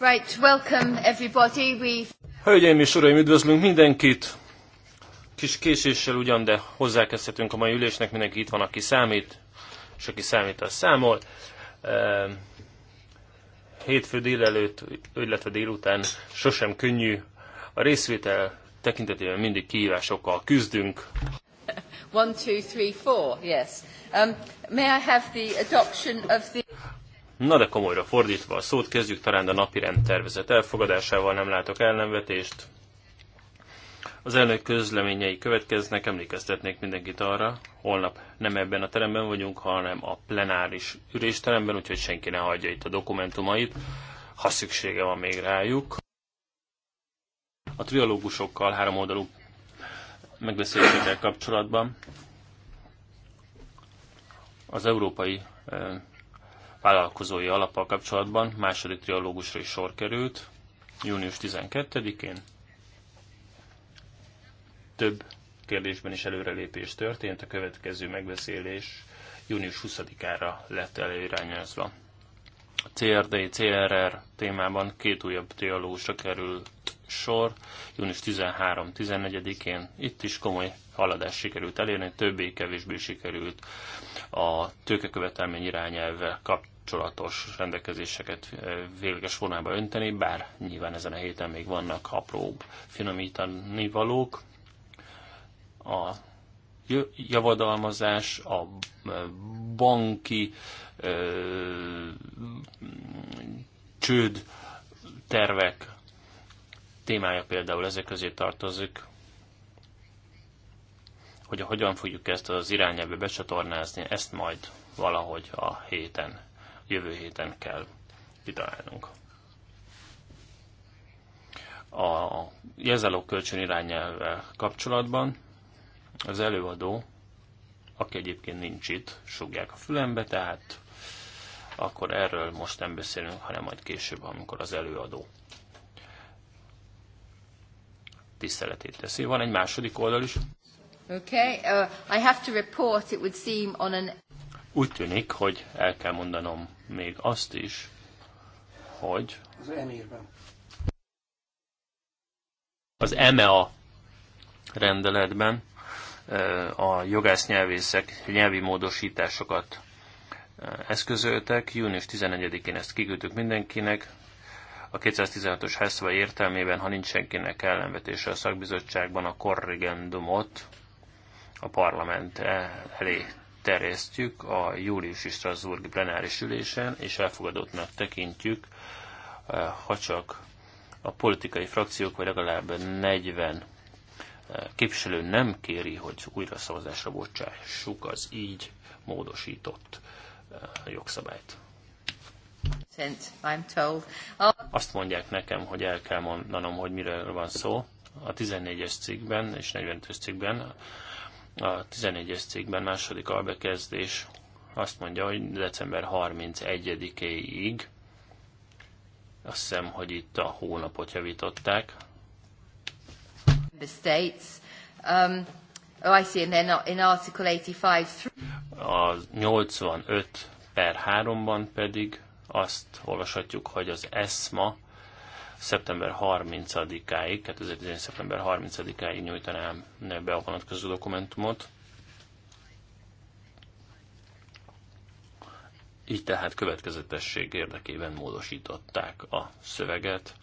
Right, welcome everybody. We... Hölgyeim és uraim, üdvözlünk mindenkit! Kis késéssel ugyan, de hozzákezdhetünk a mai ülésnek, mindenki itt van, aki számít, és aki számít, az számol. Ehm, hétfő délelőtt, illetve délután sosem könnyű. A részvétel tekintetében mindig kihívásokkal küzdünk. One, two, three, four, yes. Um, may I have the adoption of the... Na de komolyra fordítva a szót, kezdjük talán a napi rendtervezet elfogadásával, nem látok ellenvetést. Az elnök közleményei következnek, emlékeztetnék mindenkit arra, holnap nem ebben a teremben vagyunk, hanem a plenáris ülésteremben, úgyhogy senki ne hagyja itt a dokumentumait, ha szüksége van még rájuk. A triológusokkal oldalú megbeszélésekkel kapcsolatban az európai eh, vállalkozói alappal kapcsolatban második trialógusra is sor került, június 12-én. Több kérdésben is előrelépés történt, a következő megbeszélés június 20-ára lett előirányozva. A CRD, CRR témában két újabb trialógusra került sor, június 13-14-én. Itt is komoly haladás sikerült elérni, többé-kevésbé sikerült a tőkekövetelmény irányelvvel kap kapcsolatos rendelkezéseket eh, véleges formába önteni, bár nyilván ezen a héten még vannak apróbb finomítani valók. A javadalmazás, a eh, banki ö, eh, csőd tervek témája például ezek közé tartozik, hogy hogyan fogjuk ezt az irányába becsatornázni, ezt majd valahogy a héten jövő héten kell kitalálnunk. A jelzálók kölcsön irányelvvel kapcsolatban az előadó, aki egyébként nincs itt, sugják a fülembe, tehát akkor erről most nem beszélünk, hanem majd később, amikor az előadó tiszteletét teszi. Van egy második oldal is. Okay, uh, I have to report, it would seem on an... Úgy tűnik, hogy el kell mondanom még azt is, hogy az emírben. Az EMEA rendeletben a jogásznyelvészek nyelvi módosításokat eszközöltek. Június 11-én ezt kiküldtük mindenkinek. A 216-os házszabály értelmében, ha nincs senkinek ellenvetése a szakbizottságban, a korrigendumot a parlament eh, elé terjesztjük a júliusi Strasbourg plenáris ülésen, és elfogadottnak tekintjük, eh, ha csak a politikai frakciók, vagy legalább 40 eh, képviselő nem kéri, hogy újra szavazásra bocsássuk az így módosított eh, jogszabályt. Azt mondják nekem, hogy el kell mondanom, hogy miről van szó. A 14-es cikkben és 45 es cikkben a 11 es cikkben második albekezdés azt mondja, hogy december 31-éig, azt hiszem, hogy itt a hónapot javították. The States. Um, oh, I see, and then in Article 85. A 85 per 3-ban pedig azt olvashatjuk, hogy az ESMA szeptember 30-áig, 2011. szeptember 30-áig nyújtanám be a vonatkozó dokumentumot. Így tehát következetesség érdekében módosították a szöveget.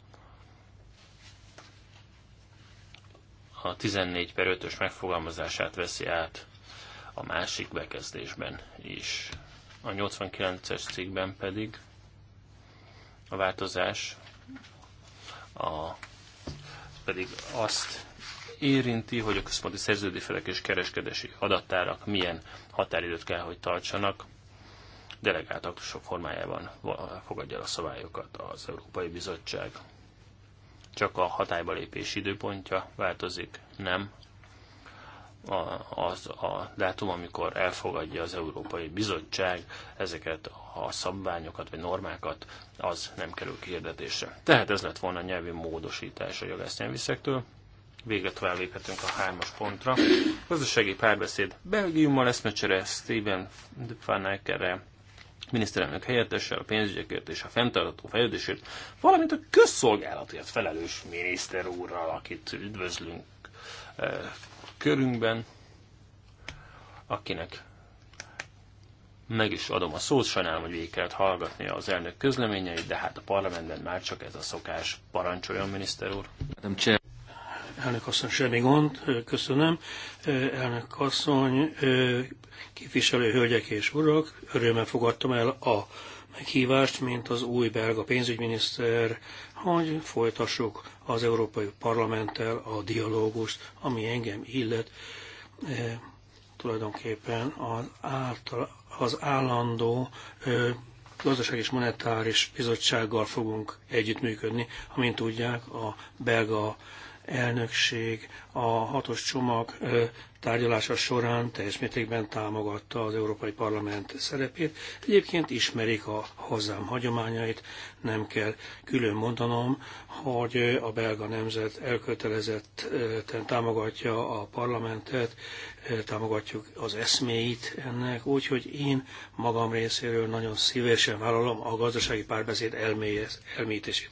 A 14 per 5-ös megfogalmazását veszi át a másik bekezdésben is. A 89-es cikkben pedig a változás a, pedig azt érinti, hogy a központi szerződéfelek és kereskedési adattárak milyen határidőt kell, hogy tartsanak, delegált aktusok formájában fogadja a szabályokat az Európai Bizottság. Csak a hatályba lépés időpontja változik, nem az a dátum, amikor elfogadja az Európai Bizottság ezeket a szabványokat vagy normákat, az nem kerül kihirdetésre. Tehát ez lett volna a nyelvi módosítás a jogásznyelvészektől. Végre tovább léphetünk a hármas pontra. Gazdasági párbeszéd Belgiummal eszmecsere Steven van Eckere, miniszterelnök helyettessel, a pénzügyekért és a fenntartható fejlődésért, valamint a közszolgálatért felelős miniszter úrral, akit üdvözlünk eh, körünkben, akinek meg is adom a szót, sajnálom, hogy végig kellett hallgatni az elnök közleményeit, de hát a parlamentben már csak ez a szokás. Parancsoljon, miniszter úr! Nem Elnök asszony, semmi gond, köszönöm. Elnök asszony, képviselő hölgyek és urak, örömmel fogadtam el a meghívást, mint az új belga pénzügyminiszter, hogy folytassuk az Európai Parlamenttel a dialógust, ami engem illet, e, tulajdonképpen az, által, az állandó e, gazdaság és monetáris bizottsággal fogunk együttműködni, amint tudják, a belga elnökség a hatos csomag tárgyalása során teljes mértékben támogatta az Európai Parlament szerepét. Egyébként ismerik a hazám hagyományait, nem kell külön mondanom, hogy a belga nemzet elkötelezetten támogatja a parlamentet, támogatjuk az eszméit ennek, úgyhogy én magam részéről nagyon szívesen vállalom a gazdasági párbeszéd elmélyítését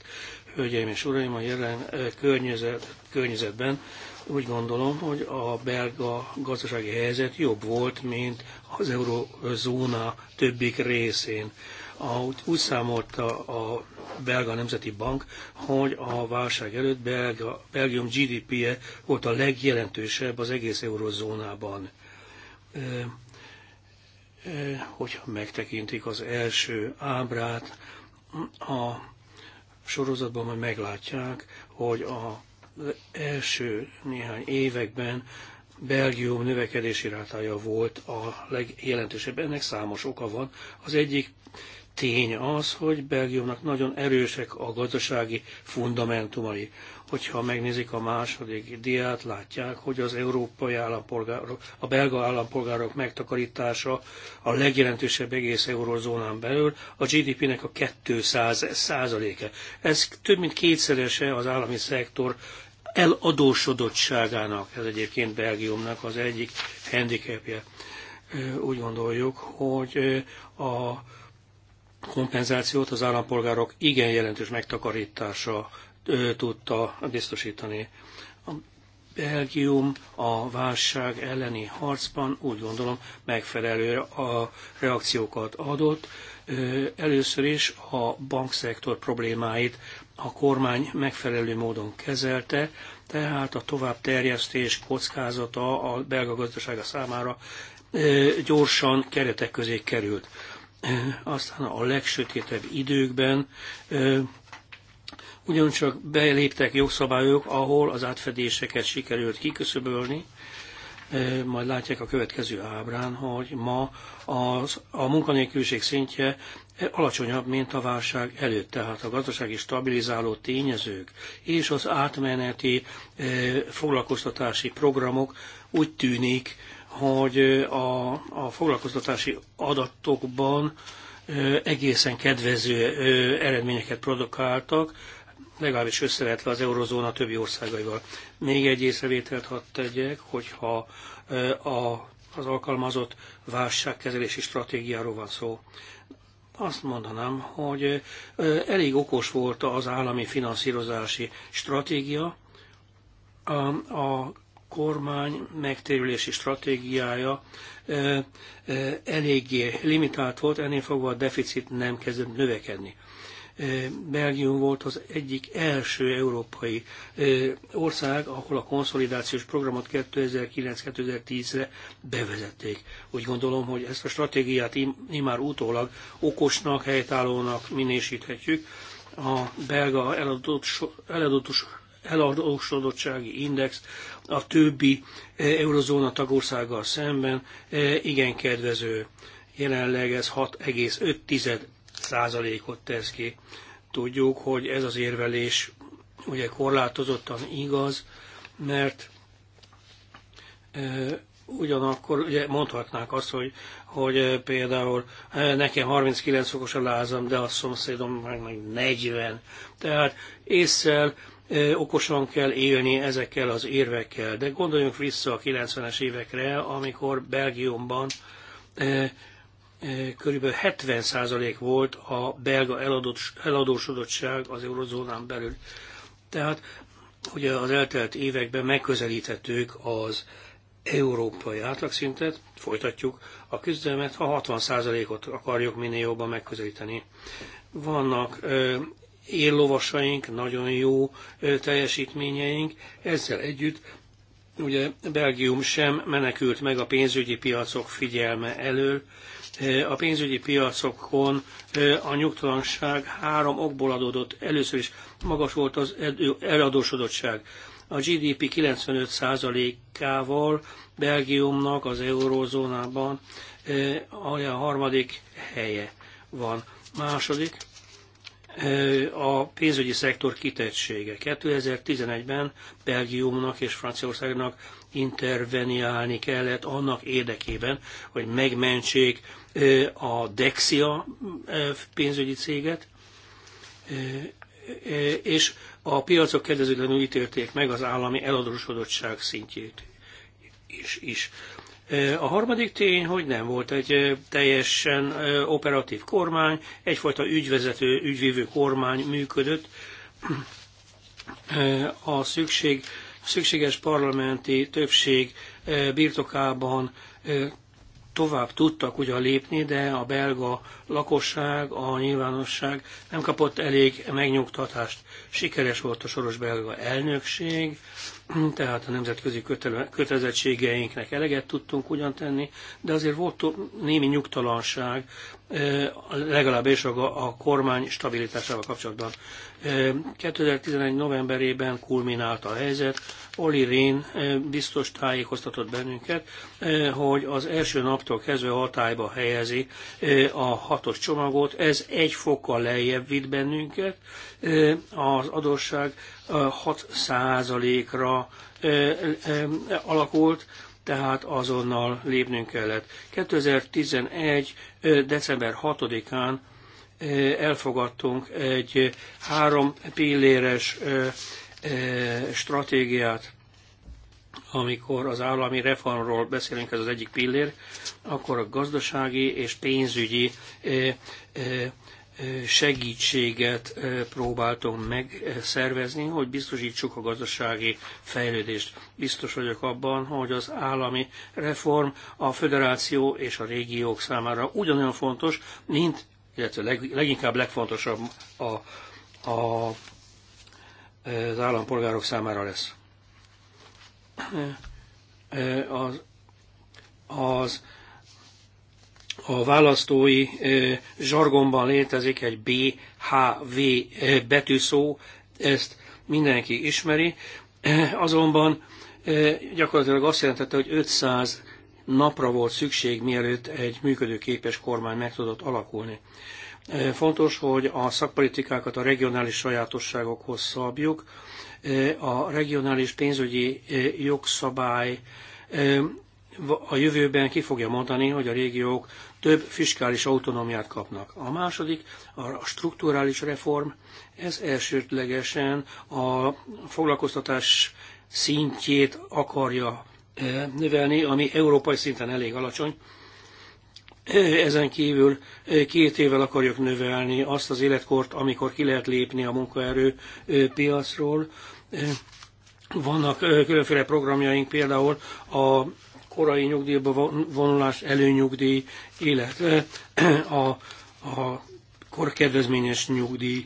hölgyeim és uraim, a jelen eh, környezet, környezetben úgy gondolom, hogy a belga gazdasági helyzet jobb volt, mint az eurozóna többik részén. Ahogy úgy számolta a belga nemzeti bank, hogy a válság előtt belga, Belgium GDP-je volt a legjelentősebb az egész eurozónában. E, e, hogyha megtekintik az első ábrát, a sorozatban majd meglátják, hogy az első néhány években Belgium növekedési rátája volt a legjelentősebb. Ennek számos oka van. Az egyik tény az, hogy Belgiumnak nagyon erősek a gazdasági fundamentumai. Hogyha megnézik a második diát, látják, hogy az európai állampolgárok, a belga állampolgárok megtakarítása a legjelentősebb egész eurozónán belül a GDP-nek a 200 százaléke. Ez több mint kétszerese az állami szektor eladósodottságának, ez egyébként Belgiumnak az egyik handicapje. Úgy gondoljuk, hogy a kompenzációt az állampolgárok igen jelentős megtakarítása tudta biztosítani. A Belgium a válság elleni harcban úgy gondolom megfelelő a reakciókat adott. Először is a bankszektor problémáit a kormány megfelelő módon kezelte, tehát a tovább terjesztés kockázata a belga gazdasága számára gyorsan keretek közé került aztán a legsötétebb időkben ugyancsak beléptek jogszabályok, ahol az átfedéseket sikerült kiküszöbölni, majd látják a következő ábrán, hogy ma az, a munkanélküliség szintje alacsonyabb, mint a válság előtt, tehát a gazdasági stabilizáló tényezők és az átmeneti foglalkoztatási programok úgy tűnik, hogy a, a foglalkoztatási adatokban egészen kedvező eredményeket produkáltak, legalábbis összevetve az eurozóna többi országaival. Még egy észrevételt hadd tegyek, hogyha a, az alkalmazott válságkezelési stratégiáról van szó. Azt mondanám, hogy elég okos volt az állami finanszírozási stratégia, a kormány megtérülési stratégiája eléggé limitált volt, ennél fogva a deficit nem kezdett növekedni. Belgium volt az egyik első európai ország, ahol a konszolidációs programot 2009-2010-re bevezették. Úgy gondolom, hogy ezt a stratégiát immár utólag okosnak, helytállónak minősíthetjük. A belga eladott, eladott, eladósodottsági index a többi e, eurozóna tagországgal szemben e, igen kedvező. Jelenleg ez 6,5 százalékot tesz ki. Tudjuk, hogy ez az érvelés ugye korlátozottan igaz, mert e, ugyanakkor ugye mondhatnák azt, hogy, hogy például nekem 39 fokos a lázam, de a szomszédom meg, meg 40. Tehát észre okosan kell élni ezekkel az érvekkel. De gondoljunk vissza a 90-es évekre, amikor Belgiumban körülbelül 70% volt a belga eladott, eladósodottság az eurozónán belül. Tehát ugye az eltelt években megközelítettük az európai átlagszintet, folytatjuk a küzdelmet, ha 60%-ot akarjuk minél jobban megközelíteni. Vannak ö, éllovasaink, nagyon jó teljesítményeink. Ezzel együtt ugye Belgium sem menekült meg a pénzügyi piacok figyelme elől. A pénzügyi piacokon a nyugtalanság három okból adódott. Először is magas volt az eladósodottság. A GDP 95%-ával Belgiumnak az eurózónában a harmadik helye van. Második, a pénzügyi szektor kitettsége. 2011-ben Belgiumnak és Franciaországnak interveniálni kellett annak érdekében, hogy megmentsék a Dexia pénzügyi céget, és a piacok kedvezőtlenül ítélték meg az állami eladósodottság szintjét is. is. A harmadik tény, hogy nem volt egy teljesen operatív kormány, egyfajta ügyvezető, ügyvívő kormány működött. A szükség, szükséges parlamenti többség birtokában tovább tudtak ugyan lépni, de a belga lakosság, a nyilvánosság nem kapott elég megnyugtatást. Sikeres volt a soros belga elnökség, tehát a nemzetközi kötelezettségeinknek eleget tudtunk ugyan tenni, de azért volt némi nyugtalanság, e, legalábbis a, a kormány stabilitásával kapcsolatban. 2011. E, novemberében kulminált a helyzet, Oli Rén e, biztos tájékoztatott bennünket, hogy az első naptól kezdve hatályba helyezi a hatos csomagot, ez egy fokkal lejjebb vitt bennünket, az adósság 6%-ra alakult, tehát azonnal lépnünk kellett. 2011. december 6-án elfogadtunk egy három pilléres stratégiát, amikor az állami reformról beszélünk, ez az egyik pillér, akkor a gazdasági és pénzügyi segítséget próbáltunk megszervezni, hogy biztosítsuk a gazdasági fejlődést. Biztos vagyok abban, hogy az állami reform a föderáció és a régiók számára ugyanolyan fontos, mint, illetve leg, leginkább legfontosabb a, a, az állampolgárok számára lesz. Az, az a választói e, zsargonban létezik egy BHV e, betűszó, ezt mindenki ismeri, e, azonban gyakorlatilag azt jelentette, hogy 500 napra volt szükség, mielőtt egy működőképes kormány meg tudott alakulni. Fontos, hogy a szakpolitikákat a regionális sajátosságokhoz szabjuk. A regionális pénzügyi jogszabály a jövőben ki fogja mondani, hogy a régiók több fiskális autonómiát kapnak. A második a strukturális reform, ez elsődlegesen a foglalkoztatás szintjét akarja eh, növelni, ami európai szinten elég alacsony. Eh, ezen kívül eh, két évvel akarjuk növelni azt az életkort, amikor ki lehet lépni a munkaerő piacról. Vannak különféle programjaink, például a korai nyugdíjba vonulás, előnyugdíj, illetve a, a korkedvezményes nyugdíj.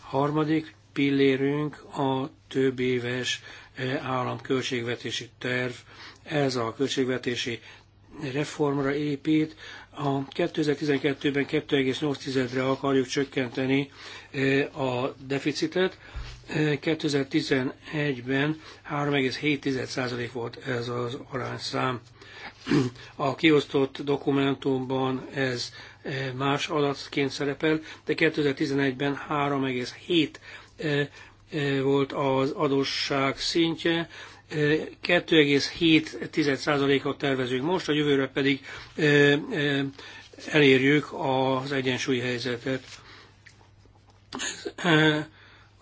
Harmadik pillérünk a több éves e, államköltségvetési költségvetési terv. Ez a költségvetési reformra épít. A 2012-ben 2,8-re akarjuk csökkenteni e, a deficitet. 2011-ben 3,7% volt ez az arányszám. A kiosztott dokumentumban ez e, más adatként szerepel, de 2011-ben 3,7 e, e, volt az adósság szintje, 2,7%-ot tervezünk most, a jövőre pedig elérjük az egyensúlyi helyzetet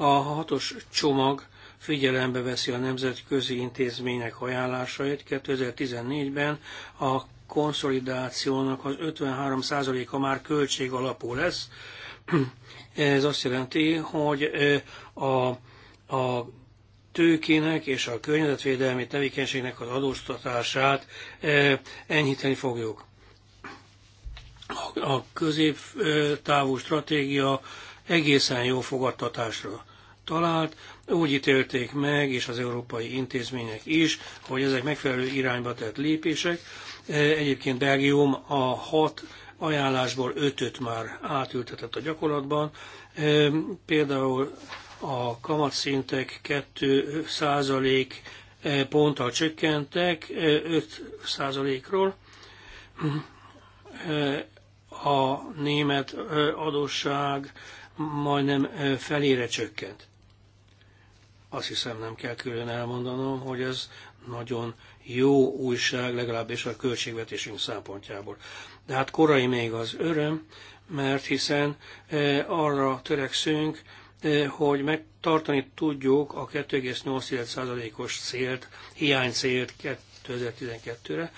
a hatos csomag figyelembe veszi a nemzetközi intézmények ajánlásait 2014-ben a konszolidációnak az 53%-a már költség alapú lesz. Ez azt jelenti, hogy a, a tőkének és a környezetvédelmi tevékenységnek az adóztatását enyhíteni fogjuk. A középtávú stratégia egészen jó fogadtatásra talált, úgy ítélték meg, és az európai intézmények is, hogy ezek megfelelő irányba tett lépések. E, egyébként Belgium a hat ajánlásból ötöt már átültetett a gyakorlatban. E, például a kamatszintek 2 százalék e, ponttal csökkentek 5 százalékról. A német adósság majdnem felére csökkent. Azt hiszem nem kell külön elmondanom, hogy ez nagyon jó újság, legalábbis a költségvetésünk szempontjából. De hát korai még az öröm, mert hiszen e, arra törekszünk, e, hogy megtartani tudjuk a 2,8%-os célt, hiány célt 2012-re.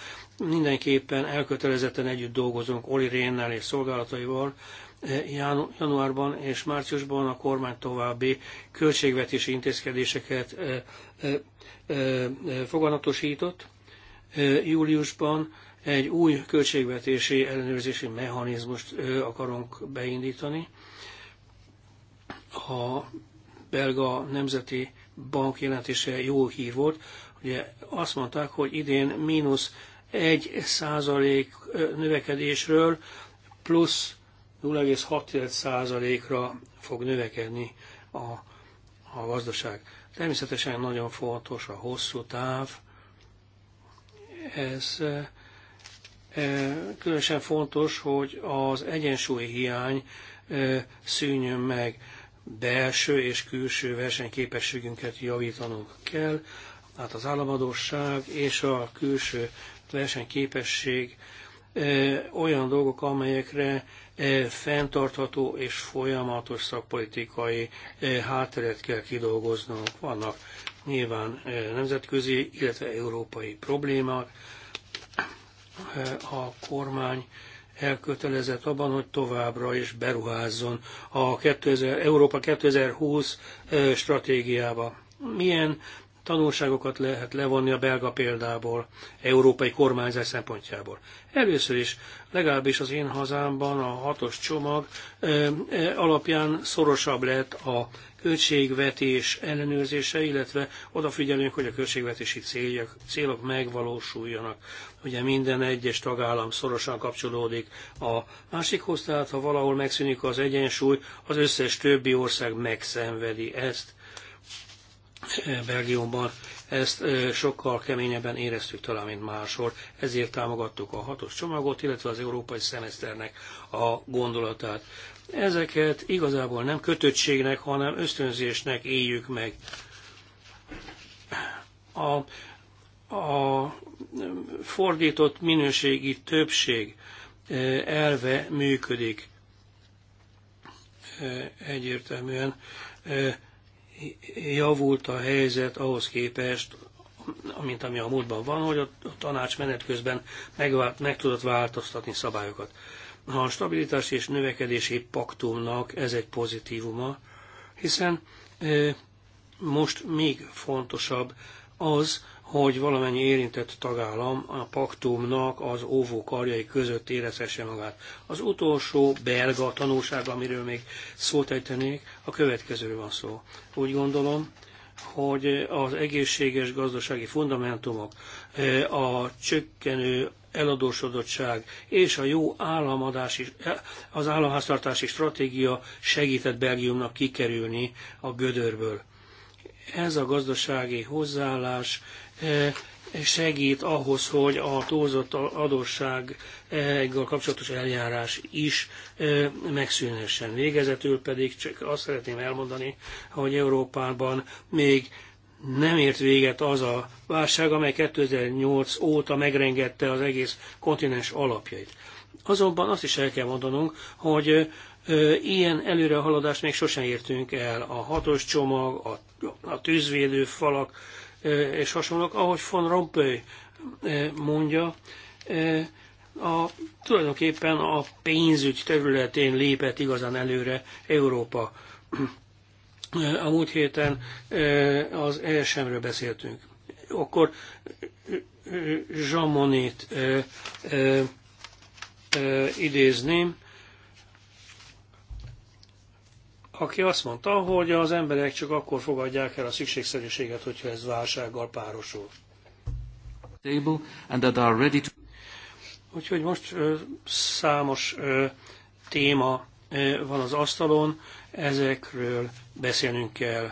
Mindenképpen elkötelezetten együtt dolgozunk Oli Rénnel és szolgálataival, januárban és márciusban a kormány további költségvetési intézkedéseket foganatosított. Júliusban egy új költségvetési ellenőrzési mechanizmust akarunk beindítani. A belga nemzeti bank jelentése jó hír volt. Ugye azt mondták, hogy idén mínusz 1 százalék növekedésről plusz 0,6%-ra fog növekedni a, a gazdaság. Természetesen nagyon fontos a hosszú táv, ez e, e, különösen fontos, hogy az egyensúly hiány e, szűnjön meg, belső és külső versenyképességünket javítanunk kell, hát az államadóság és a külső versenyképesség e, olyan dolgok, amelyekre E, fenntartható és folyamatos szakpolitikai e, hátteret kell kidolgoznunk. Vannak nyilván e, nemzetközi, illetve európai problémák. A kormány elkötelezett abban, hogy továbbra is beruházzon a 2000, Európa 2020 stratégiába. Milyen tanulságokat lehet levonni a belga példából, európai kormányzás szempontjából. Először is, legalábbis az én hazámban a hatos csomag alapján szorosabb lett a költségvetés ellenőrzése, illetve odafigyelünk, hogy a költségvetési céljak, célok megvalósuljanak. Ugye minden egyes tagállam szorosan kapcsolódik a másikhoz, tehát ha valahol megszűnik az egyensúly, az összes többi ország megszenvedi ezt. Belgiumban. Ezt sokkal keményebben éreztük talán, mint máshol. Ezért támogattuk a hatos csomagot, illetve az európai szemeszternek a gondolatát. Ezeket igazából nem kötöttségnek, hanem ösztönzésnek éljük meg. A, a fordított minőségi többség elve működik egyértelműen javult a helyzet ahhoz képest, mint ami a múltban van, hogy a tanács menet közben megvált, meg tudott változtatni szabályokat. A stabilitás és növekedési paktumnak ez egy pozitívuma, hiszen most még fontosabb az, hogy valamennyi érintett tagállam a paktumnak az karjai között érezhesse magát. Az utolsó belga tanulság, amiről még szót ejtenék, a következőről van szó. Úgy gondolom, hogy az egészséges gazdasági fundamentumok, eh, a csökkenő eladósodottság és a jó is, eh, az államháztartási stratégia segített Belgiumnak kikerülni a gödörből. Ez a gazdasági hozzáállás Eh, segít ahhoz, hogy a túlzott adóssággal eh, kapcsolatos eljárás is eh, megszűnhessen. Végezetül pedig csak azt szeretném elmondani, hogy Európában még nem ért véget az a válság, amely 2008 óta megrengette az egész kontinens alapjait. Azonban azt is el kell mondanunk, hogy ilyen előrehaladást még sosem értünk el. A hatos csomag, a, a tűzvédő falak és hasonlók, ahogy von Rompuy mondja, a, tulajdonképpen a pénzügy területén lépett igazán előre Európa. A múlt héten az ESM-ről beszéltünk. Akkor Monnet idézném, aki azt mondta, hogy az emberek csak akkor fogadják el a szükségszerűséget, hogyha ez válsággal párosul. Úgyhogy most ö, számos ö, téma ö, van az asztalon, ezekről beszélnünk kell.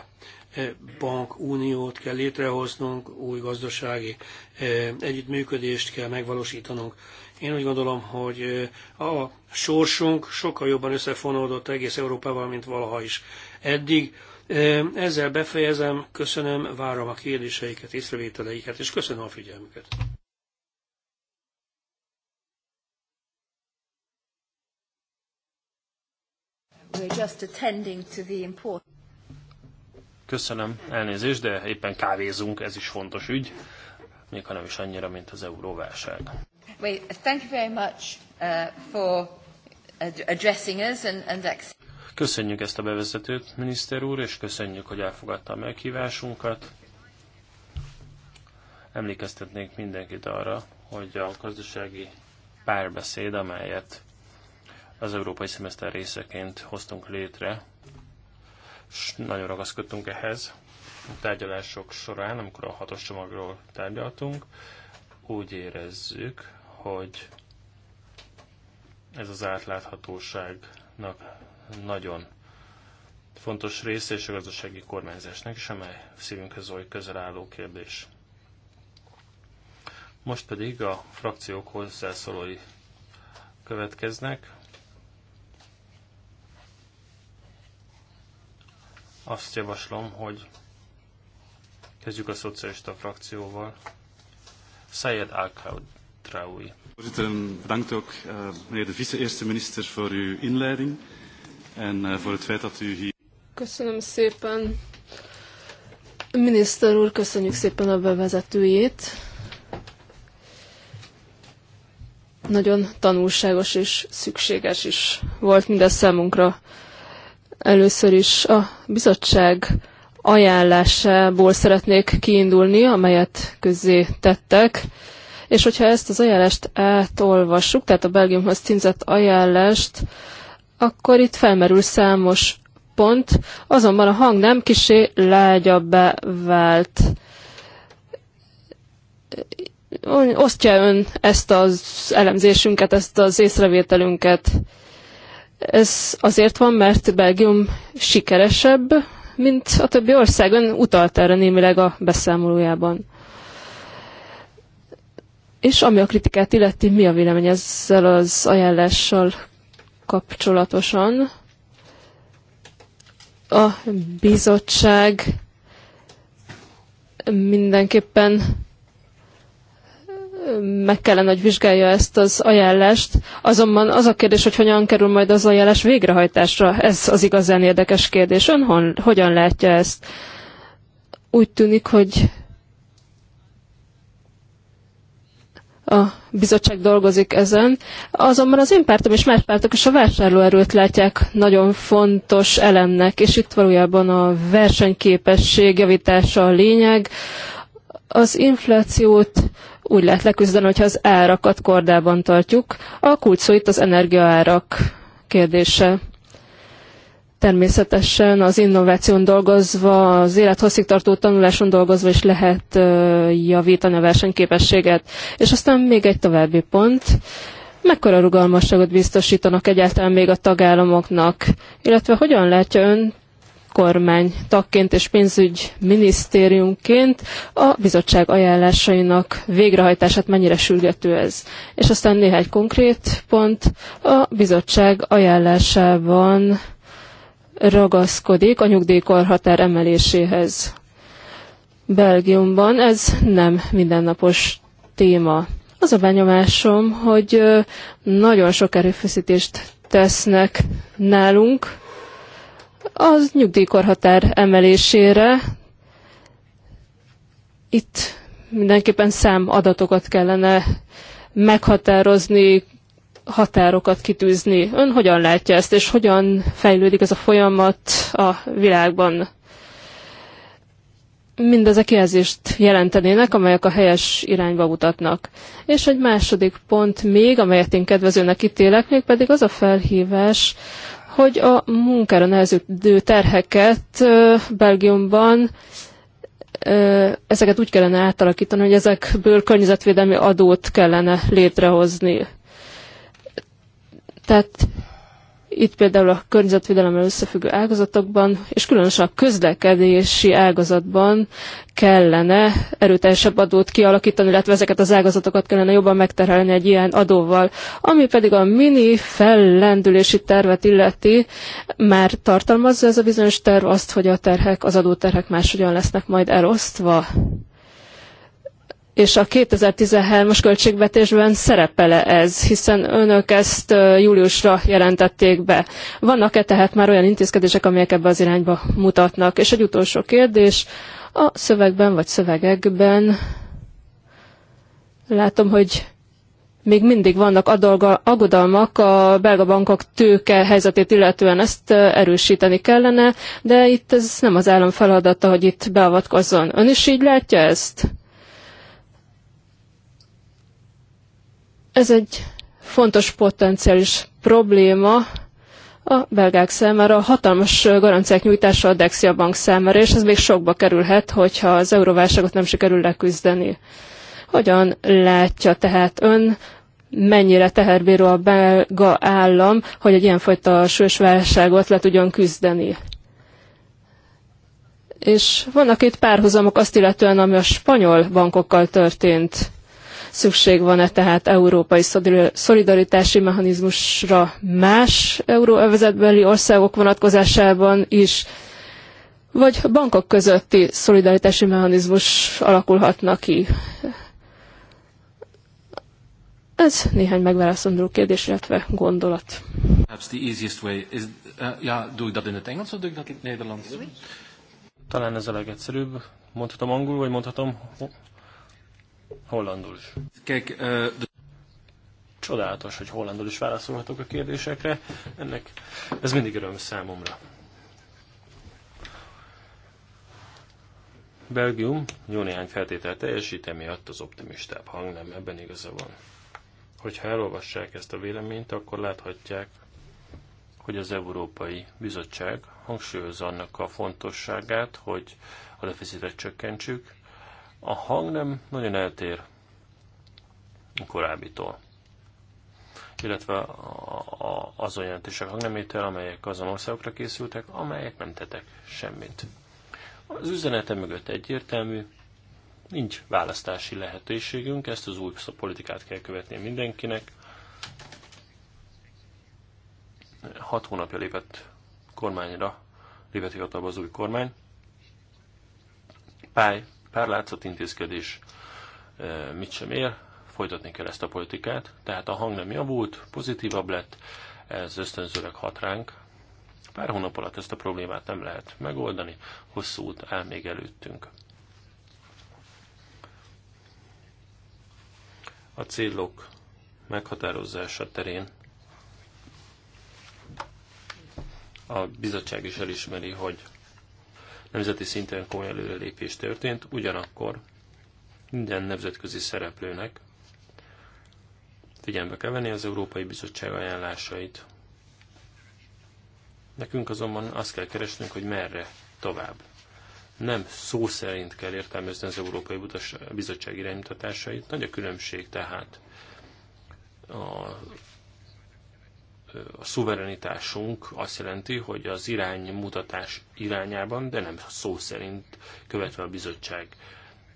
E, bankuniót kell létrehoznunk, új gazdasági e, együttműködést kell megvalósítanunk. Én úgy gondolom, hogy e, a sorsunk sokkal jobban összefonódott egész Európával, mint valaha is eddig. Ezzel befejezem, köszönöm, várom a kérdéseiket, észrevételeiket, és köszönöm a figyelmüket. We're just attending to the important Köszönöm, elnézést, de éppen kávézunk, ez is fontos ügy, még ha nem is annyira, mint az euróválság. Uh, köszönjük ezt a bevezetőt, miniszter úr, és köszönjük, hogy elfogadta a meghívásunkat. Emlékeztetnénk mindenkit arra, hogy a gazdasági párbeszéd, amelyet az európai szemeszter részeként hoztunk létre, nagyon ragaszkodtunk ehhez. A tárgyalások során, amikor a hatos csomagról tárgyaltunk, úgy érezzük, hogy ez az átláthatóságnak nagyon fontos része és a gazdasági kormányzásnak is, amely szívünkhez oly közel álló kérdés. Most pedig a frakciók hozzászólói következnek. Azt javaslom, hogy kezdjük a szocialista frakcióval. Sayed Al-Kaud. Traoui. Voorzitter, bedankt ook uh, meneer de vice-eerste minister voor uw inleiding en uh, voor het feit dat u hier. Köszönöm szépen. Miniszter úr, köszönjük szépen a bevezetőjét. Nagyon tanulságos és szükséges is volt mindez számunkra. Először is a bizottság ajánlásából szeretnék kiindulni, amelyet közzé tettek. És hogyha ezt az ajánlást átolvassuk, tehát a Belgiumhoz címzett ajánlást, akkor itt felmerül számos pont, azonban a hang nem kisé lágyabbá vált. Osztja ön ezt az elemzésünket, ezt az észrevételünket. Ez azért van, mert Belgium sikeresebb, mint a többi ország. Ön utalt erre némileg a beszámolójában. És ami a kritikát illeti, mi a vélemény ezzel az ajánlással kapcsolatosan? A bizottság mindenképpen meg kellene, hogy vizsgálja ezt az ajánlást. Azonban az a kérdés, hogy hogyan kerül majd az ajánlás végrehajtásra, ez az igazán érdekes kérdés. Ön hon, hogyan látja ezt? Úgy tűnik, hogy a bizottság dolgozik ezen. Azonban az én pártom és más pártok is a vásárlóerőt látják nagyon fontos elemnek, és itt valójában a versenyképesség javítása a lényeg. Az inflációt úgy lehet leküzdeni, hogyha az árakat kordában tartjuk. A kulcs szó itt az energiaárak kérdése. Természetesen az innováción dolgozva, az élethosszígtartó tanuláson dolgozva is lehet javítani a versenyképességet. És aztán még egy további pont. Mekkora rugalmasságot biztosítanak egyáltalán még a tagállamoknak, illetve hogyan látja ön kormány tagként és pénzügy minisztériumként a bizottság ajánlásainak végrehajtását mennyire sürgető ez. És aztán néhány konkrét pont a bizottság ajánlásában ragaszkodik a nyugdíjkorhatár emeléséhez. Belgiumban ez nem mindennapos téma. Az a benyomásom, hogy nagyon sok erőfeszítést tesznek nálunk, az nyugdíjkorhatár emelésére. Itt mindenképpen számadatokat kellene meghatározni, határokat kitűzni. Ön hogyan látja ezt, és hogyan fejlődik ez a folyamat a világban? mindezek jelzést jelentenének, amelyek a helyes irányba mutatnak. És egy második pont még, amelyet én kedvezőnek ítélek, még pedig az a felhívás, hogy a munkára nehezedő terheket Belgiumban ezeket úgy kellene átalakítani, hogy ezekből környezetvédelmi adót kellene létrehozni. Tehát itt például a környezetvédelemmel összefüggő ágazatokban, és különösen a közlekedési ágazatban kellene erőteljesebb adót kialakítani, illetve ezeket az ágazatokat kellene jobban megterhelni egy ilyen adóval. Ami pedig a mini fellendülési tervet illeti, már tartalmazza ez a bizonyos terv azt, hogy a terhek, az adóterhek máshogyan lesznek majd elosztva és a 2013-as költségvetésben szerepele ez, hiszen önök ezt júliusra jelentették be. Vannak-e tehát már olyan intézkedések, amelyek ebbe az irányba mutatnak? És egy utolsó kérdés, a szövegben vagy szövegekben látom, hogy még mindig vannak adolga, aggodalmak a belga bankok tőke helyzetét illetően, ezt erősíteni kellene, de itt ez nem az állam feladata, hogy itt beavatkozzon. Ön is így látja ezt? Ez egy fontos potenciális probléma a belgák számára. A hatalmas garanciák nyújtása a Dexia bank számára, és ez még sokba kerülhet, hogyha az euróválságot nem sikerül leküzdeni. Hogyan látja tehát ön, mennyire teherbíró a belga állam, hogy egy ilyenfajta súlyos válságot le tudjon küzdeni? És vannak itt párhuzamok azt illetően, ami a spanyol bankokkal történt. Szükség van-e tehát európai szolidaritási mechanizmusra más euróövezetbeli országok vonatkozásában is, vagy bankok közötti szolidaritási mechanizmus alakulhatna ki? Ez néhány megválaszolandó kérdés, illetve gondolat. Uh, Talán ez a legegyszerűbb. Mondhatom angolul, vagy mondhatom Hollandul is. Kek, uh, eh, Csodálatos, hogy hollandul is válaszolhatok a kérdésekre. Ennek ez mindig öröm számomra. Belgium jó néhány feltételt teljesít, emiatt az optimistább hang nem, ebben igaza van. Hogyha elolvassák ezt a véleményt, akkor láthatják, hogy az Európai Bizottság hangsúlyozza annak a fontosságát, hogy a deficitet csökkentsük, a hang nem nagyon eltér a korábbitól illetve az olyan jelentések hangnemétel, amelyek azon országokra készültek, amelyek nem tettek semmit. Az üzenete mögött egyértelmű, nincs választási lehetőségünk, ezt az új politikát kell követni mindenkinek. Hat hónapja lépett kormányra, lépett hivatalba az új kormány. Pály pár látszott intézkedés e, mit sem ér, folytatni kell ezt a politikát, tehát a hang nem javult, pozitívabb lett, ez ösztönzőleg hat ránk. Pár hónap alatt ezt a problémát nem lehet megoldani, hosszú út áll még előttünk. A célok meghatározása terén a bizottság is elismeri, hogy Nemzeti szinten komoly előrelépés történt, ugyanakkor minden nemzetközi szereplőnek figyelme kell venni az Európai Bizottság ajánlásait. Nekünk azonban azt kell keresnünk, hogy merre tovább. Nem szó szerint kell értelmezni az Európai Bizottság iránymutatásait, nagy a különbség tehát a a szuverenitásunk azt jelenti, hogy az iránymutatás irányában, de nem szó szerint követve a bizottság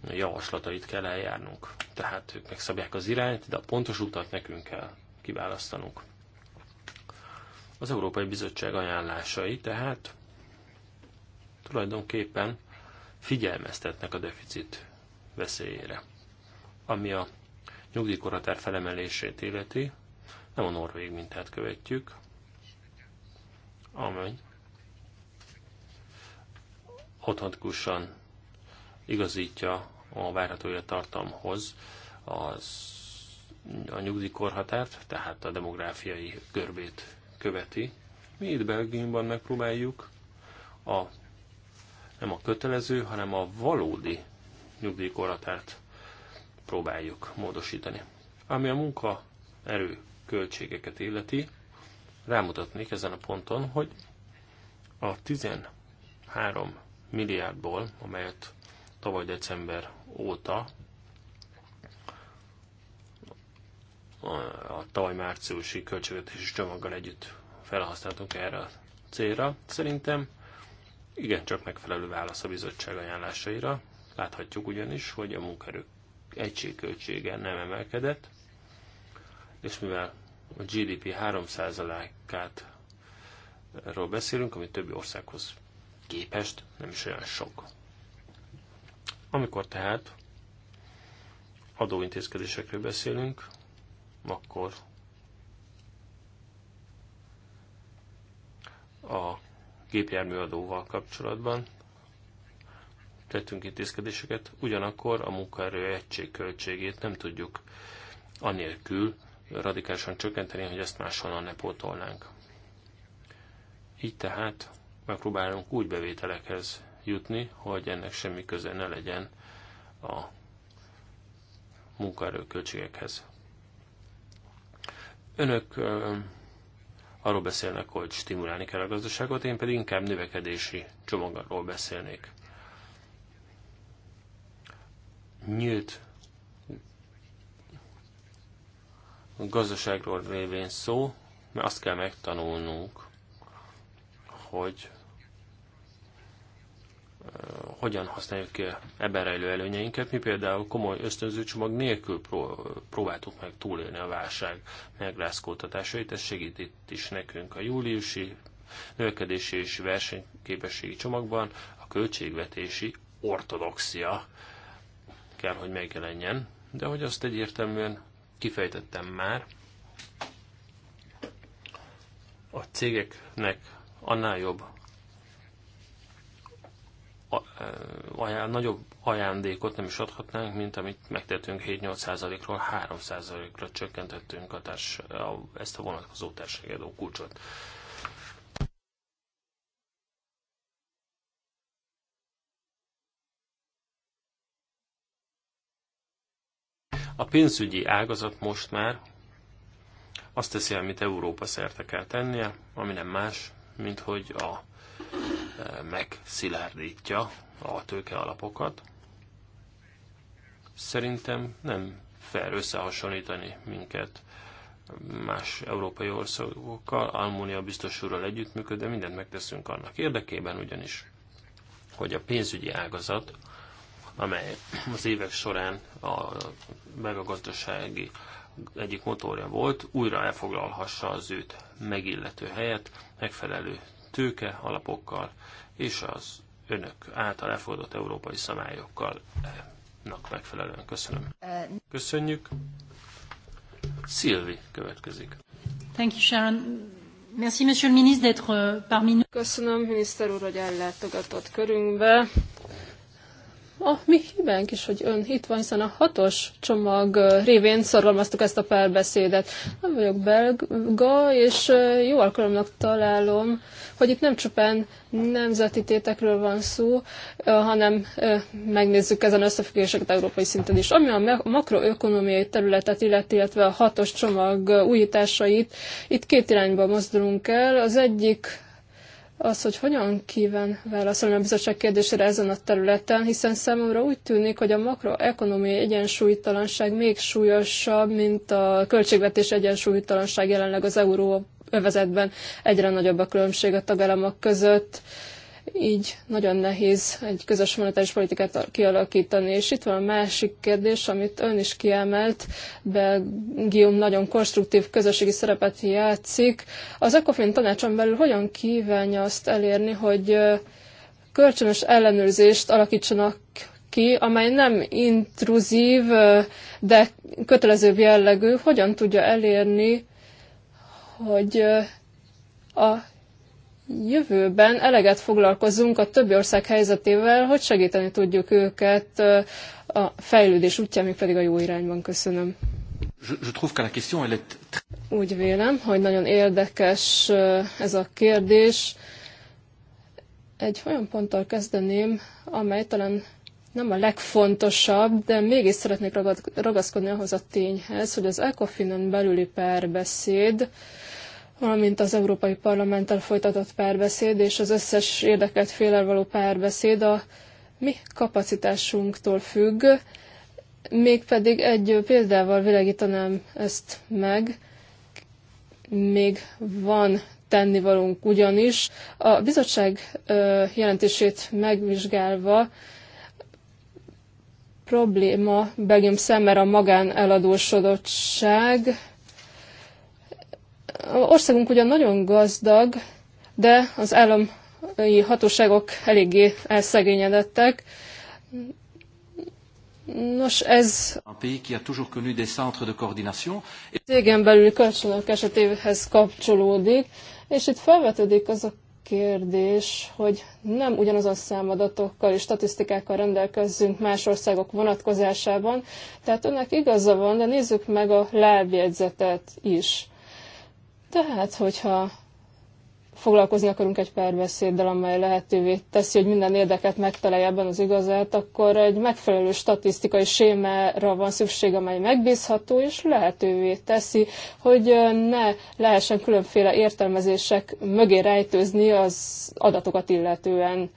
javaslatait kell eljárnunk. Tehát ők megszabják az irányt, de a pontos utat nekünk kell kiválasztanunk. Az Európai Bizottság ajánlásai tehát tulajdonképpen figyelmeztetnek a deficit veszélyére. Ami a nyugdíjkorhatár felemelését illeti, nem a norvég mintát követjük, amely automatikusan igazítja a várható tartamhoz az a nyugdíjkorhatárt, tehát a demográfiai görbét követi. Mi itt Belgiumban megpróbáljuk a, nem a kötelező, hanem a valódi nyugdíjkorhatárt próbáljuk módosítani. Ami a munkaerő költségeket illeti, rámutatnék ezen a ponton, hogy a 13 milliárdból, amelyet tavaly december óta a tavaly márciusi költségvetési csomaggal együtt felhasználtunk erre a célra. Szerintem igencsak megfelelő válasz a bizottság ajánlásaira. Láthatjuk ugyanis, hogy a munkaerő egységköltsége nem emelkedett, és mivel a GDP 3%-át ról beszélünk, ami többi országhoz képest nem is olyan sok. Amikor tehát adóintézkedésekről beszélünk, akkor a gépjárműadóval kapcsolatban tettünk intézkedéseket, ugyanakkor a munkaerő egység költségét nem tudjuk anélkül radikálisan csökkenteni, hogy ezt máshonnan ne pótolnánk. Így tehát megpróbálunk úgy bevételekhez jutni, hogy ennek semmi köze ne legyen a munkaerőköltségekhez. Önök arról beszélnek, hogy stimulálni kell a gazdaságot, én pedig inkább növekedési csomagról beszélnék. Nyílt gazdaságról révén szó, mert azt kell megtanulnunk, hogy eh, hogyan használjuk ki ebben rejlő előnyeinket. Mi például komoly ösztönzőcsomag nélkül próbáltuk meg túlélni a válság megrázkódtatásait, ez segít itt is nekünk a júliusi növekedési és versenyképességi csomagban a költségvetési ortodoxia kell, hogy megjelenjen, de hogy azt egyértelműen kifejtettem már, a cégeknek annál jobb a, eh, a, nagyobb ajándékot nem is adhatnánk, mint amit megtettünk 7-8%-ról 3%-ra csökkentettünk a társ, a, ezt a vonatkozó társadalmi kulcsot. A pénzügyi ágazat most már azt teszi, amit Európa szerte kell tennie, ami nem más, mint hogy a e, megszilárdítja a tőke alapokat. Szerintem nem fel összehasonlítani minket más európai országokkal, Almónia biztos úrral együttműködve mindent megteszünk annak érdekében, ugyanis, hogy a pénzügyi ágazat amely az évek során a megagazdasági egyik motorja volt, újra elfoglalhassa az őt megillető helyet, megfelelő tőke alapokkal és az önök által elfogadott európai szabályokkal megfelelően. Köszönöm. Köszönjük. Szilvi következik. Thank you, Sharon. Merci, Monsieur le Ministre, d'être euh, parmi nous. Köszönöm, miniszter úr, hogy ellátogatott körünkbe a mi hibánk is, hogy ön itt van, hiszen a hatos csomag révén szorgalmaztuk ezt a párbeszédet. Nem vagyok belga, és jó alkalomnak találom, hogy itt nem csupán nemzeti tétekről van szó, hanem megnézzük ezen összefüggéseket európai szinten is. Ami a makroökonomiai területet illeti, illetve a hatos csomag újításait, itt két irányba mozdulunk el. Az egyik az, hogy hogyan kíván válaszolni a bizottság kérdésére ezen a területen, hiszen számomra úgy tűnik, hogy a makroekonomiai egyensúlytalanság még súlyosabb, mint a költségvetés egyensúlytalanság jelenleg az euróövezetben. Egyre nagyobb a különbség a tagállamok között így nagyon nehéz egy közös monetáris politikát kialakítani. És itt van a másik kérdés, amit ön is kiemelt, Belgium nagyon konstruktív közösségi szerepet játszik. Az ECOFIN tanácson belül hogyan kívánja azt elérni, hogy kölcsönös ellenőrzést alakítsanak ki, amely nem intruzív, de kötelezőbb jellegű, hogyan tudja elérni, hogy a jövőben eleget foglalkozunk a többi ország helyzetével, hogy segíteni tudjuk őket a fejlődés útján, még pedig a jó irányban. Köszönöm. Úgy vélem, hogy nagyon érdekes ez a kérdés. Egy olyan ponttal kezdeném, amely talán nem a legfontosabb, de mégis szeretnék ragaszkodni ahhoz a tényhez, hogy az ECOFIN-en belüli párbeszéd valamint az Európai Parlamenttel folytatott párbeszéd és az összes érdekelt félel való párbeszéd a mi kapacitásunktól függ, mégpedig egy példával világítanám ezt meg, még van tennivalónk ugyanis. A bizottság jelentését megvizsgálva probléma Belgium szemmel a magáneladósodottság, Országunk ugyan nagyon gazdag, de az állami hatóságok eléggé elszegényedettek. Nos, ez... Un pays a toujours connu des centres de coordination. Cégen belül kölcsönök esetéhez kapcsolódik, és itt felvetődik az a kérdés, hogy nem ugyanaz a számadatokkal és statisztikákkal rendelkezzünk más országok vonatkozásában. Tehát önnek igaza van, de nézzük meg a lábjegyzetet is. Tehát, hogyha foglalkozni akarunk egy párbeszéddel, amely lehetővé teszi, hogy minden érdeket megtalálja ebben az igazát, akkor egy megfelelő statisztikai sémára van szükség, amely megbízható, és lehetővé teszi, hogy ne lehessen különféle értelmezések mögé rejtőzni az adatokat illetően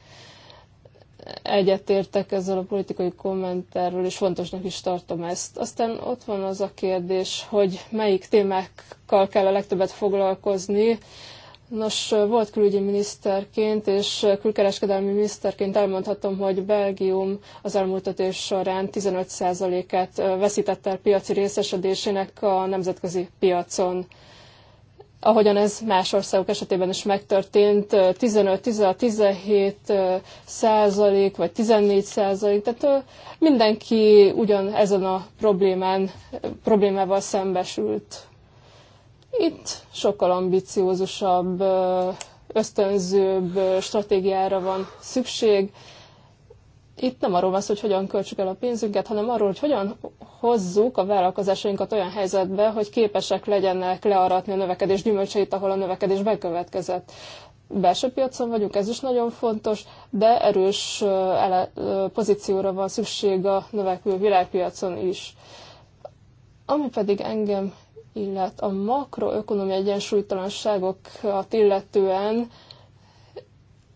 egyetértek ezzel a politikai kommenterről, és fontosnak is tartom ezt. Aztán ott van az a kérdés, hogy melyik témákkal kell a legtöbbet foglalkozni. Nos, volt külügyi miniszterként és külkereskedelmi miniszterként elmondhatom, hogy Belgium az elmúltatás során 15%-át veszítette el piaci részesedésének a nemzetközi piacon ahogyan ez más országok esetében is megtörtént, 15-17 százalék, vagy 14 százalék, tehát mindenki ugyan ezen a problémán, problémával szembesült. Itt sokkal ambiciózusabb, ösztönzőbb stratégiára van szükség, itt nem arról van szó, hogy hogyan költsük el a pénzünket, hanem arról, hogy hogyan hozzuk a vállalkozásainkat olyan helyzetbe, hogy képesek legyenek learatni a növekedés gyümölcseit, ahol a növekedés bekövetkezett. Belső piacon vagyunk, ez is nagyon fontos, de erős pozícióra van szükség a növekvő világpiacon is. Ami pedig engem illet a makroökonomiai egyensúlytalanságokat illetően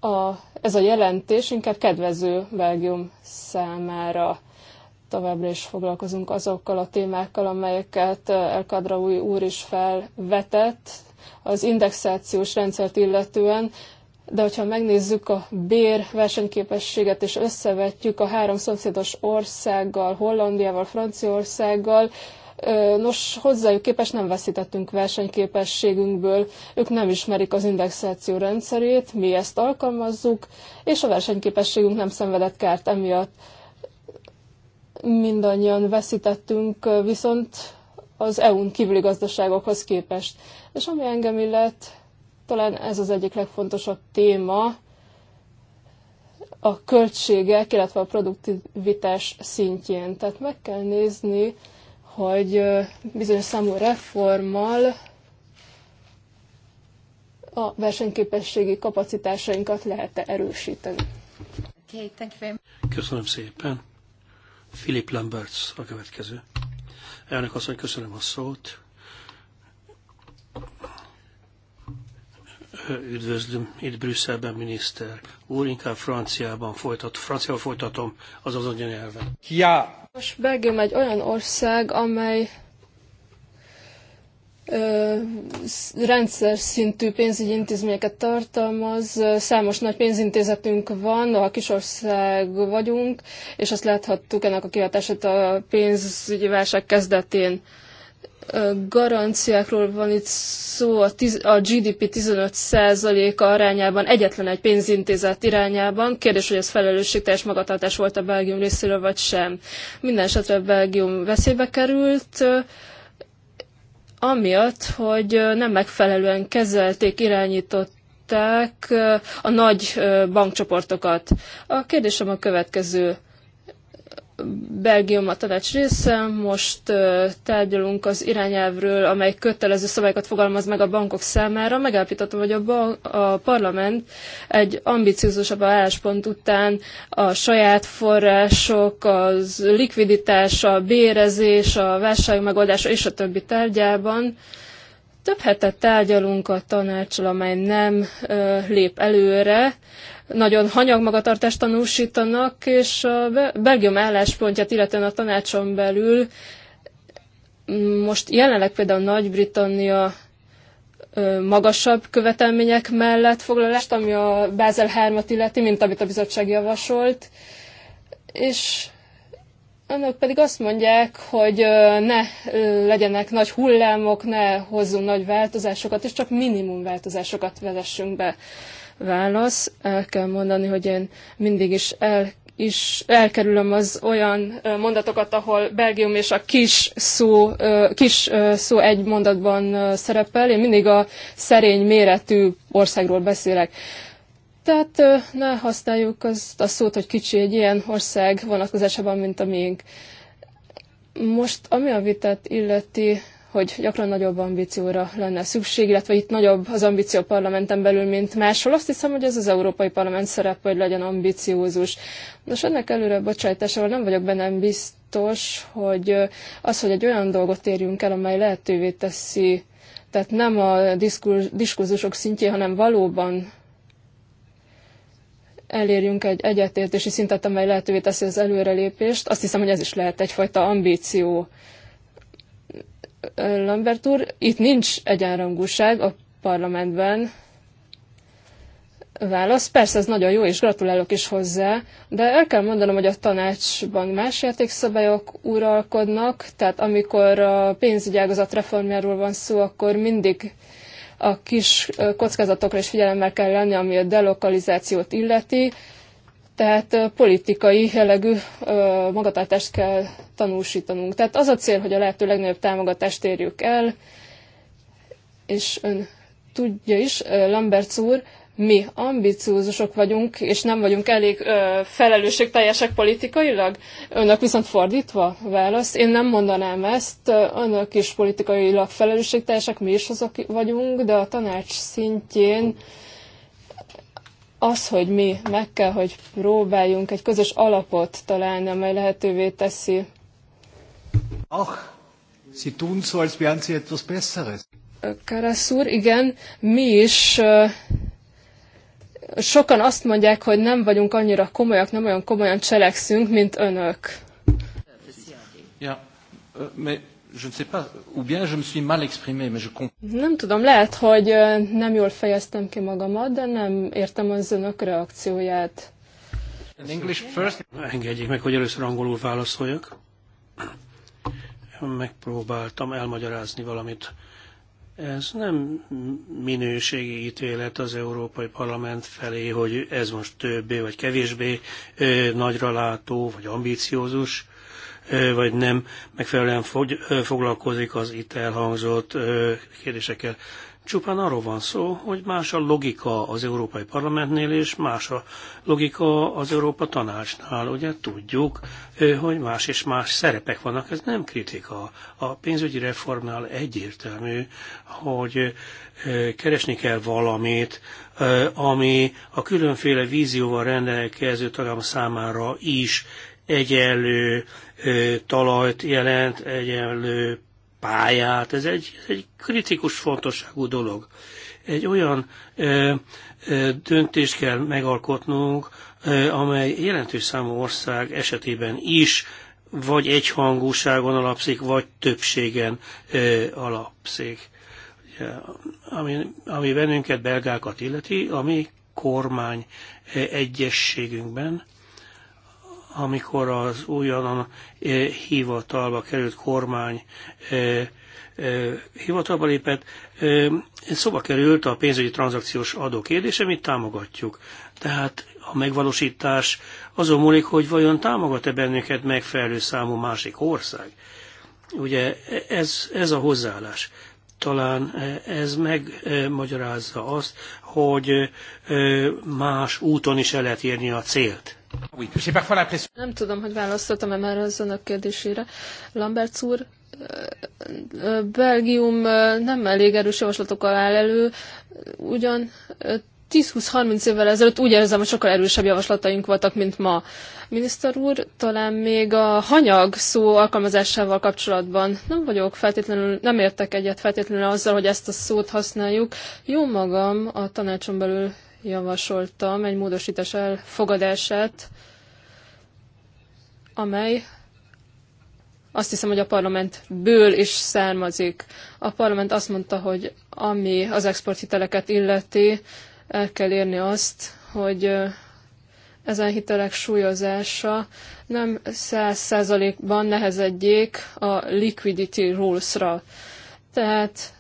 a ez a jelentés inkább kedvező Belgium számára. Továbbra is foglalkozunk azokkal a témákkal, amelyeket eh, Elkadraúj úr is felvetett az indexációs rendszert illetően, de hogyha megnézzük a bér versenyképességet és összevetjük a három szomszédos országgal, Hollandiával, Franciaországgal, Nos, hozzájuk képest nem veszítettünk versenyképességünkből, ők nem ismerik az indexáció rendszerét, mi ezt alkalmazzuk, és a versenyképességünk nem szenvedett kárt emiatt. Mindannyian veszítettünk viszont az EU-n kívüli gazdaságokhoz képest. És ami engem illet, talán ez az egyik legfontosabb téma, a költségek, illetve a produktivitás szintjén. Tehát meg kell nézni, hogy bizonyos számú reformmal a versenyképességi kapacitásainkat lehet -e erősíteni. Köszönöm szépen. Philip Lamberts a következő. Elnök asszony, köszönöm a szót. üdvözlöm itt Brüsszelben, miniszter úr, inkább franciában folytat, francia folytatom az az anyanyelven. Ja. Most Belgium egy olyan ország, amely ö, rendszer szintű pénzügyi intézményeket tartalmaz. Számos nagy pénzintézetünk van, a kisország vagyunk, és azt láthattuk ennek a kihatását a pénzügyi válság kezdetén garanciákról van itt szó, a, tiz, a GDP 15%-a arányában, egyetlen egy pénzintézet irányában. Kérdés, hogy ez felelősségteljes magatartás volt a Belgium részéről, vagy sem. Minden esetre Belgium veszélybe került, amiatt, hogy nem megfelelően kezelték, irányították a nagy bankcsoportokat. A kérdésem a következő Belgium a tanács része, most tárgyalunk az irányelvről, amely kötelező szabályokat fogalmaz meg a bankok számára. Megállapítottam, hogy a, bank, a parlament egy ambiciózusabb álláspont után a saját források, az likviditás, a bérezés, a válság megoldása és a többi tárgyában több hetet tárgyalunk a tanácsal, amely nem ö, lép előre nagyon hanyag magatartást tanúsítanak, és a Belgium álláspontját, illetően a tanácson belül mm, most jelenleg például Nagy-Britannia magasabb követelmények mellett foglalást, ami a Bázel 3-at illeti, mint amit a bizottság javasolt, és önök pedig azt mondják, hogy ne legyenek nagy hullámok, ne hozzunk nagy változásokat, és csak minimum változásokat vezessünk be válasz. El kell mondani, hogy én mindig is el is elkerülöm az olyan mondatokat, ahol Belgium és a kis szó, kis szó egy mondatban szerepel. Én mindig a szerény méretű országról beszélek. Tehát ne használjuk azt a szót, hogy kicsi egy ilyen ország vonatkozásában, mint a miénk. Most, ami a vitát illeti, hogy gyakran nagyobb ambícióra lenne szükség, illetve itt nagyobb az ambíció a parlamenten belül, mint máshol. Azt hiszem, hogy ez az Európai Parlament szerepe, hogy legyen ambiciózus. Nos, ennek előre bocsájtásával nem vagyok benne biztos, hogy az, hogy egy olyan dolgot érjünk el, amely lehetővé teszi, tehát nem a diskurzusok szintjén, hanem valóban elérjünk egy egyetértési szintet, amely lehetővé teszi az előrelépést. Azt hiszem, hogy ez is lehet egyfajta ambíció Lambert úr, itt nincs egyenrangúság a parlamentben. Válasz, persze ez nagyon jó, és gratulálok is hozzá, de el kell mondanom, hogy a tanácsban más játékszabályok uralkodnak, tehát amikor a pénzügyágazat reformjáról van szó, akkor mindig a kis kockázatokra is figyelemmel kell lenni, ami a delokalizációt illeti, tehát politikai jellegű magatartást kell tanúsítanunk. Tehát az a cél, hogy a lehető legnagyobb támogatást érjük el, és ön tudja is, Lamberts úr, mi ambiciózusok vagyunk, és nem vagyunk elég ö, felelősségteljesek politikailag? Önök viszont fordítva válasz. Én nem mondanám ezt. Önök is politikailag felelősségteljesek, mi is azok vagyunk, de a tanács szintjén ö, az, hogy mi meg kell, hogy próbáljunk egy közös alapot találni, amely lehetővé teszi. Ach, Sie tun so, als wären Sie etwas Besseres. Karasz úr, igen, mi is sokan azt mondják, hogy nem vagyunk annyira komolyak, nem olyan komolyan cselekszünk, mint önök. Ja, nem tudom, lehet, hogy nem jól fejeztem ki magamat, de nem értem az önök reakcióját. English first. Engedjék meg, hogy először angolul válaszoljak. Megpróbáltam elmagyarázni valamit. Ez nem minőségi ítélet az Európai Parlament felé, hogy ez most többé vagy kevésbé nagyra látó vagy ambíciózus vagy nem megfelelően foglalkozik az itt elhangzott kérdésekkel. Csupán arról van szó, hogy más a logika az Európai Parlamentnél, és más a logika az Európa Tanácsnál. Ugye tudjuk, hogy más és más szerepek vannak, ez nem kritika. A pénzügyi reformnál egyértelmű, hogy keresni kell valamit, ami a különféle vízióval rendelkező tagállam számára is egyenlő talajt jelent, egyenlő pályát. Ez egy, egy kritikus fontosságú dolog. Egy olyan ö, ö, döntést kell megalkotnunk, ö, amely jelentős számú ország esetében is vagy egyhangúságon alapszik, vagy többségen ö, alapszik. Ami, ami bennünket, belgákat illeti, ami kormány egyességünkben amikor az újonnan eh, hivatalba került kormány eh, eh, hivatalba lépett, szóba került a pénzügyi tranzakciós adó kérdése, mit támogatjuk. Tehát a megvalósítás azon múlik, hogy vajon támogat-e bennünket megfelelő számú másik ország. Ugye ez, ez a hozzáállás. Talán ez megmagyarázza azt, hogy más úton is el lehet érni a célt. Nem tudom, hogy választottam e már az önök kérdésére. Lambert úr, Belgium nem elég erős javaslatokkal áll elő, ugyan 10-20-30 évvel ezelőtt úgy érzem, hogy sokkal erősebb javaslataink voltak, mint ma. Miniszter úr, talán még a hanyag szó alkalmazásával kapcsolatban nem vagyok feltétlenül, nem értek egyet feltétlenül azzal, hogy ezt a szót használjuk. Jó magam a tanácson belül javasoltam egy módosítás elfogadását, amely azt hiszem, hogy a parlamentből is származik. A parlament azt mondta, hogy ami az exporthiteleket illeti, el kell érni azt, hogy ezen hitelek súlyozása nem száz százalékban nehezedjék a liquidity rules-ra. Tehát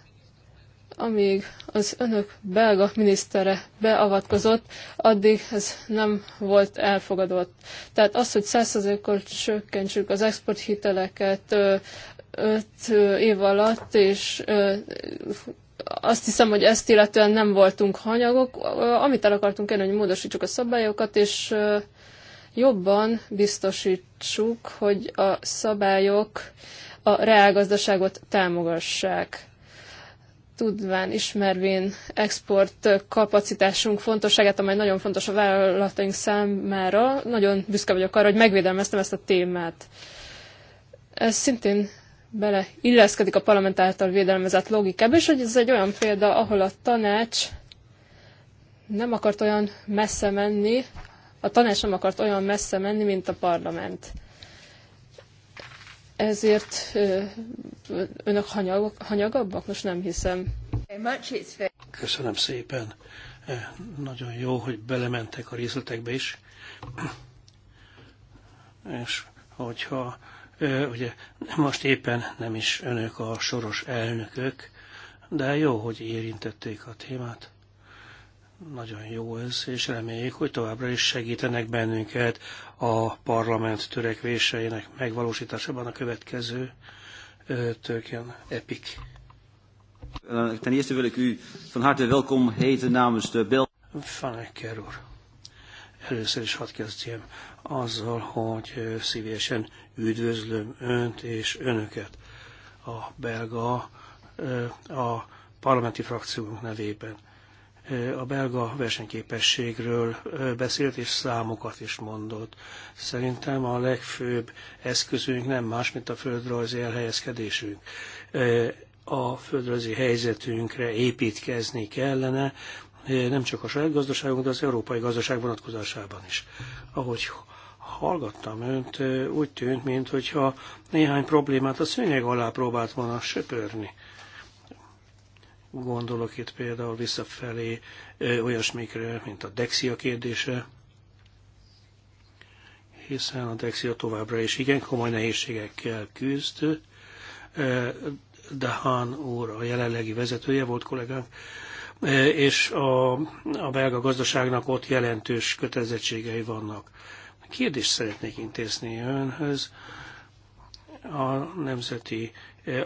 amíg az önök belga minisztere beavatkozott, addig ez nem volt elfogadott. Tehát az, hogy 100%-kal csökkentsük az exporthiteleket 5 év alatt, és azt hiszem, hogy ezt illetően nem voltunk hanyagok. Amit el akartunk kérni, hogy módosítsuk a szabályokat, és jobban biztosítsuk, hogy a szabályok a reálgazdaságot támogassák tudván, ismervén export kapacitásunk fontosságát, amely nagyon fontos a vállalataink számára. Nagyon büszke vagyok arra, hogy megvédelmeztem ezt a témát. Ez szintén bele illeszkedik a parlament által védelmezett logikába, és hogy ez egy olyan példa, ahol a tanács nem akart olyan messze menni, a tanács nem akart olyan messze menni, mint a parlament ezért önök hanyag, hanyagabbak? Most nem hiszem. Köszönöm szépen. Nagyon jó, hogy belementek a részletekbe is. És hogyha ugye most éppen nem is önök a soros elnökök, de jó, hogy érintették a témát. Nagyon jó ez, és reméljük, hogy továbbra is segítenek bennünket a parlament törekvéseinek megvalósításában a következő tőkén epik. Eh, ten eerste wil ik u van harte welkom heten namens de Bel. Van Ecker úr. Először is hadd kezdjem azzal, hogy szívesen üdvözlöm önt és önöket a belga, a parlamenti frakciónk nevében a belga versenyképességről beszélt, és számokat is mondott. Szerintem a legfőbb eszközünk nem más, mint a földrajzi elhelyezkedésünk. A földrajzi helyzetünkre építkezni kellene, nem csak a saját gazdaságunk, de az európai gazdaság vonatkozásában is. Ahogy hallgattam önt, úgy tűnt, mintha néhány problémát a szőnyeg alá próbált volna söpörni Gondolok itt például visszafelé olyasmikre, mint a Dexia kérdése, hiszen a Dexia továbbra is igen komoly nehézségekkel küzd. Dehan úr a jelenlegi vezetője volt kollégánk, és a, a belga gazdaságnak ott jelentős kötelezettségei vannak. Kérdést szeretnék intézni önhöz a nemzeti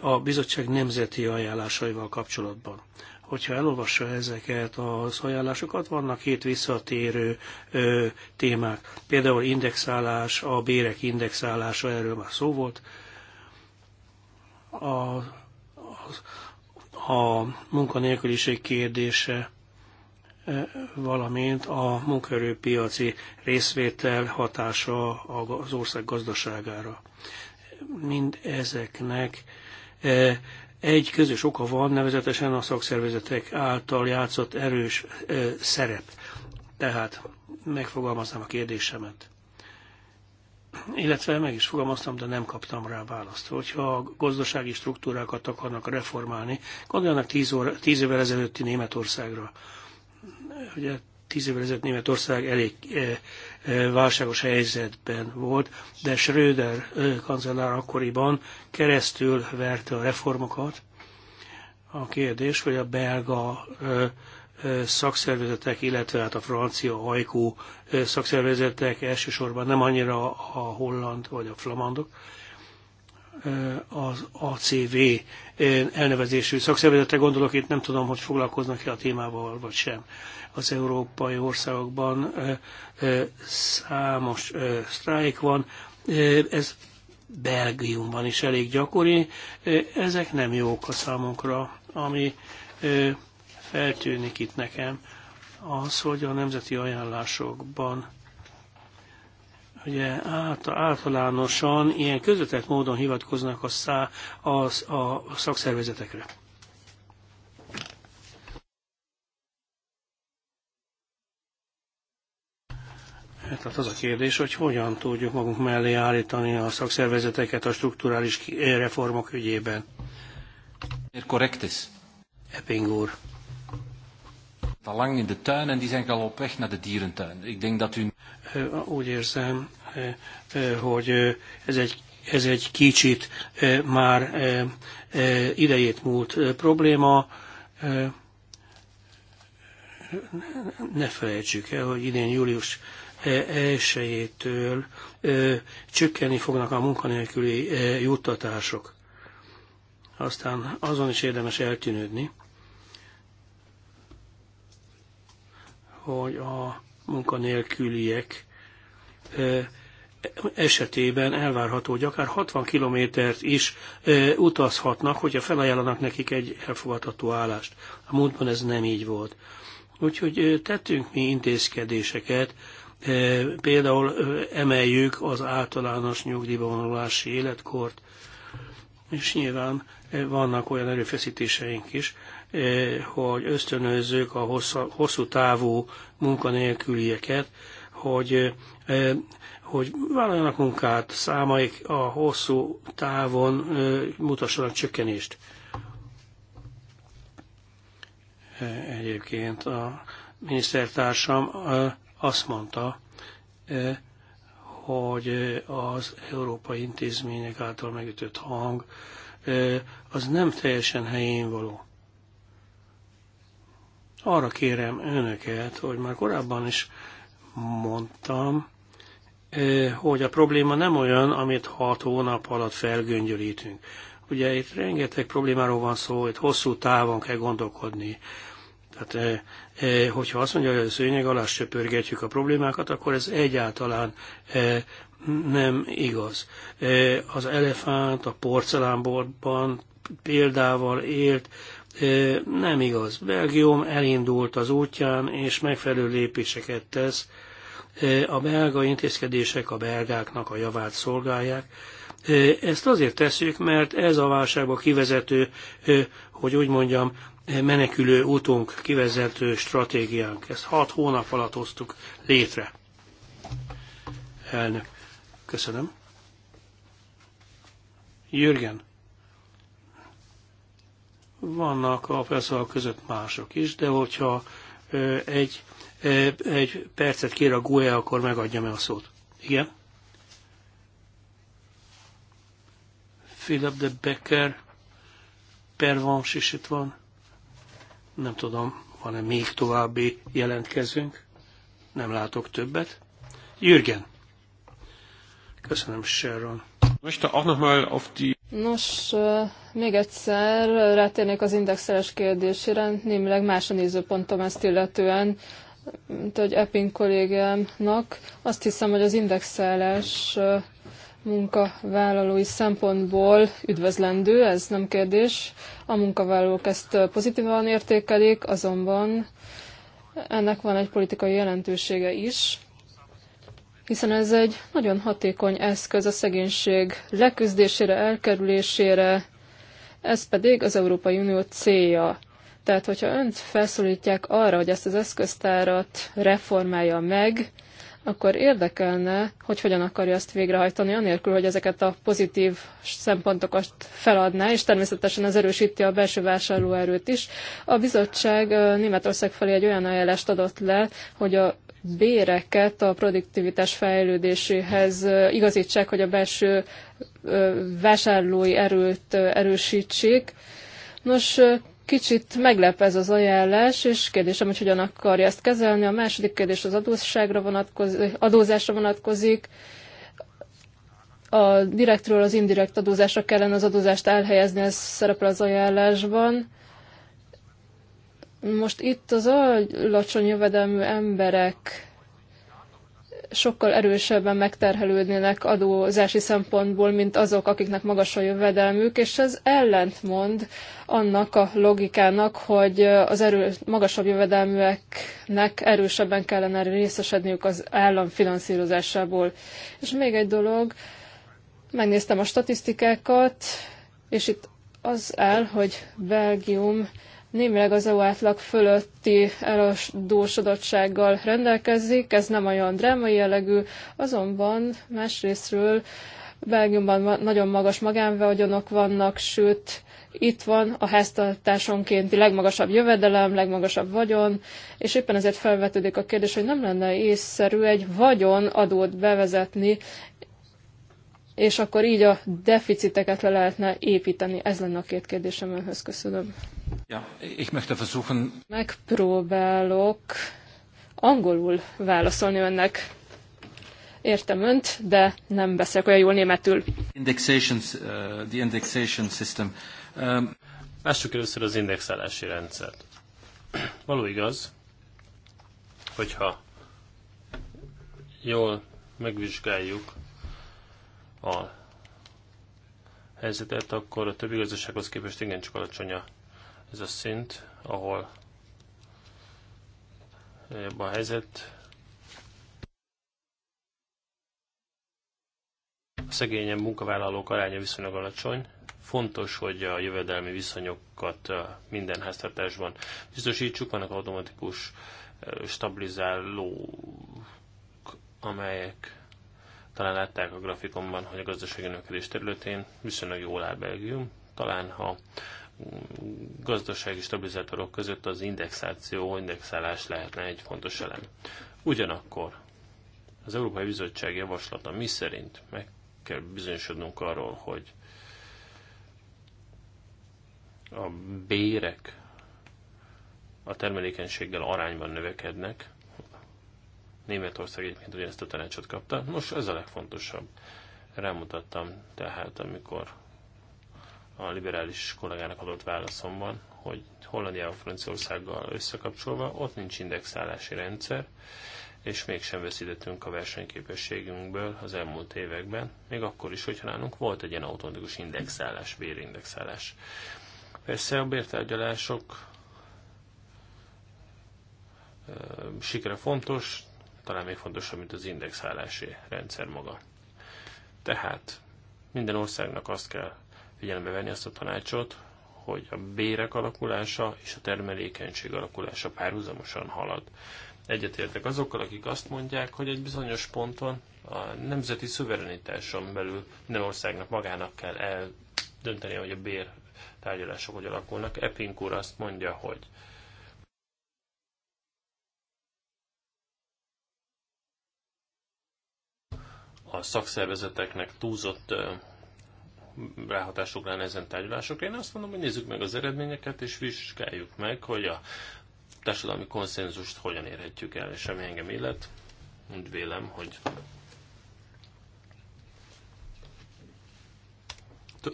a bizottság nemzeti ajánlásaival kapcsolatban. Hogyha elolvassa ezeket az ajánlásokat, vannak két visszatérő ö, témák. Például indexálás, a bérek indexálása, erről már szó volt. A, a, a munkanélküliség kérdése, valamint a munkaerőpiaci részvétel hatása az ország gazdaságára. Mind ezeknek E, egy közös oka van, nevezetesen a szakszervezetek által játszott erős e, szerep. Tehát megfogalmaznám a kérdésemet. Illetve meg is fogalmaztam, de nem kaptam rá választ. Hogyha a gazdasági struktúrákat akarnak reformálni, gondoljanak tíz, óra, tíz évvel ezelőtti Németországra. Ugye tíz évvel ezelőtt Németország elég e, válságos helyzetben volt, de Schröder kancellár akkoriban keresztül verte a reformokat. A kérdés, hogy a belga szakszervezetek, illetve hát a francia hajkú szakszervezetek elsősorban nem annyira a holland vagy a flamandok, az ACV elnevezésű szakszervezetre gondolok, itt nem tudom, hogy foglalkoznak-e a témával, vagy sem. Az európai országokban számos sztrájk van, ez Belgiumban is elég gyakori, ezek nem jók a számunkra, ami feltűnik itt nekem, az, hogy a nemzeti ajánlásokban ugye általánosan ilyen közvetett módon hivatkoznak a, szá, a, a szakszervezetekre. Tehát az a kérdés, hogy hogyan tudjuk magunk mellé állítani a szakszervezeteket a strukturális eh, reformok ügyében. Korrektis. Epping úr al lang in de tuin en die zijn al op weg naar de dierentuin. Ik denk dat u... Eh, úgy érzem, eh, eh, hogy ez egy, ez egy kicsit már idejét múlt probléma. Ne felejtsük el, hogy idén július 1-től csökkenni fognak a munkanélküli juttatások. Aztán azon is érdemes eltűnődni, hogy a munkanélküliek esetében elvárható, hogy akár 60 kilométert is utazhatnak, hogyha felajánlanak nekik egy elfogadható állást. A múltban ez nem így volt. Úgyhogy tettünk mi intézkedéseket, például emeljük az általános nyugdíjba vonulási életkort, és nyilván vannak olyan erőfeszítéseink is, Eh, hogy ösztönözzük a hosszú, hosszú távú munkanélkülieket, hogy, eh, hogy vállaljanak munkát, számaik a hosszú távon eh, mutassanak csökkenést. Egyébként a minisztertársam azt mondta, hogy az európai intézmények által megütött hang az nem teljesen helyén való. Arra kérem önöket, hogy már korábban is mondtam, eh, hogy a probléma nem olyan, amit hat hónap alatt felgöngyölítünk. Ugye itt rengeteg problémáról van szó, itt hosszú távon kell gondolkodni. Tehát, eh, eh, hogyha azt mondja, hogy a szőnyeg alá söpörgetjük a problémákat, akkor ez egyáltalán nem igaz. Az elefánt a porcelánboltban példával élt nem igaz. Belgium elindult az útján, és megfelelő lépéseket tesz. A belga intézkedések a belgáknak a javát szolgálják. Ezt azért tesszük, mert ez a válságba kivezető, hogy úgy mondjam, menekülő útunk, kivezető stratégiánk. Ezt hat hónap alatt hoztuk létre. Elnök, köszönöm. Jürgen vannak a felszólalók között mások is, de hogyha egy, egy percet kér a GUE, akkor megadja meg a szót. Igen? Philip de Becker, Pervans is itt van. Nem tudom, van-e még további jelentkezünk? Nem látok többet. Jürgen. Köszönöm, Sharon. Möchte auch nochmal auf die Nos, még egyszer rátérnék az indexeles kérdésére, némileg más a nézőpontom ezt illetően, mint hogy Epping kollégámnak. Azt hiszem, hogy az indexeles munkavállalói szempontból üdvözlendő, ez nem kérdés. A munkavállalók ezt pozitívan értékelik, azonban ennek van egy politikai jelentősége is hiszen ez egy nagyon hatékony eszköz a szegénység leküzdésére, elkerülésére, ez pedig az Európai Unió célja. Tehát, hogyha önt felszólítják arra, hogy ezt az eszköztárat reformálja meg, akkor érdekelne, hogy hogyan akarja ezt végrehajtani, anélkül, hogy ezeket a pozitív szempontokat feladná, és természetesen az erősíti a belső vásárlóerőt is. A bizottság Németország felé egy olyan ajánlást adott le, hogy a béreket a produktivitás fejlődéséhez igazítsák, hogy a belső vásárlói erőt erősítsék. Nos, kicsit meglep ez az ajánlás, és kérdésem, hogy hogyan akarja ezt kezelni. A második kérdés az adósságra vonatkozik, adózásra vonatkozik. A direktről az indirekt adózásra kellene az adózást elhelyezni, ez szerepel az ajánlásban. Most itt az alacsony jövedelmű emberek sokkal erősebben megterhelődnének adózási szempontból, mint azok, akiknek magas a jövedelmük, és ez ellentmond annak a logikának, hogy az erő, magasabb jövedelműeknek erősebben kellene részesedniük az állam finanszírozásából. És még egy dolog, megnéztem a statisztikákat, és itt az áll, hogy Belgium némileg az EU átlag fölötti eladósodottsággal rendelkezik, ez nem olyan drámai jellegű, azonban másrésztről Belgiumban nagyon magas magánvagyonok vannak, sőt, itt van a háztartásonkénti legmagasabb jövedelem, legmagasabb vagyon, és éppen ezért felvetődik a kérdés, hogy nem lenne észszerű egy vagyonadót bevezetni, és akkor így a deficiteket le lehetne építeni. Ez lenne a két kérdésem önhöz. Köszönöm. Ja, ich möchte versuchen. Megpróbálok angolul válaszolni önnek. Értem önt, de nem beszélek olyan jól németül. Indexations, uh, the indexation system. Um... Lássuk először az indexálási rendszert. Való igaz, hogyha jól megvizsgáljuk a helyzetet, akkor a többi gazdasághoz képest igencsak alacsony a ez a szint, ahol jobb a helyzet. A szegényebb munkavállalók aránya viszonylag alacsony. Fontos, hogy a jövedelmi viszonyokat minden háztartásban biztosítsuk. Vannak automatikus stabilizáló amelyek talán látták a grafikonban, hogy a gazdasági növekedés területén viszonylag jól áll Belgium. Talán ha gazdasági stabilizátorok között az indexáció, indexálás lehetne egy fontos elem. Ugyanakkor az Európai Bizottság javaslata mi szerint meg kell bizonyosodnunk arról, hogy a bérek a termelékenységgel arányban növekednek. Németország egyébként ugyanezt a tanácsot kapta. Nos, ez a legfontosabb. Rámutattam tehát, amikor a liberális kollégának adott válaszomban, hogy Hollandiával, Franciaországgal összekapcsolva ott nincs indexálási rendszer, és mégsem veszítettünk a versenyképességünkből az elmúlt években, még akkor is, hogyha nálunk volt egy ilyen automatikus indexálás, bérindexálás. Persze a bértárgyalások sikere fontos, talán még fontosabb, mint az indexálási rendszer maga. Tehát minden országnak azt kell figyelembe venni azt a tanácsot, hogy a bérek alakulása és a termelékenység alakulása párhuzamosan halad. Egyetértek azokkal, akik azt mondják, hogy egy bizonyos ponton a nemzeti szuverenitáson belül minden országnak magának kell eldönteni, hogy a bér tárgyalások hogy alakulnak. Epping úr azt mondja, hogy a szakszervezeteknek túlzott ráhatásuk lenne ezen tárgyalások. Én azt mondom, hogy nézzük meg az eredményeket, és vizsgáljuk meg, hogy a társadalmi konszenzust hogyan érhetjük el, és ami engem illet, úgy vélem, hogy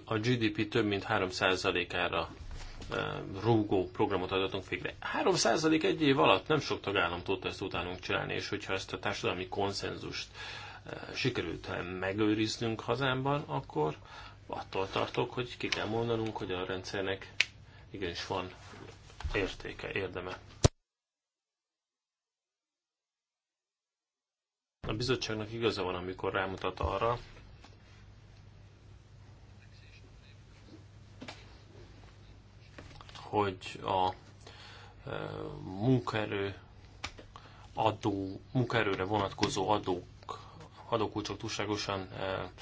a GDP több mint 3%-ára eh, rúgó programot adatunk végre. 3% egy év alatt nem sok tagállam tudta ezt utánunk csinálni, és hogyha ezt a társadalmi konszenzust eh, sikerült megőriznünk hazámban, akkor attól tartok, hogy ki kell mondanunk, hogy a rendszernek igenis van értéke, érdeme. A bizottságnak igaza van, amikor rámutat arra, hogy a e, munkaerő adó, munkaerőre vonatkozó adók, adókulcsok túlságosan e,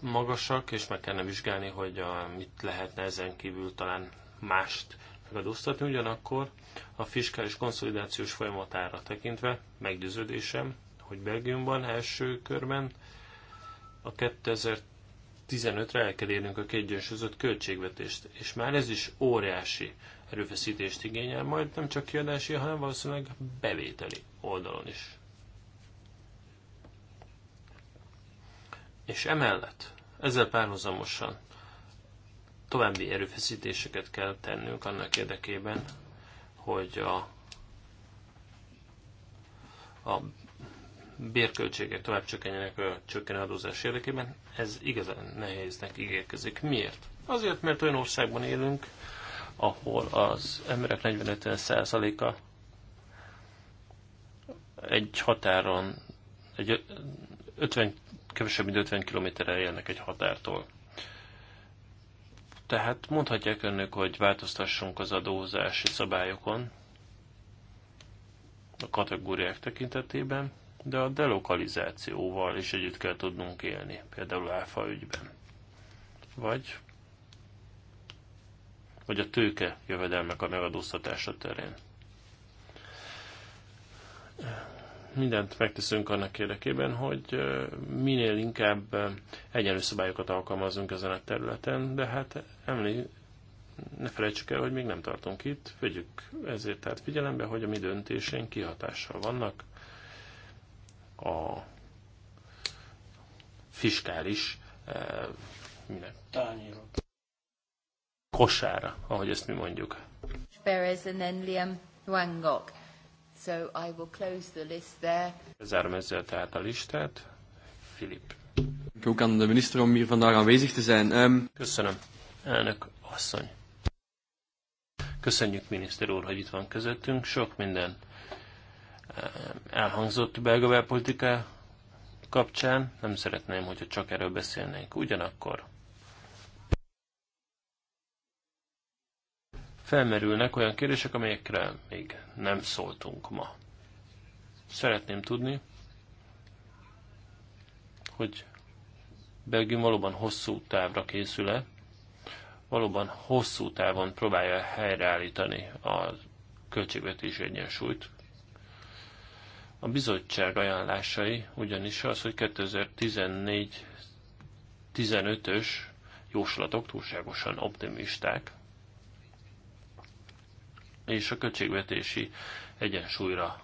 magasak, és meg kellene vizsgálni, hogy a, mit lehetne ezen kívül talán mást megadóztatni. Ugyanakkor a fiskális konszolidációs folyamatára tekintve meggyőződésem, hogy Belgiumban első körben a 2015-re el kell érnünk a kiegyensúlyozott költségvetést, és már ez is óriási erőfeszítést igényel, majd nem csak kiadási, hanem valószínűleg bevételi oldalon is. És emellett, ezzel párhuzamosan további erőfeszítéseket kell tennünk annak érdekében, hogy a, a bérköltségek tovább csökkenjenek a csökkenő adózás érdekében, ez igazán nehéznek ígérkezik. Miért? Azért, mert olyan országban élünk, ahol az emberek 45%-a egy határon, egy 50 kevesebb mint 50 kilométerre élnek egy határtól. Tehát mondhatják önök, hogy változtassunk az adózási szabályokon a kategóriák tekintetében, de a delokalizációval is együtt kell tudnunk élni, például áfa ügyben. Vagy, vagy a tőke jövedelmek a megadóztatása terén mindent megteszünk annak érdekében, hogy minél inkább egyenlő szabályokat alkalmazunk ezen a területen, de hát emlé, ne felejtsük el, hogy még nem tartunk itt, vegyük ezért tehát figyelembe, hogy a mi döntéseink kihatással vannak a fiskális minek? Kosára, ahogy ezt mi mondjuk. Perez and then Liam Wangok. So I will close the list there. Zárom ezzel tehát a listát. Filip. Ook aan de minister om hier vandaag aanwezig te zijn. Um... Köszönöm, elnök asszony. Köszönjük, miniszter úr, hogy itt van közöttünk. Sok minden ehm, elhangzott belga belpolitika kapcsán. Nem szeretném, hogyha csak erről beszélnénk. Ugyanakkor felmerülnek olyan kérdések, amelyekre még nem szóltunk ma. Szeretném tudni, hogy Belgium valóban hosszú távra készül-e, valóban hosszú távon próbálja helyreállítani a költségvetési egyensúlyt. A bizottság ajánlásai ugyanis az, hogy 2014-15-ös jóslatok túlságosan optimisták, és a költségvetési egyensúlyra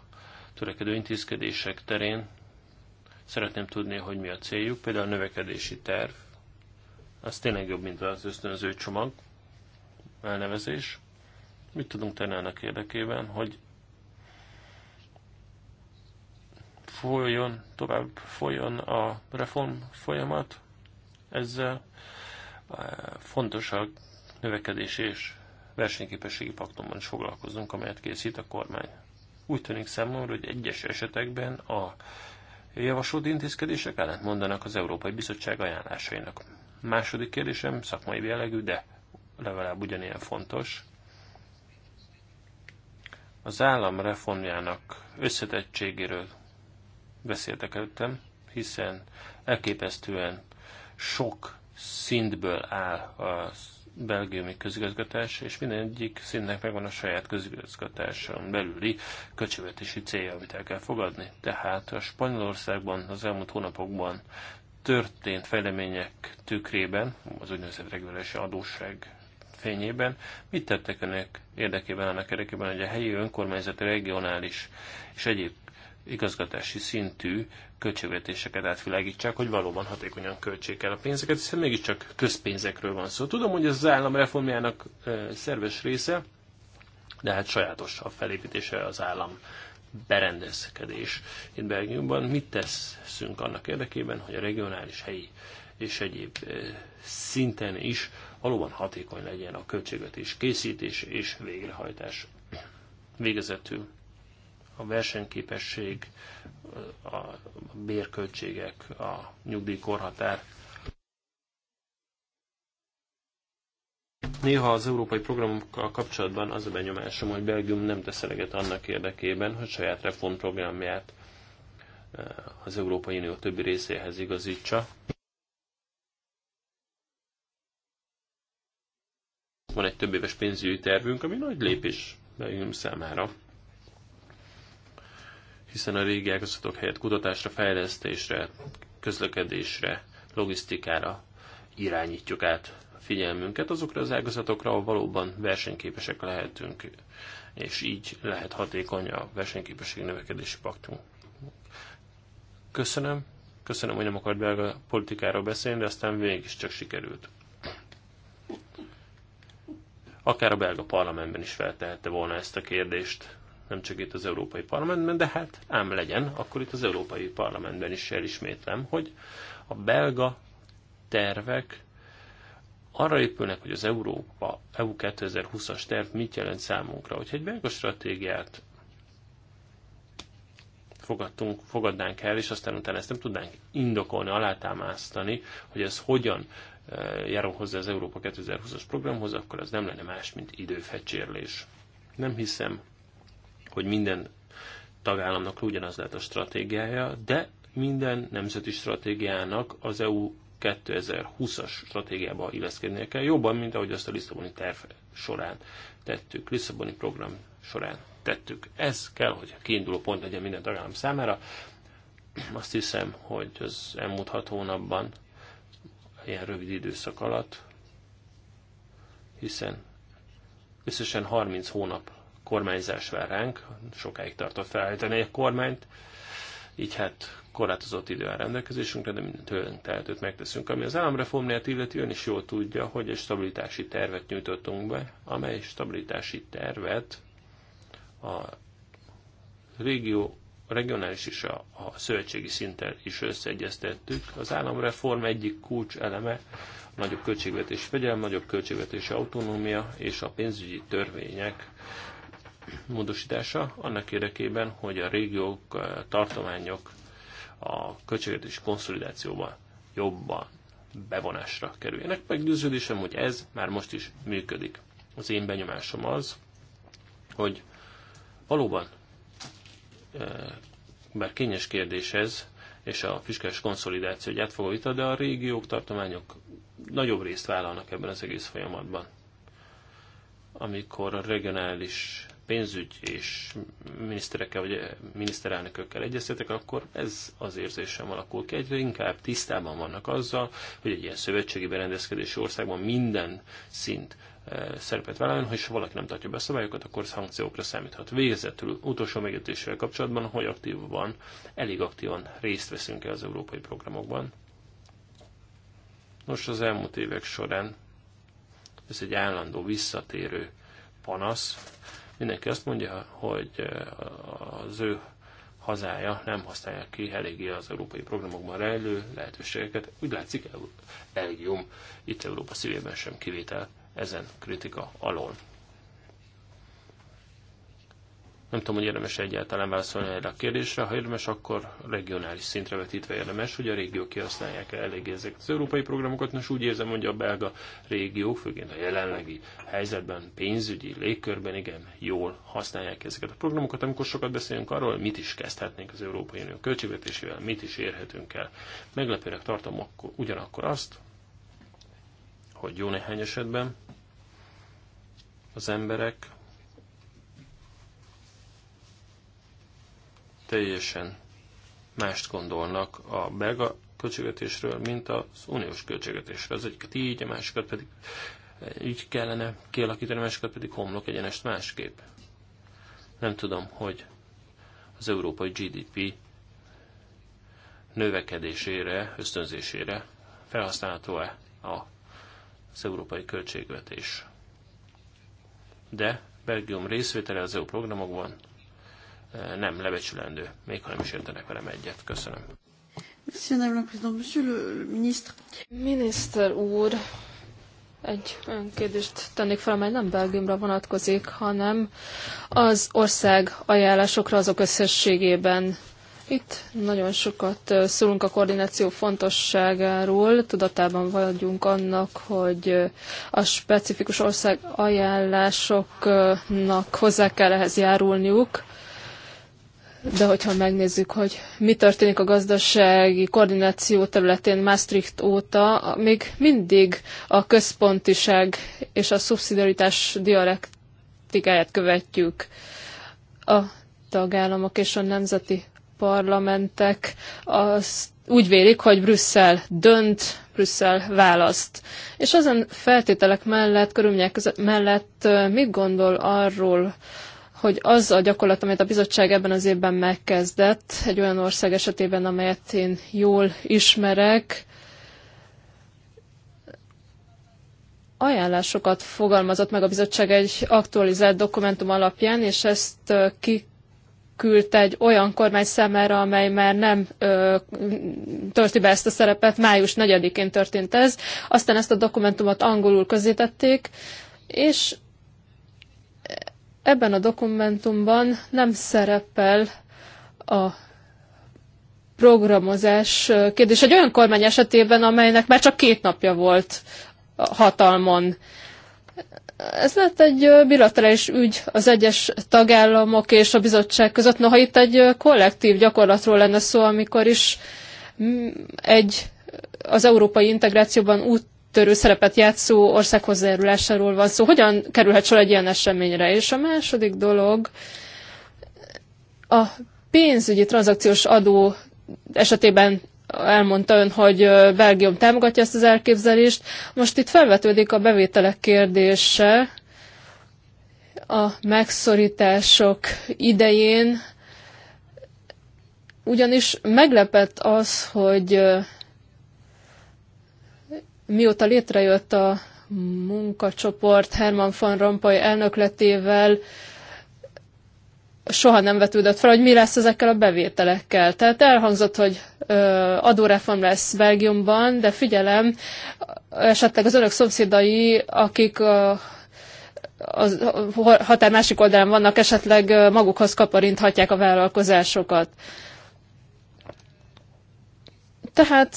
törekedő intézkedések terén szeretném tudni, hogy mi a céljuk, például a növekedési terv, az tényleg jobb, mint az ösztönző csomag elnevezés. Mit tudunk tenni ennek érdekében, hogy folyjon, tovább folyjon a reform folyamat, ezzel eh, fontos a növekedés és versenyképességi paktumban is foglalkozunk, amelyet készít a kormány. Úgy tűnik számomra, hogy egyes esetekben a javasolt intézkedések ellent mondanak az Európai Bizottság ajánlásainak. Második kérdésem szakmai jellegű, de legalább ugyanilyen fontos. Az állam reformjának összetettségéről beszéltek előttem, hiszen elképesztően sok szintből áll az belgiumi közigazgatás, és minden egyik színnek megvan a saját közigazgatáson belüli költségvetési célja, amit el kell fogadni. Tehát a Spanyolországban az elmúlt hónapokban történt fejlemények tükrében, az úgynevezett reguláris adósság fényében, mit tettek önök érdekében, annak érdekében, hogy a helyi önkormányzat, regionális és egyéb igazgatási szintű költségvetéseket átvilágítsák, hogy valóban hatékonyan költsék el a pénzeket, hiszen mégiscsak közpénzekről van szó. Tudom, hogy ez az állam reformjának szerves része, de hát sajátos a felépítése az állam berendezkedés. Itt Belgiumban mit teszünk annak érdekében, hogy a regionális, helyi és egyéb szinten is valóban hatékony legyen a költségvetés készítés és végrehajtás. Végezetül a versenyképesség, a bérköltségek, a nyugdíjkorhatár. Néha az európai programokkal kapcsolatban az a benyomásom, hogy Belgium nem tesz eleget annak érdekében, hogy saját reformprogramját eh, az Európai Unió többi részéhez igazítsa. Van egy több éves pénzügyi tervünk, ami nagy lépés Belgium számára hiszen a régi ágazatok helyett kutatásra, fejlesztésre, közlekedésre, logisztikára irányítjuk át a figyelmünket azokra az ágazatokra, ahol valóban versenyképesek lehetünk, és így lehet hatékony a versenyképesség növekedési paktunk. Köszönöm. Köszönöm, hogy nem akart belga politikáról beszélni, de aztán végig is csak sikerült. Akár a belga parlamentben is feltehette volna ezt a kérdést nem csak itt az Európai Parlamentben, de hát ám legyen, akkor itt az Európai Parlamentben is elismétlem, hogy a belga tervek arra épülnek, hogy az Európa EU 2020-as terv mit jelent számunkra. Hogyha egy belga stratégiát fogadtunk, fogadnánk el, és aztán utána ezt nem tudnánk indokolni, alátámasztani, hogy ez hogyan eh, járunk hozzá az Európa 2020-as programhoz, akkor ez nem lenne más, mint időfecsérlés. Nem hiszem, hogy minden tagállamnak ugyanaz lehet a stratégiája, de minden nemzeti stratégiának az EU 2020-as stratégiába illeszkednie kell, jobban, mint ahogy azt a Lisszaboni terv során tettük, Lisszaboni program során tettük. Ez kell, hogy a kiinduló pont legyen minden tagállam számára. Azt hiszem, hogy az elmúlt hat hónapban, ilyen rövid időszak alatt, hiszen összesen 30 hónap kormányzás vár ránk, sokáig tartott felállítani egy kormányt, így hát korlátozott idő áll rendelkezésünkre, de mindent tőlünk tehetőt megteszünk. Ami az államreformját illeti, ön is jól tudja, hogy egy stabilitási tervet nyújtottunk be, amely stabilitási tervet a régió regionális és a, a szövetségi szinten is összeegyeztettük. Az államreform egyik kulcs eleme nagyobb költségvetés fegyelem, nagyobb költségvetési autonómia és a pénzügyi törvények módosítása annak érdekében, hogy a régiók, a tartományok a költségvetési konszolidációban jobban bevonásra kerüljenek. Meggyőződésem, hogy ez már most is működik. Az én benyomásom az, hogy valóban, bár kényes kérdés ez, és a fiskális konszolidáció egy átfogó vita, de a régiók, tartományok nagyobb részt vállalnak ebben az egész folyamatban. Amikor a regionális pénzügy és miniszterekkel vagy miniszterelnökökkel egyeztetek, akkor ez az érzésem alakul ki. Egyre inkább tisztában vannak azzal, hogy egy ilyen szövetségi berendezkedési országban minden szint eh, szerepet vállaljon, hogy ha valaki nem tartja be a szabályokat, akkor szankciókra számíthat. Végezetül utolsó megértéssel kapcsolatban, hogy aktívan, elég aktívan részt veszünk el az európai programokban. Nos, az elmúlt évek során ez egy állandó visszatérő panasz, Mindenki azt mondja, hogy eh, az ő hazája nem használja ki eléggé az európai programokban rejlő lehetőségeket. Úgy látszik, Belgium itt Európa szívében sem kivétel ezen kritika alól. Nem tudom, hogy érdemes egyáltalán válaszolni erre a kérdésre. Ha érdemes, akkor regionális szintre vetítve érdemes, hogy a régiók kihasználják -e eléggé ezeket az európai programokat. Nos, úgy érzem, hogy a belga régiók, főként a jelenlegi helyzetben, pénzügyi légkörben igen jól használják ezeket a programokat, amikor sokat beszélünk arról, mit is kezdhetnénk az Európai Unió költségvetésével, mit is érhetünk el. Meglepőnek tartom akkor, ugyanakkor azt, hogy jó néhány esetben az emberek teljesen mást gondolnak a belga költségvetésről, mint az uniós költségvetésről. Az egyiket így, a másikat pedig eh, így kellene kialakítani, a másikat pedig homlok egyenest másképp. Nem tudom, hogy az európai GDP növekedésére, ösztönzésére felhasználható-e az európai költségvetés. De Belgium részvétele az EU programokban nem lebecsülendő, még ha nem is értenek velem egyet. Köszönöm. Miniszter úr, egy olyan kérdést tennék fel, amely nem Belgiumra vonatkozik, hanem az ország ajánlásokra azok összességében. Itt nagyon sokat szólunk a koordináció fontosságáról, tudatában vagyunk annak, hogy a specifikus ország ajánlásoknak hozzá kell ehhez járulniuk, de hogyha megnézzük, hogy mi történik a gazdasági koordináció területén Maastricht óta, még mindig a központiság és a szubszidiaritás dialektikáját követjük. A tagállamok és a nemzeti parlamentek azt úgy vélik, hogy Brüsszel dönt, Brüsszel választ. És ezen feltételek mellett, körülmények mellett mit gondol arról, hogy az a gyakorlat, amit a bizottság ebben az évben megkezdett, egy olyan ország esetében, amelyet én jól ismerek, ajánlásokat fogalmazott meg a bizottság egy aktualizált dokumentum alapján, és ezt ki küldte egy olyan kormány számára, amely már nem ö, tölti be ezt a szerepet. Május 4-én történt ez. Aztán ezt a dokumentumot angolul közítették, és Ebben a dokumentumban nem szerepel a programozás kérdés. Egy olyan kormány esetében, amelynek már csak két napja volt hatalmon. Ez lett egy bilaterális ügy az egyes tagállamok és a bizottság között. Noha itt egy kollektív gyakorlatról lenne szó, amikor is egy az európai integrációban út áttörő szerepet játszó ország hozzájárulásáról van szó. Hogyan kerülhet sor egy ilyen eseményre? És a második dolog, a pénzügyi tranzakciós adó esetében elmondta ön, hogy Belgium támogatja ezt az elképzelést. Most itt felvetődik a bevételek kérdése a megszorítások idején, ugyanis meglepett az, hogy Mióta létrejött a munkacsoport Herman van Rompuy elnökletével, soha nem vetődött fel, hogy mi lesz ezekkel a bevételekkel. Tehát elhangzott, hogy adóreform lesz Belgiumban, de figyelem, esetleg az önök szomszédai, akik a, az határ másik oldalán vannak, esetleg magukhoz kaparinthatják a vállalkozásokat. Tehát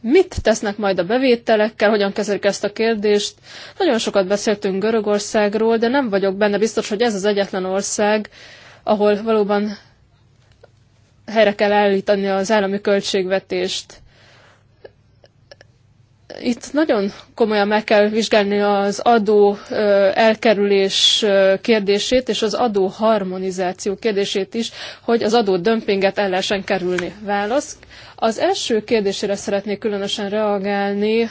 Mit tesznek majd a bevételekkel, hogyan kezelik ezt a kérdést? Nagyon sokat beszéltünk Görögországról, de nem vagyok benne biztos, hogy ez az egyetlen ország, ahol valóban helyre kell állítani az állami költségvetést itt nagyon komolyan meg kell vizsgálni az adó elkerülés kérdését, és az adó harmonizáció kérdését is, hogy az adó dömpinget el lehessen kerülni. Válasz. Az első kérdésére szeretnék különösen reagálni,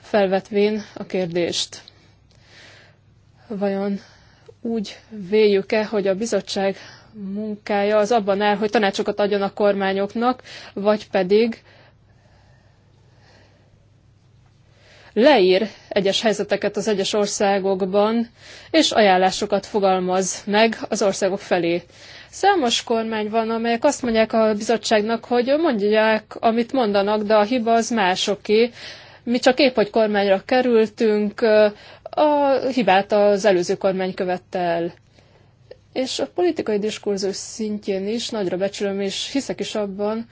felvetvén a kérdést. Vajon úgy véljük-e, hogy a bizottság munkája az abban áll, hogy tanácsokat adjon a kormányoknak, vagy pedig leír egyes helyzeteket az egyes országokban, és ajánlásokat fogalmaz meg az országok felé. Számos kormány van, amelyek azt mondják a bizottságnak, hogy mondják, amit mondanak, de a hiba az másoké. Mi csak épp, hogy kormányra kerültünk, a hibát az előző kormány követte el. És a politikai diskurzus szintjén is nagyra becsülöm, és hiszek is abban,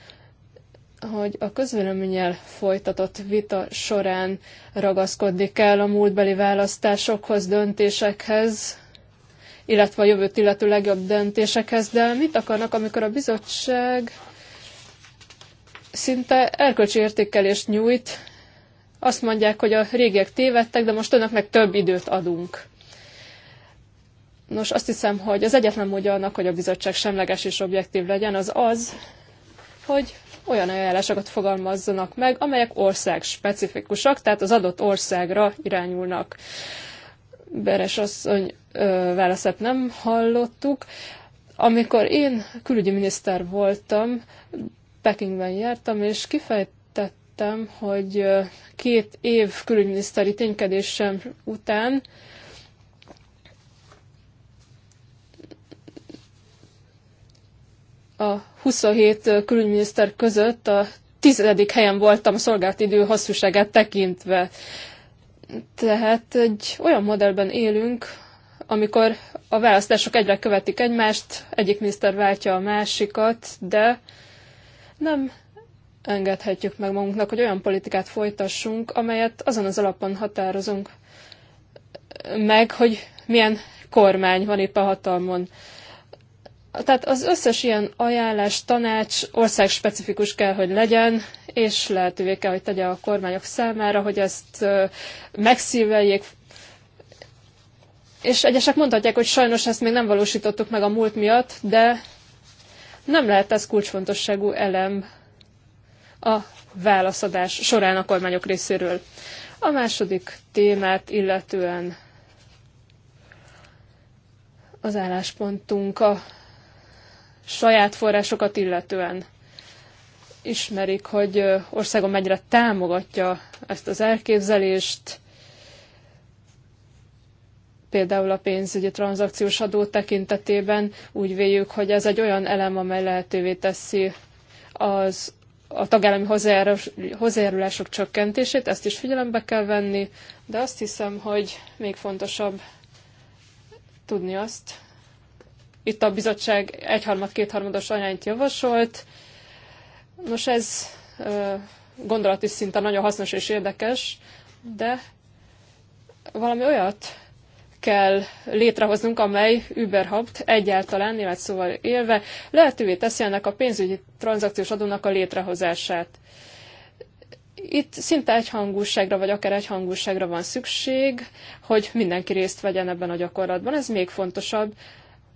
hogy a közvéleménnyel folytatott vita során ragaszkodni kell a múltbeli választásokhoz, döntésekhez, illetve a jövőt illető legjobb döntésekhez, de mit akarnak, amikor a bizottság szinte erkölcsi értékelést nyújt, azt mondják, hogy a régiek tévedtek, de most önöknek több időt adunk. Nos, azt hiszem, hogy az egyetlen módja annak, hogy a bizottság semleges és objektív legyen, az az, hogy olyan ajánlásokat fogalmazzanak meg, amelyek ország specifikusak, tehát az adott országra irányulnak. Beres asszony válaszát nem hallottuk. Amikor én külügyi miniszter voltam, Pekingben jártam, és kifejtettem, hogy két év külügyminiszteri ténykedésem után a 27 külügyminiszter között a tizedik helyen voltam a szolgált idő hosszúságát tekintve. Tehát egy olyan modellben élünk, amikor a választások egyre követik egymást, egyik miniszter váltja a másikat, de nem engedhetjük meg magunknak, hogy olyan politikát folytassunk, amelyet azon az alapon határozunk meg, hogy milyen kormány van épp a hatalmon. Tehát az összes ilyen ajánlás, tanács országspecifikus kell, hogy legyen, és lehetővé kell, hogy tegye a kormányok számára, hogy ezt megszíveljék, és egyesek mondhatják, hogy sajnos ezt még nem valósítottuk meg a múlt miatt, de nem lehet ez kulcsfontosságú elem a válaszadás során a kormányok részéről. A második témát illetően az álláspontunk a saját forrásokat illetően ismerik, hogy országom mennyire támogatja ezt az elképzelést, például a pénzügyi tranzakciós adó tekintetében úgy véljük, hogy ez egy olyan elem, amely lehetővé teszi az a tagállami hozzájárulások csökkentését, ezt is figyelembe kell venni, de azt hiszem, hogy még fontosabb tudni azt, itt a bizottság egyharmad-kétharmados anyányt javasolt. Nos, ez gondolati szinten nagyon hasznos és érdekes, de valami olyat kell létrehoznunk, amely überhabt egyáltalán szóval élve lehetővé teszi ennek a pénzügyi tranzakciós adónak a létrehozását. Itt szinte egyhangúságra, vagy akár egyhangúságra van szükség, hogy mindenki részt vegyen ebben a gyakorlatban. Ez még fontosabb,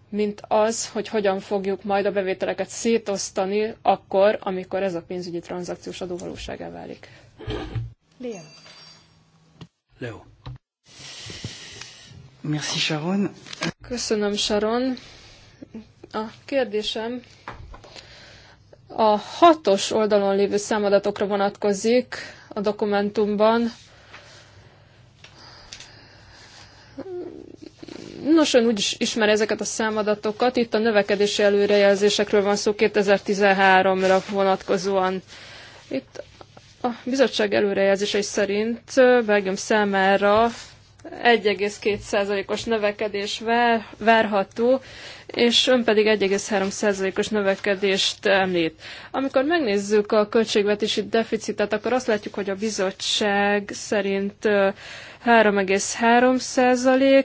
mint az, hogy hogyan fogjuk majd a bevételeket szétosztani akkor, amikor ez a pénzügyi tranzakciós adó válik. Leo. Leo. Merci Sharon. Köszönöm Sharon. A kérdésem a hatos oldalon lévő számadatokra vonatkozik a dokumentumban. Nos, ön úgy ismer ezeket a számadatokat. Itt a növekedési előrejelzésekről van szó 2013-ra vonatkozóan. Itt a bizottság előrejelzései szerint Belgium számára 1,2%-os növekedés várható, és ön pedig 1,3%-os növekedést említ. Amikor megnézzük a költségvetési deficitet, akkor azt látjuk, hogy a bizottság szerint 3,3%,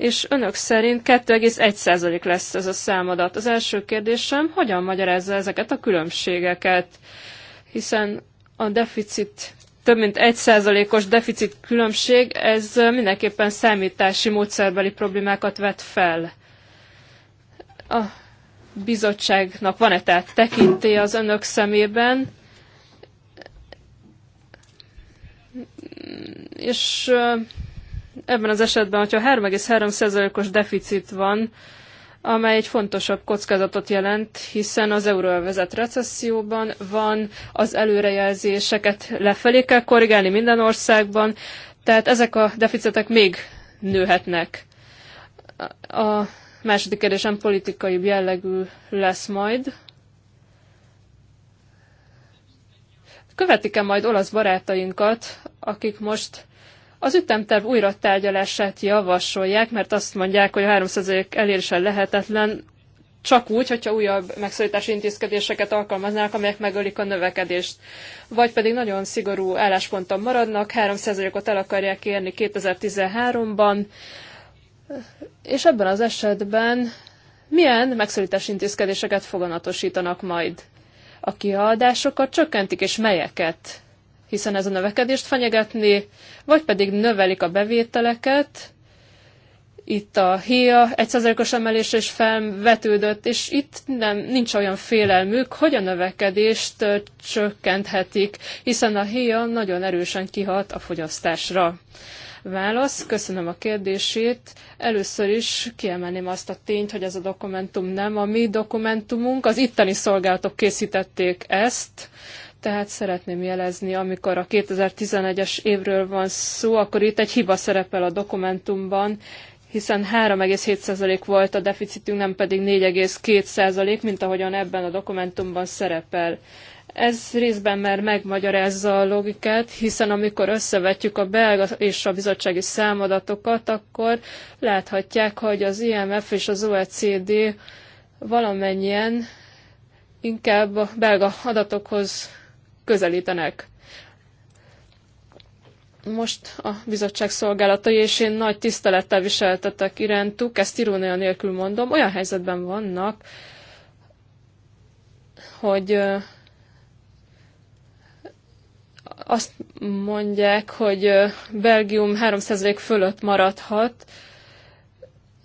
és önök szerint 2,1% lesz ez a számadat. Az első kérdésem, hogyan magyarázza ezeket a különbségeket? Hiszen a deficit több mint 1%-os deficit különbség, ez mindenképpen számítási módszerbeli problémákat vet fel. A bizottságnak van-e tehát tekintélye az önök szemében, és Ebben az esetben, hogyha 3,3%-os deficit van, amely egy fontosabb kockázatot jelent, hiszen az euróvezet recesszióban van, az előrejelzéseket lefelé kell korrigálni minden országban, tehát ezek a deficitek még nőhetnek. A második kérdésem politikai jellegű lesz majd. Követik-e majd olasz barátainkat, akik most az ütemterv újra tárgyalását javasolják, mert azt mondják, hogy a 300 elérése lehetetlen, csak úgy, hogyha újabb megszorítási intézkedéseket alkalmaznának, amelyek megölik a növekedést. Vagy pedig nagyon szigorú állásponton maradnak, 3%-ot el akarják érni 2013-ban, és ebben az esetben milyen megszorítási intézkedéseket foganatosítanak majd? A kiadásokat csökkentik, és melyeket? hiszen ez a növekedést fenyegetné, vagy pedig növelik a bevételeket, itt a HIA 1%-os emelés is felvetődött, és itt nem, nincs olyan félelmük, hogy a növekedést csökkenthetik, hiszen a HIA nagyon erősen kihat a fogyasztásra. Válasz, köszönöm a kérdését. Először is kiemelném azt a tényt, hogy ez a dokumentum nem a mi dokumentumunk, az itteni szolgálatok készítették ezt, tehát szeretném jelezni, amikor a 2011-es évről van szó, akkor itt egy hiba szerepel a dokumentumban, hiszen 3,7% volt a deficitünk, nem pedig 4,2%, mint ahogyan ebben a dokumentumban szerepel. Ez részben már megmagyarázza a logikát, hiszen amikor összevetjük a belga és a bizottsági számadatokat, akkor láthatják, hogy az IMF és az OECD valamennyien inkább a belga adatokhoz közelítenek. Most a bizottság szolgálatai, és én nagy tisztelettel viseltetek irántuk, ezt irónia nélkül mondom, olyan helyzetben vannak, hogy azt mondják, hogy Belgium 3% fölött maradhat,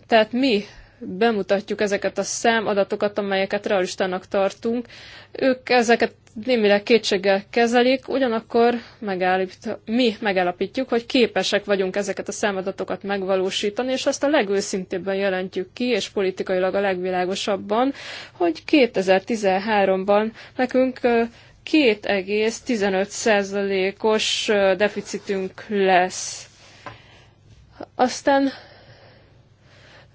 tehát mi bemutatjuk ezeket a számadatokat, amelyeket realistának tartunk. Ők ezeket némileg kétséggel kezelik, ugyanakkor megállít, mi megállapítjuk, hogy képesek vagyunk ezeket a számadatokat megvalósítani, és azt a legőszintébben jelentjük ki, és politikailag a legvilágosabban, hogy 2013-ban nekünk 2,15%-os deficitünk lesz. Aztán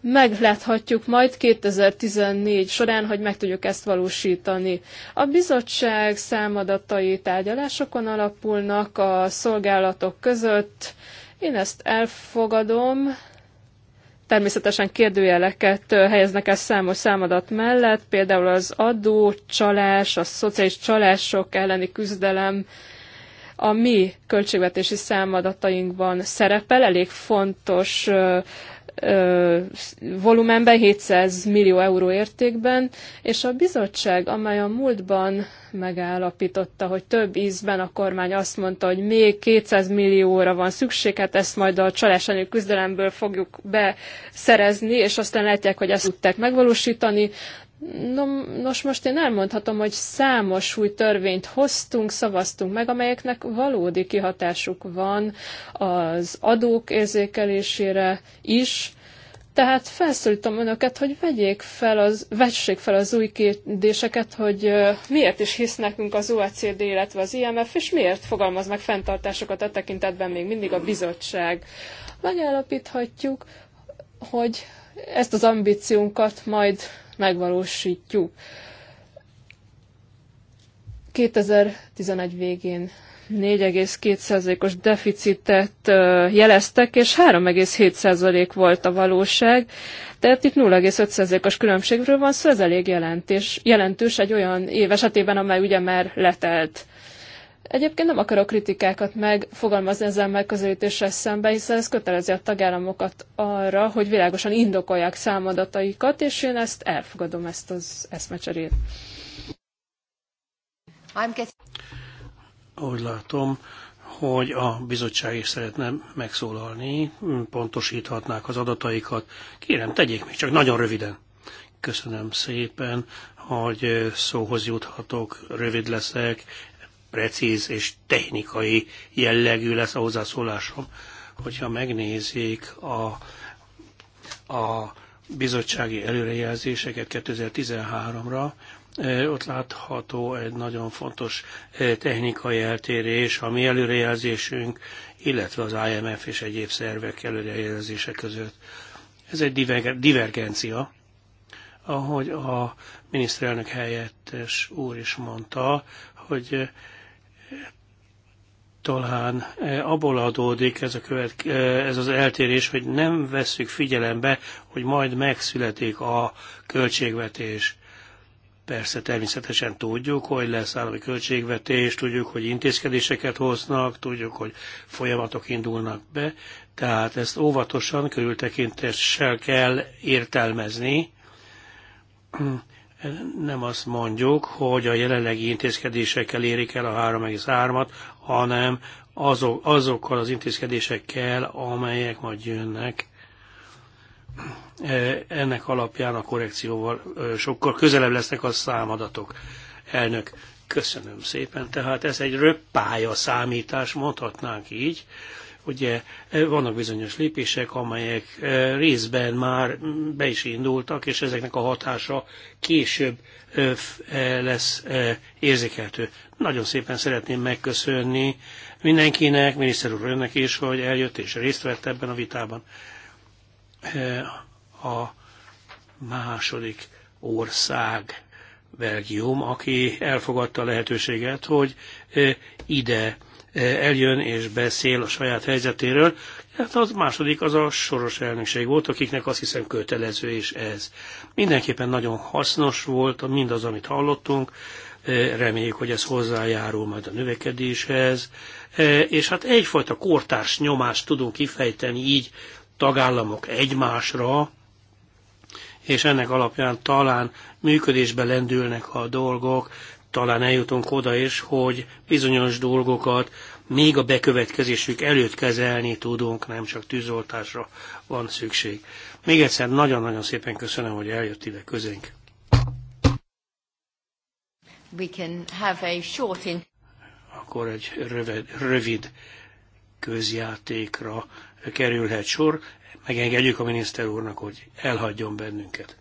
megláthatjuk majd 2014 során, hogy meg tudjuk ezt valósítani. A bizottság számadatai tárgyalásokon alapulnak a szolgálatok között. Én ezt elfogadom. Természetesen kérdőjeleket helyeznek el számos számadat mellett, például az adó, csalás, a szociális csalások elleni küzdelem, a mi költségvetési számadatainkban szerepel, elég fontos volumenben, 700 millió euró értékben, és a bizottság, amely a múltban megállapította, hogy több ízben a kormány azt mondta, hogy még 200 millióra van szükség, hát ezt majd a csalás küzdelemből fogjuk beszerezni, és aztán látják, hogy ezt tudták megvalósítani. No, nos, most én elmondhatom, hogy számos új törvényt hoztunk, szavaztunk meg, amelyeknek valódi kihatásuk van az adók érzékelésére is. Tehát felszólítom önöket, hogy vegyék fel az, vessék fel az új kérdéseket, hogy miért is hisz nekünk az OECD, illetve az IMF, és miért fogalmaz meg fenntartásokat a tekintetben még mindig a bizottság. Megállapíthatjuk, hogy ezt az ambíciónkat majd megvalósítjuk. 2011 végén 4,2%-os deficitet jeleztek, és 3,7% volt a valóság, tehát itt 0,5%-os különbségről van szó, szóval ez elég jelentős, jelentős egy olyan év esetében, amely ugye már letelt. Egyébként nem akarok kritikákat megfogalmazni ezzel megközelítéssel szemben, hiszen ez kötelezi a tagállamokat arra, hogy világosan indokolják számadataikat, és én ezt elfogadom, ezt az eszmecserét. Úgy látom, hogy a bizottság is szeretne megszólalni, pontosíthatnák az adataikat. Kérem, tegyék még csak nagyon röviden. Köszönöm szépen, hogy szóhoz juthatok, rövid leszek, precíz és technikai jellegű lesz a hozzászólásom. Hogyha megnézik a, a bizottsági előrejelzéseket 2013-ra, ott látható egy nagyon fontos technikai eltérés, a mi előrejelzésünk, illetve az IMF és egyéb szervek előrejelzése között. Ez egy divergencia, ahogy a miniszterelnök helyettes úr is mondta, hogy talán e, abból adódik ez, a követ, e, ez az eltérés, hogy nem vesszük figyelembe, hogy majd megszületik a költségvetés. Persze természetesen tudjuk, hogy lesz állami költségvetés, tudjuk, hogy intézkedéseket hoznak, tudjuk, hogy folyamatok indulnak be, tehát ezt óvatosan, körültekintéssel kell értelmezni. Nem azt mondjuk, hogy a jelenlegi intézkedésekkel érik el a 3,3-at, hanem azok, azokkal az intézkedésekkel, amelyek majd jönnek. Eh, ennek alapján a korrekcióval eh, sokkal közelebb lesznek a számadatok. Elnök, köszönöm szépen. Tehát ez egy röppája számítás, mondhatnánk így. Ugye e, vannak bizonyos lépések, amelyek e, részben már be is indultak, és ezeknek a hatása később e, lesz érzékeltő. Nagyon szépen szeretném megköszönni mindenkinek, miniszter úr önnek is, hogy eljött és részt vett ebben a vitában. A második ország Belgium, aki elfogadta a lehetőséget, hogy ide E, eljön és beszél a saját helyzetéről. Hát az második az a soros elnökség volt, akiknek azt hiszem kötelező is ez. Mindenképpen nagyon hasznos volt mindaz, amit hallottunk, e, reméljük, hogy ez hozzájárul majd a növekedéshez, e, és hát egyfajta kortárs nyomást tudunk kifejteni így tagállamok egymásra, és ennek alapján talán működésbe lendülnek a dolgok, talán eljutunk oda is, hogy bizonyos dolgokat még a bekövetkezésük előtt kezelni tudunk, nem csak tűzoltásra van szükség. Még egyszer nagyon-nagyon szépen köszönöm, hogy eljött ide közénk. We can have a short in... Akkor egy rövid, rövid közjátékra kerülhet sor. Megengedjük a miniszter úrnak, hogy elhagyjon bennünket.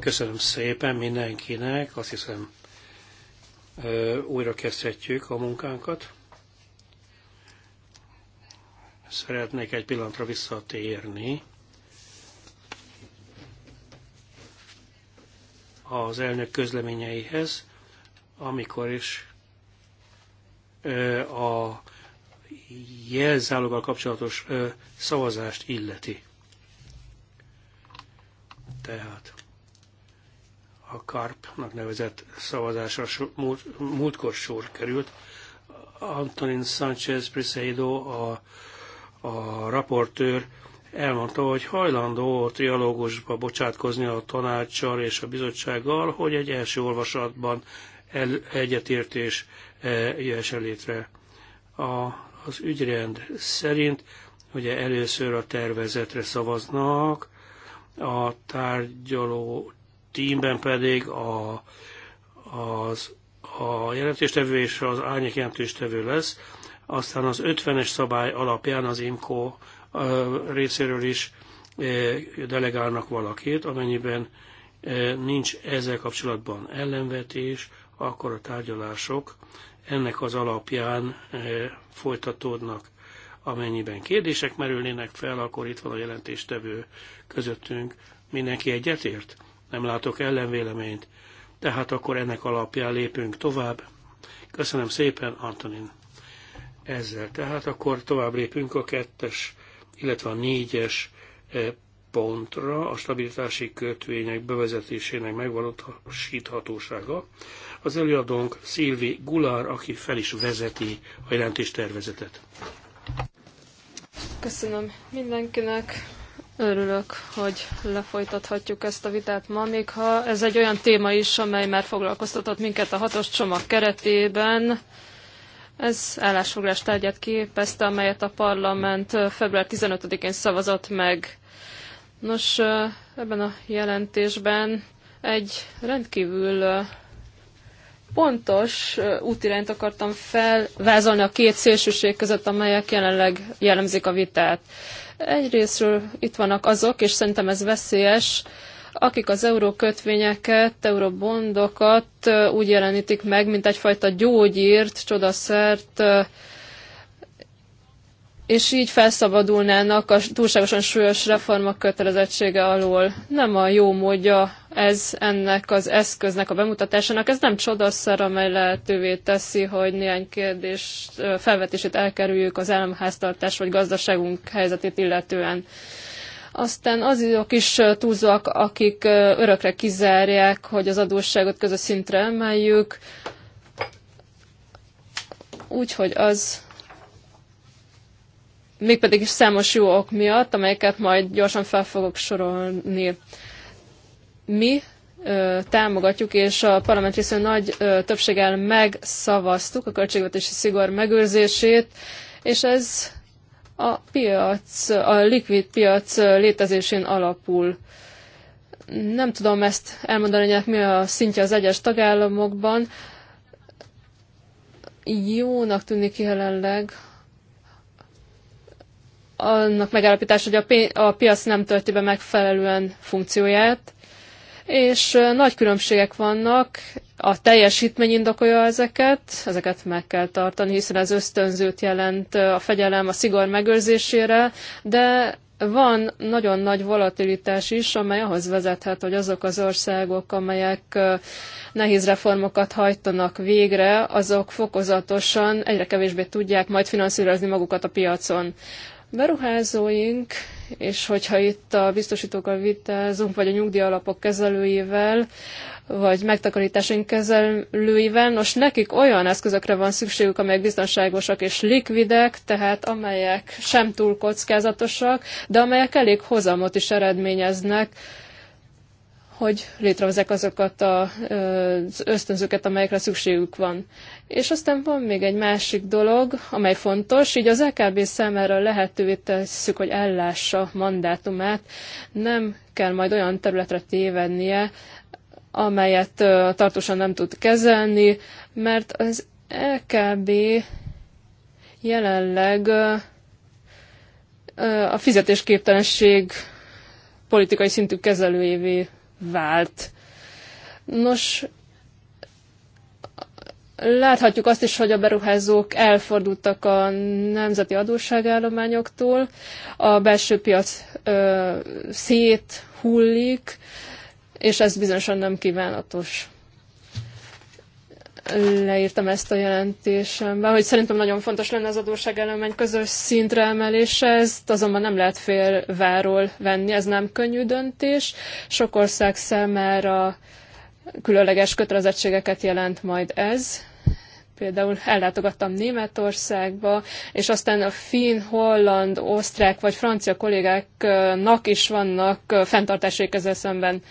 Köszönöm szépen mindenkinek, azt hiszem újra kezdhetjük a munkánkat. Szeretnék egy pillanatra visszatérni az elnök közleményeihez, amikor is a jelzálogal kapcsolatos szavazást illeti. Tehát a karpnak nevezett szavazásra múlt, múltkor sor került. Antonin Sánchez Priseido, a, a raportőr, elmondta, hogy hajlandó trialógusba bocsátkozni a tanácssal és a bizottsággal, hogy egy első olvasatban el, egyetértés e, jöhessen létre. A, az ügyrend szerint ugye először a tervezetre szavaznak, a tárgyaló tímben pedig a, az, a jelentéstevő és az árnyék jelentéstevő lesz, aztán az 50-es szabály alapján az IMCO részéről is delegálnak valakit, amennyiben nincs ezzel kapcsolatban ellenvetés, akkor a tárgyalások ennek az alapján folytatódnak. Amennyiben kérdések merülnének fel, akkor itt van a jelentéstevő közöttünk. Mindenki egyetért? Nem látok ellenvéleményt. Tehát akkor ennek alapján lépünk tovább. Köszönöm szépen, Antonin. Ezzel tehát akkor tovább lépünk a kettes, illetve a négyes e, pontra a stabilitási kötvények bevezetésének megvalósíthatósága. Az előadónk Szilvi Gulár, aki fel is vezeti a jelentéstervezetet. Köszönöm mindenkinek. Örülök, hogy lefolytathatjuk ezt a vitát ma, még ha ez egy olyan téma is, amely már foglalkoztatott minket a hatos csomag keretében. Ez állásfoglás tárgyát képezte, amelyet a parlament február 15-én szavazott meg. Nos, ebben a jelentésben egy rendkívül pontos útirányt akartam felvázolni a két szélsőség között, amelyek jelenleg jellemzik a vitát. Egyrésztről itt vannak azok, és szerintem ez veszélyes, akik az eurókötvényeket, eurobondokat úgy jelenítik meg, mint egyfajta gyógyírt, csodaszert, és így felszabadulnának a túlságosan súlyos reformok kötelezettsége alól. Nem a jó módja ez ennek az eszköznek a bemutatásának. Ez nem csodaszer, amely lehetővé teszi, hogy néhány kérdés felvetését elkerüljük az államháztartás vagy gazdaságunk helyzetét illetően. Aztán azok is túlzóak, akik örökre kizárják, hogy az adósságot közös szintre emeljük, úgyhogy az mégpedig is számos jó ok miatt, amelyeket majd gyorsan fel fogok sorolni. Mi ö, támogatjuk, és a parlament részén nagy ö, többséggel megszavaztuk a költségvetési szigor megőrzését, és ez a piac, a likvid piac létezésén alapul. Nem tudom ezt elmondani, hogy mi a szintje az egyes tagállamokban. Jónak tűnik jelenleg annak megállapítása, hogy a, pi a piac nem tölti be megfelelően funkcióját, és nagy különbségek vannak, a teljesítmény indokolja ezeket, ezeket meg kell tartani, hiszen ez ösztönzőt jelent a fegyelem a szigor megőrzésére, de van nagyon nagy volatilitás is, amely ahhoz vezethet, hogy azok az országok, amelyek nehéz reformokat hajtanak végre, azok fokozatosan egyre kevésbé tudják majd finanszírozni magukat a piacon. Beruházóink, és hogyha itt a biztosítókkal vitázunk, vagy a nyugdíjalapok kezelőivel, vagy megtakarításaink kezelőivel, nos nekik olyan eszközökre van szükségük, amelyek biztonságosak és likvidek, tehát amelyek sem túl kockázatosak, de amelyek elég hozamot is eredményeznek, hogy létrehozzák azokat az ösztönzőket, amelyekre szükségük van. És aztán van még egy másik dolog, amely fontos, így az LKB e számára lehetővé tesszük, hogy ellássa mandátumát, nem kell majd olyan területre tévednie, amelyet tartósan nem tud kezelni, mert az LKB e jelenleg a fizetésképtelenség politikai szintű kezelőjévé vált. Nos, láthatjuk azt is, hogy a beruházók elfordultak a nemzeti adósságállományoktól, a belső piac ö, széthullik, hullik, és ez bizonyosan nem kívánatos leírtam ezt a jelentésemben, hogy szerintem nagyon fontos lenne az adósságállomány közös szintre emelése, ezt azonban nem lehet félváról venni, ez nem könnyű döntés. Sok ország számára különleges kötelezettségeket jelent majd ez. Például ellátogattam Németországba, és aztán a finn, holland, osztrák vagy francia kollégáknak is vannak fenntartásaik ezzel szemben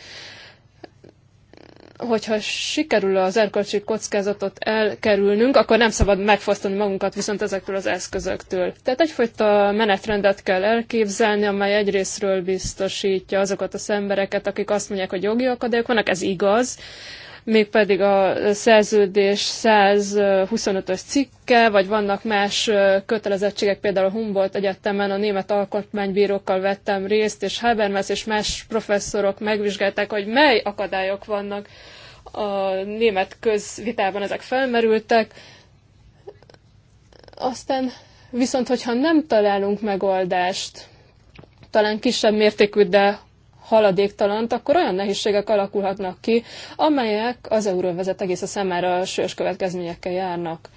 hogyha sikerül az erkölcsi kockázatot elkerülnünk, akkor nem szabad megfosztani magunkat viszont ezektől az eszközöktől. Tehát egyfajta menetrendet kell elképzelni, amely egyrésztről biztosítja azokat az embereket, akik azt mondják, hogy jogi akadályok vannak, ez igaz, mégpedig a szerződés 125-ös cikke, vagy vannak más kötelezettségek, például a Humboldt Egyetemen a német alkotmánybírókkal vettem részt, és Habermas és más professzorok megvizsgálták, hogy mely akadályok vannak a német közvitában ezek felmerültek. Aztán viszont, hogyha nem találunk megoldást, talán kisebb mértékű, de haladéktalant, akkor olyan nehézségek alakulhatnak ki, amelyek az euróvezet egészen a sős következményekkel járnak.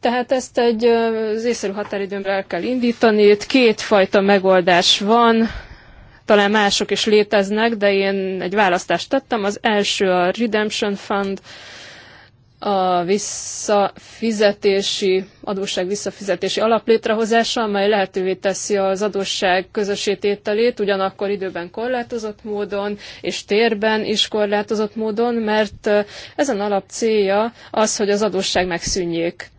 Tehát ezt egy az észszerű határidőmre el kell indítani, itt kétfajta megoldás van, talán mások is léteznek, de én egy választást tettem. Az első a Redemption Fund, a visszafizetési, adósság visszafizetési alap létrehozása, amely lehetővé teszi az adósság közösítételét, ugyanakkor időben korlátozott módon, és térben is korlátozott módon, mert ezen alap célja az, hogy az adósság megszűnjék.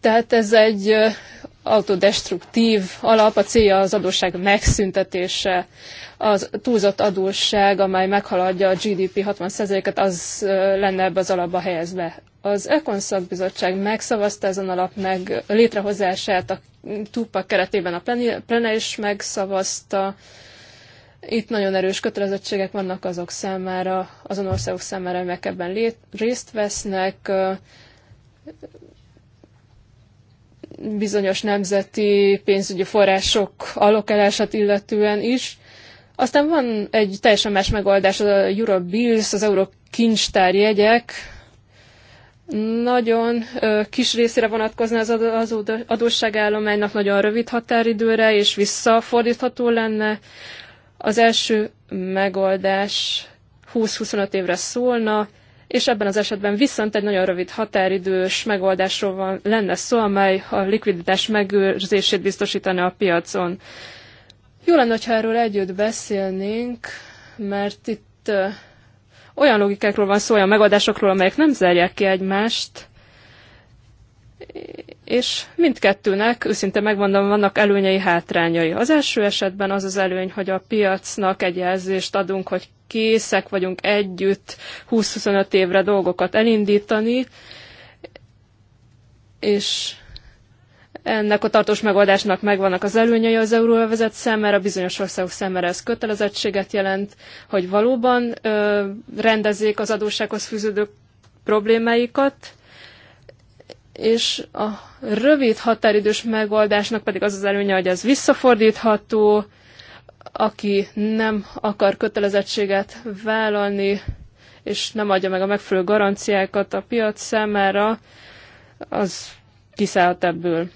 Tehát ez egy autodestruktív alap, a célja az adósság megszüntetése. Az túlzott adósság, amely meghaladja a GDP 60%-et, az lenne ebbe az alapba helyezve. Az Ökon szakbizottság megszavazta ezen alap meg létrehozását a TUPA keretében a plene is megszavazta. Itt nagyon erős kötelezettségek vannak azok számára, azon országok számára, amelyek ebben részt vesznek bizonyos nemzeti pénzügyi források allokálását illetően is. Aztán van egy teljesen más megoldás, az a Euro Bills, az Euro kincstár jegyek, nagyon kis részére vonatkozna az adósságállománynak, nagyon rövid határidőre, és visszafordítható lenne. Az első megoldás 20-25 évre szólna, és ebben az esetben viszont egy nagyon rövid határidős megoldásról van, lenne szó, amely a likviditás megőrzését biztosítana a piacon. Jó lenne, ha erről együtt beszélnénk, mert itt olyan logikákról van szó, olyan megoldásokról, amelyek nem zárják ki egymást, és mindkettőnek, őszinte megmondom, vannak előnyei, hátrányai. Az első esetben az az előny, hogy a piacnak egy jelzést adunk, hogy készek vagyunk együtt 20-25 évre dolgokat elindítani, és ennek a tartós megoldásnak megvannak az előnyei az euróvezet a bizonyos országok szemmel ez kötelezettséget jelent, hogy valóban ö, rendezzék az adósághoz fűződő problémáikat, és a rövid határidős megoldásnak pedig az az előnye, hogy ez visszafordítható, aki nem akar kötelezettséget vállalni, és nem adja meg a megfelelő garanciákat a piac számára, az kiszállhat ebből.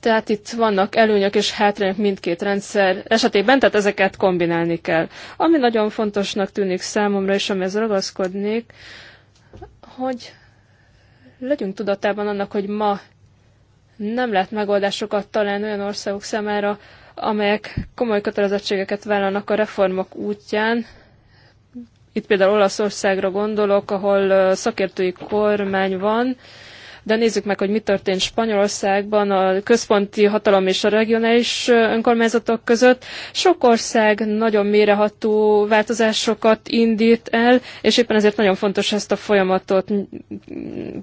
Tehát itt vannak előnyök és hátrányok mindkét rendszer esetében, tehát ezeket kombinálni kell. Ami nagyon fontosnak tűnik számomra, és amihez ragaszkodnék, hogy legyünk tudatában annak, hogy ma nem lehet megoldásokat találni olyan országok számára, amelyek komoly kötelezettségeket vállalnak a reformok útján. Itt például Olaszországra gondolok, ahol szakértői kormány van, de nézzük meg, hogy mi történt Spanyolországban a központi hatalom és a regionális önkormányzatok között. Sok ország nagyon méreható változásokat indít el, és éppen ezért nagyon fontos ezt a folyamatot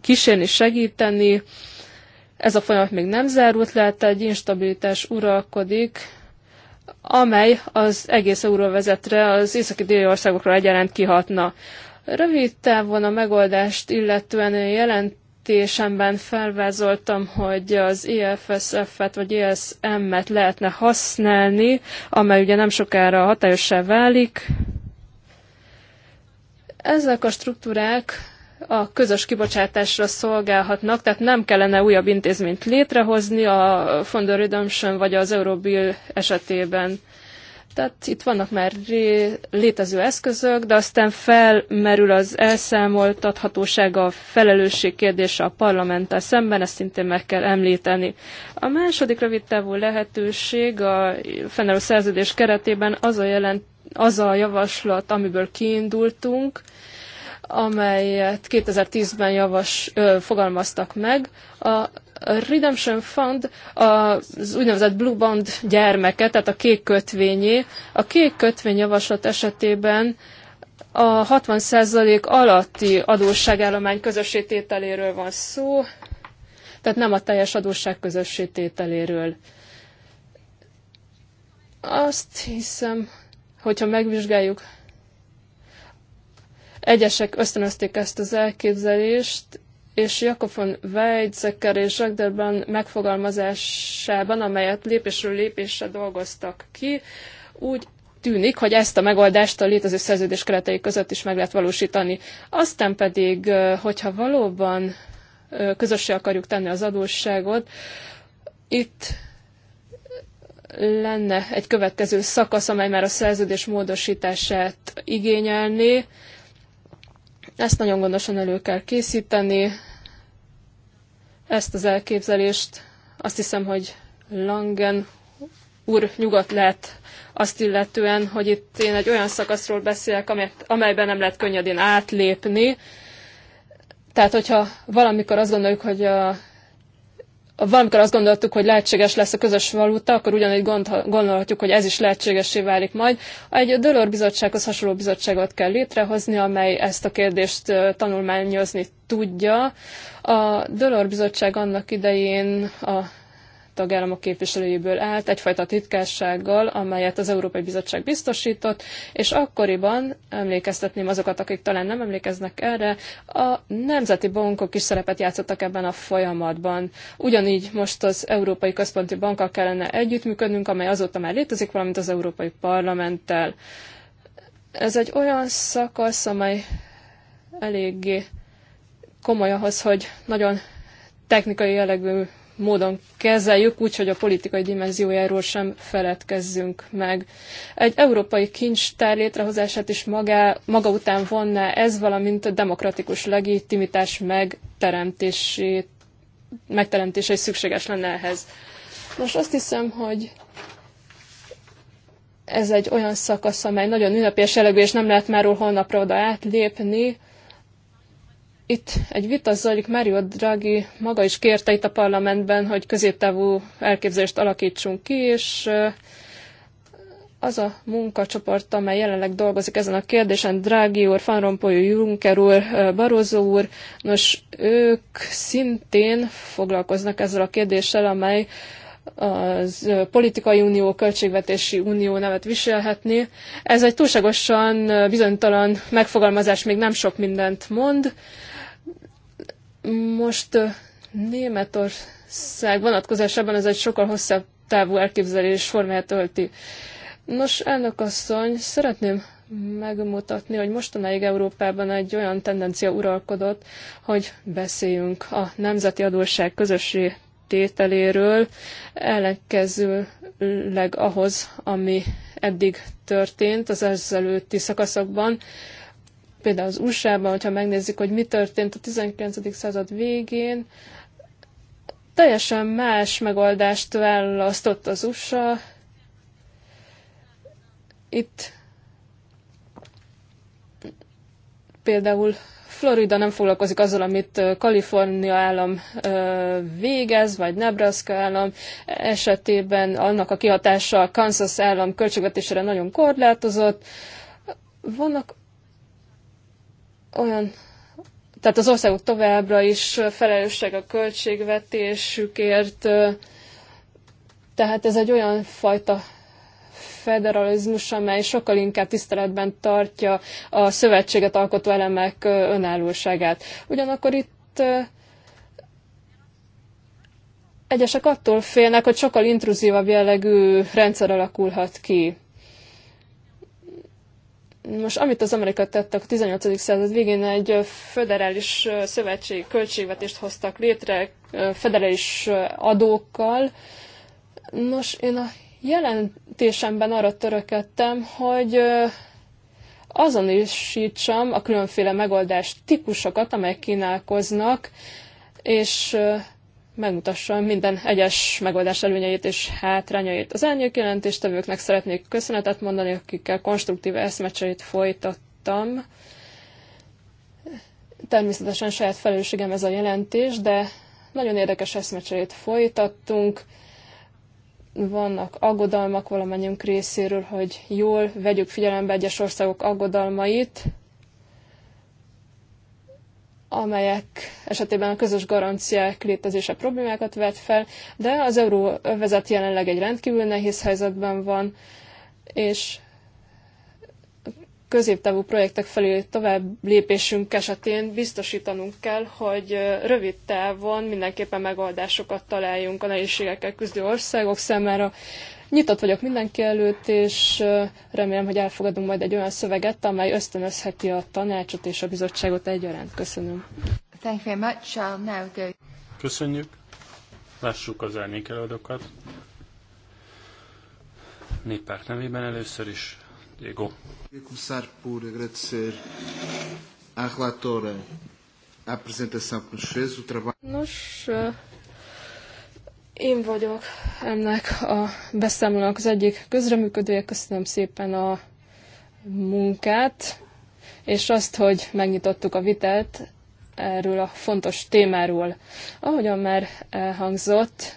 kísérni, segíteni. Ez a folyamat még nem zárult le, egy instabilitás uralkodik, amely az egész euróvezetre, az északi déli országokra egyaránt kihatna. Rövid távon a megoldást illetően jelent jelentésemben felvázoltam, hogy az EFSF-et vagy ESM-et lehetne használni, amely ugye nem sokára hatályossá válik. Ezek a struktúrák a közös kibocsátásra szolgálhatnak, tehát nem kellene újabb intézményt létrehozni a Fond Redemption vagy az Eurobill esetében. Tehát itt vannak már létező eszközök, de aztán felmerül az elszámoltathatóság, a felelősség kérdése a parlamenttel szemben, ezt szintén meg kell említeni. A második rövidtávú lehetőség a fennálló szerződés keretében az a, jelent, az a javaslat, amiből kiindultunk, amelyet 2010-ben javas, ö, fogalmaztak meg. A Redemption Fund az úgynevezett Blue Bond gyermeke, tehát a kék kötvényé. A kék kötvény javaslat esetében a 60% alatti adósságállomány közösítételéről van szó, tehát nem a teljes adósság közösítételéről. Azt hiszem, hogyha megvizsgáljuk, egyesek ösztönözték ezt az elképzelést, és Jakob von Weizsäcker és Ragderban megfogalmazásában, amelyet lépésről lépésre dolgoztak ki, úgy tűnik, hogy ezt a megoldást a létező szerződés keretei között is meg lehet valósítani. Aztán pedig, hogyha valóban közössé akarjuk tenni az adósságot, itt lenne egy következő szakasz, amely már a szerződés módosítását igényelné, ezt nagyon gondosan elő kell készíteni. Ezt az elképzelést azt hiszem, hogy Langen úr nyugodt lett azt illetően, hogy itt én egy olyan szakaszról beszélek, amelyben nem lehet könnyedén átlépni. Tehát, hogyha valamikor azt gondoljuk, hogy a valamikor azt gondoltuk, hogy lehetséges lesz a közös valuta, akkor ugyanígy gondolhatjuk, hogy ez is lehetségesé válik majd. Egy Dölor bizottsághoz hasonló bizottságot kell létrehozni, amely ezt a kérdést tanulmányozni tudja. A Dölor bizottság annak idején a tagállamok képviselőjéből állt, egyfajta titkársággal, amelyet az Európai Bizottság biztosított, és akkoriban emlékeztetném azokat, akik talán nem emlékeznek erre, a nemzeti bankok is szerepet játszottak ebben a folyamatban. Ugyanígy most az Európai Központi Bankkal kellene együttműködnünk, amely azóta már létezik, valamint az Európai Parlamenttel. Ez egy olyan szakasz, amely eléggé komoly ahhoz, hogy nagyon technikai jellegű módon kezeljük, úgyhogy a politikai dimenziójáról sem feledkezzünk meg. Egy európai kincstár létrehozását is maga, maga után vonná ez, valamint a demokratikus legitimitás megteremtését, megteremtése is szükséges lenne ehhez. Most azt hiszem, hogy ez egy olyan szakasz, amely nagyon ünnepés jellegű, és nem lehet már holnapra oda átlépni, itt egy vita zajlik, Mario Draghi maga is kérte itt a parlamentben, hogy középtávú elképzelést alakítsunk ki, és az a munkacsoport, amely jelenleg dolgozik ezen a kérdésen, Drági úr, Van Rompuy, Juncker úr, Barozó úr, nos, ők szintén foglalkoznak ezzel a kérdéssel, amely az politikai unió, költségvetési unió nevet viselhetni. Ez egy túlságosan bizonytalan megfogalmazás, még nem sok mindent mond, most Németország vonatkozásában ez egy sokkal hosszabb távú elképzelés formáját ölti. Nos, elnök asszony, szeretném megmutatni, hogy mostanáig Európában egy olyan tendencia uralkodott, hogy beszéljünk a nemzeti adósság közössé tételéről, ellenkezőleg ahhoz, ami eddig történt az ezelőtti szakaszokban, Például az USA-ban, hogyha megnézzük, hogy mi történt a 19. század végén, teljesen más megoldást választott az USA. Itt például Florida nem foglalkozik azzal, amit Kalifornia állam végez, vagy Nebraska állam esetében, annak a kihatása a Kansas állam költségvetésére nagyon korlátozott. Vannak olyan, tehát az országok továbbra is felelősség a költségvetésükért, tehát ez egy olyan fajta federalizmus, amely sokkal inkább tiszteletben tartja a szövetséget alkotó elemek önállóságát. Ugyanakkor itt egyesek attól félnek, hogy sokkal intruzívabb jellegű rendszer alakulhat ki. Most, amit az Amerika tettek a 18. század végén, egy föderális szövetségi költségvetést hoztak létre, föderális adókkal. Nos, én a jelentésemben arra törökedtem, hogy azonosítsam a különféle megoldás típusokat, amelyek kínálkoznak, és Megmutassam minden egyes megoldás előnyeit és hátrányait. Az elnyők jelentéstevőknek szeretnék köszönetet mondani, akikkel konstruktív eszmecserét folytattam. Természetesen saját felelősségem ez a jelentés, de nagyon érdekes eszmecserét folytattunk. Vannak aggodalmak valamennyiünk részéről, hogy jól vegyük figyelembe egyes országok aggodalmait, amelyek esetében a közös garanciák létezése problémákat vet fel, de az euróvezet jelenleg egy rendkívül nehéz helyzetben van, és középtávú projektek felé tovább lépésünk esetén biztosítanunk kell, hogy rövid távon mindenképpen megoldásokat találjunk a nehézségekkel küzdő országok számára, Nyitott vagyok mindenki előtt, és remélem, hogy elfogadunk majd egy olyan szöveget, amely ösztönözheti a tanácsot és a bizottságot egyaránt. Köszönöm. Thank you very much. I'll now go. Köszönjük. Lássuk az árnyékelőadókat. Néppárt nevében először is. Diego. Começar por agradecer à relatora a apresentação que nos fez, o trabalho. Nos, én vagyok ennek a beszámolónak az egyik közreműködője. Köszönöm szépen a munkát, és azt, hogy megnyitottuk a vitát erről a fontos témáról. Ahogyan már elhangzott,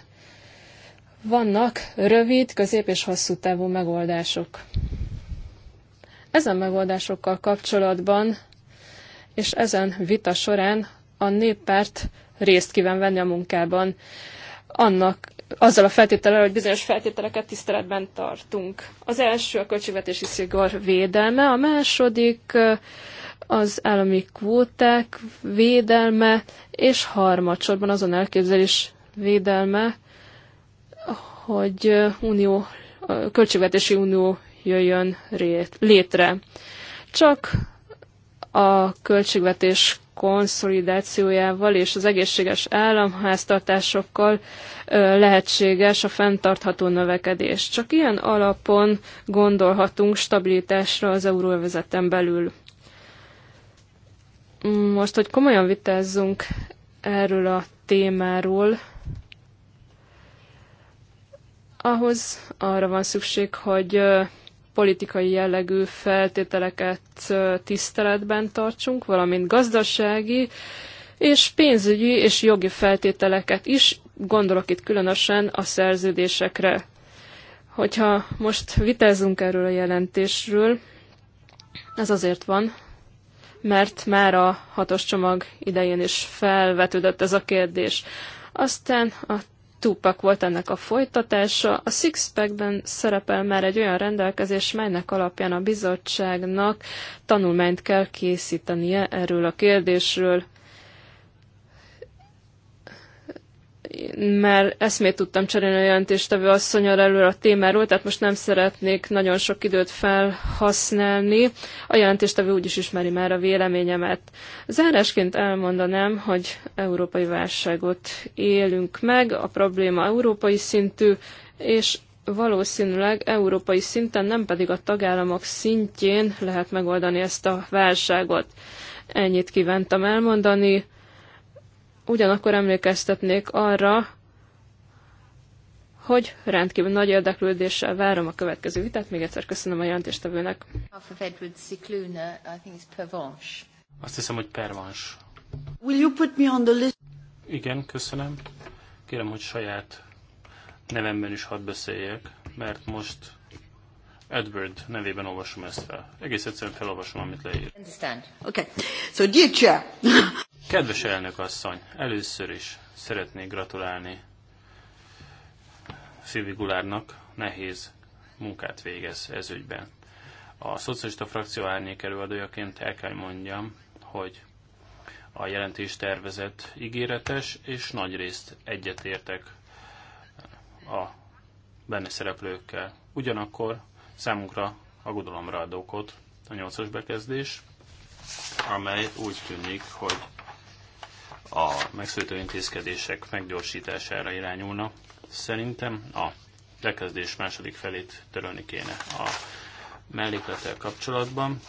vannak rövid, közép és hosszú távú megoldások. Ezen megoldásokkal kapcsolatban és ezen vita során a néppárt részt kíván venni a munkában annak azzal a feltétellel, hogy bizonyos feltételeket tiszteletben tartunk. Az első a költségvetési szigor védelme, a második az állami kvóták védelme, és harmadsorban azon elképzelés védelme, hogy unió, költségvetési unió jöjjön létre. Csak a költségvetés konszolidációjával és az egészséges államháztartásokkal lehetséges a fenntartható növekedés. Csak ilyen alapon gondolhatunk stabilitásra az euróvezeten belül. Most, hogy komolyan vitázzunk erről a témáról, ahhoz arra van szükség, hogy politikai jellegű feltételeket tiszteletben tartsunk, valamint gazdasági és pénzügyi és jogi feltételeket is, gondolok itt különösen a szerződésekre. Hogyha most vitázunk erről a jelentésről, ez azért van, mert már a hatos csomag idején is felvetődött ez a kérdés. Aztán a Tupac volt ennek a folytatása. A Sixpackben szerepel már egy olyan rendelkezés, melynek alapján a bizottságnak tanulmányt kell készítenie erről a kérdésről. már eszmét tudtam cserélni a jelentéstevő asszonyal előre a témáról, tehát most nem szeretnék nagyon sok időt felhasználni. A jelentéstevő úgyis ismeri már a véleményemet. Zárásként elmondanám, hogy európai válságot élünk meg, a probléma európai szintű, és valószínűleg európai szinten, nem pedig a tagállamok szintjén lehet megoldani ezt a válságot. Ennyit kívántam elmondani Ugyanakkor emlékeztetnék arra, hogy rendkívül nagy érdeklődéssel várom a következő vitát. Még egyszer köszönöm a jelentéstevőnek. Azt hiszem, hogy pervans. Will you put me on the list? Igen, köszönöm. Kérem, hogy saját nevemben is hadd beszéljek, mert most Edward nevében olvasom ezt fel. Egész egyszerűen felolvasom, amit leír. Understand. Okay. So, dear chair. Kedves elnök asszony, először is szeretnék gratulálni Szilvi Gulárnak, nehéz munkát végez ez ügyben. A szocialista frakció árnyék előadójaként el kell mondjam, hogy a jelentés tervezet ígéretes, és nagy részt egyetértek a benne szereplőkkel. Ugyanakkor számunkra aggodalomra ad okot a nyolcas bekezdés, amely úgy tűnik, hogy a megszültő intézkedések meggyorsítására irányulna. Szerintem a lekezdés második felét törölni kéne a melléklettel kapcsolatban.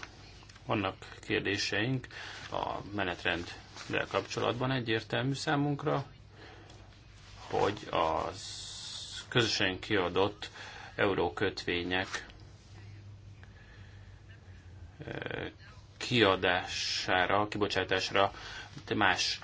Vannak kérdéseink a menetrenddel kapcsolatban egyértelmű számunkra, hogy a közösen kiadott eurókötvények eh, kiadására, kibocsátásra más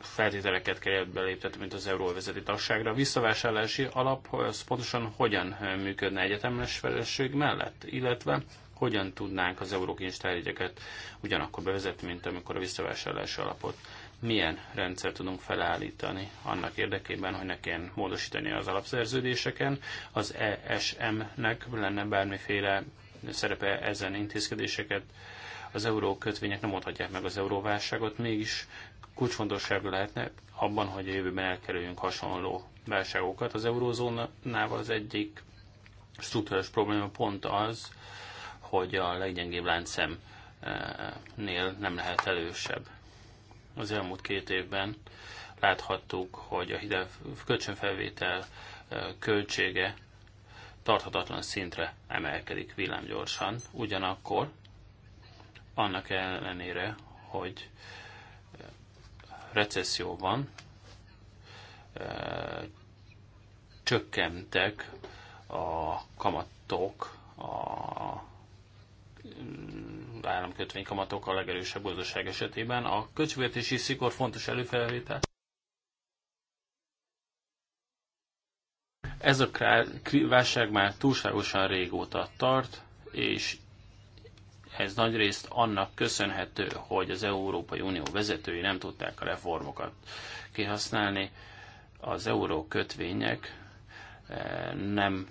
feltételeket kellett beléptetni, mint az euróvezeti tagságra. A visszavásárlási alap az pontosan hogyan eh, működne egyetemes felelősség mellett, illetve hogyan tudnánk az eurókincstárgyeket ugyanakkor bevezetni, mint amikor a visszavásárlási alapot milyen rendszer tudunk felállítani annak érdekében, hogy ne kelljen módosítani az alapszerződéseken. Az ESM-nek lenne bármiféle szerepe ezen intézkedéseket az euró kötvények nem oldhatják meg az euróválságot, mégis kulcsfontosságú lehetne abban, hogy a jövőben elkerüljünk hasonló válságokat. Az eurózónával az egyik struktúrás probléma pont az, hogy a leggyengébb láncszemnél nem lehet elősebb. Az elmúlt két évben láthattuk, hogy a hideg kölcsönfelvétel költsége tarthatatlan szintre emelkedik villámgyorsan. Ugyanakkor annak ellenére, hogy recesszióban csökkentek a kamatok, a mm, államkötvény kamatok a legerősebb gazdaság esetében. A költségvetési szikor fontos előfelvétel. Ez a válság már túlságosan régóta tart, és ez nagyrészt annak köszönhető, hogy az Európai Unió vezetői nem tudták a reformokat kihasználni. Az euró kötvények eh, nem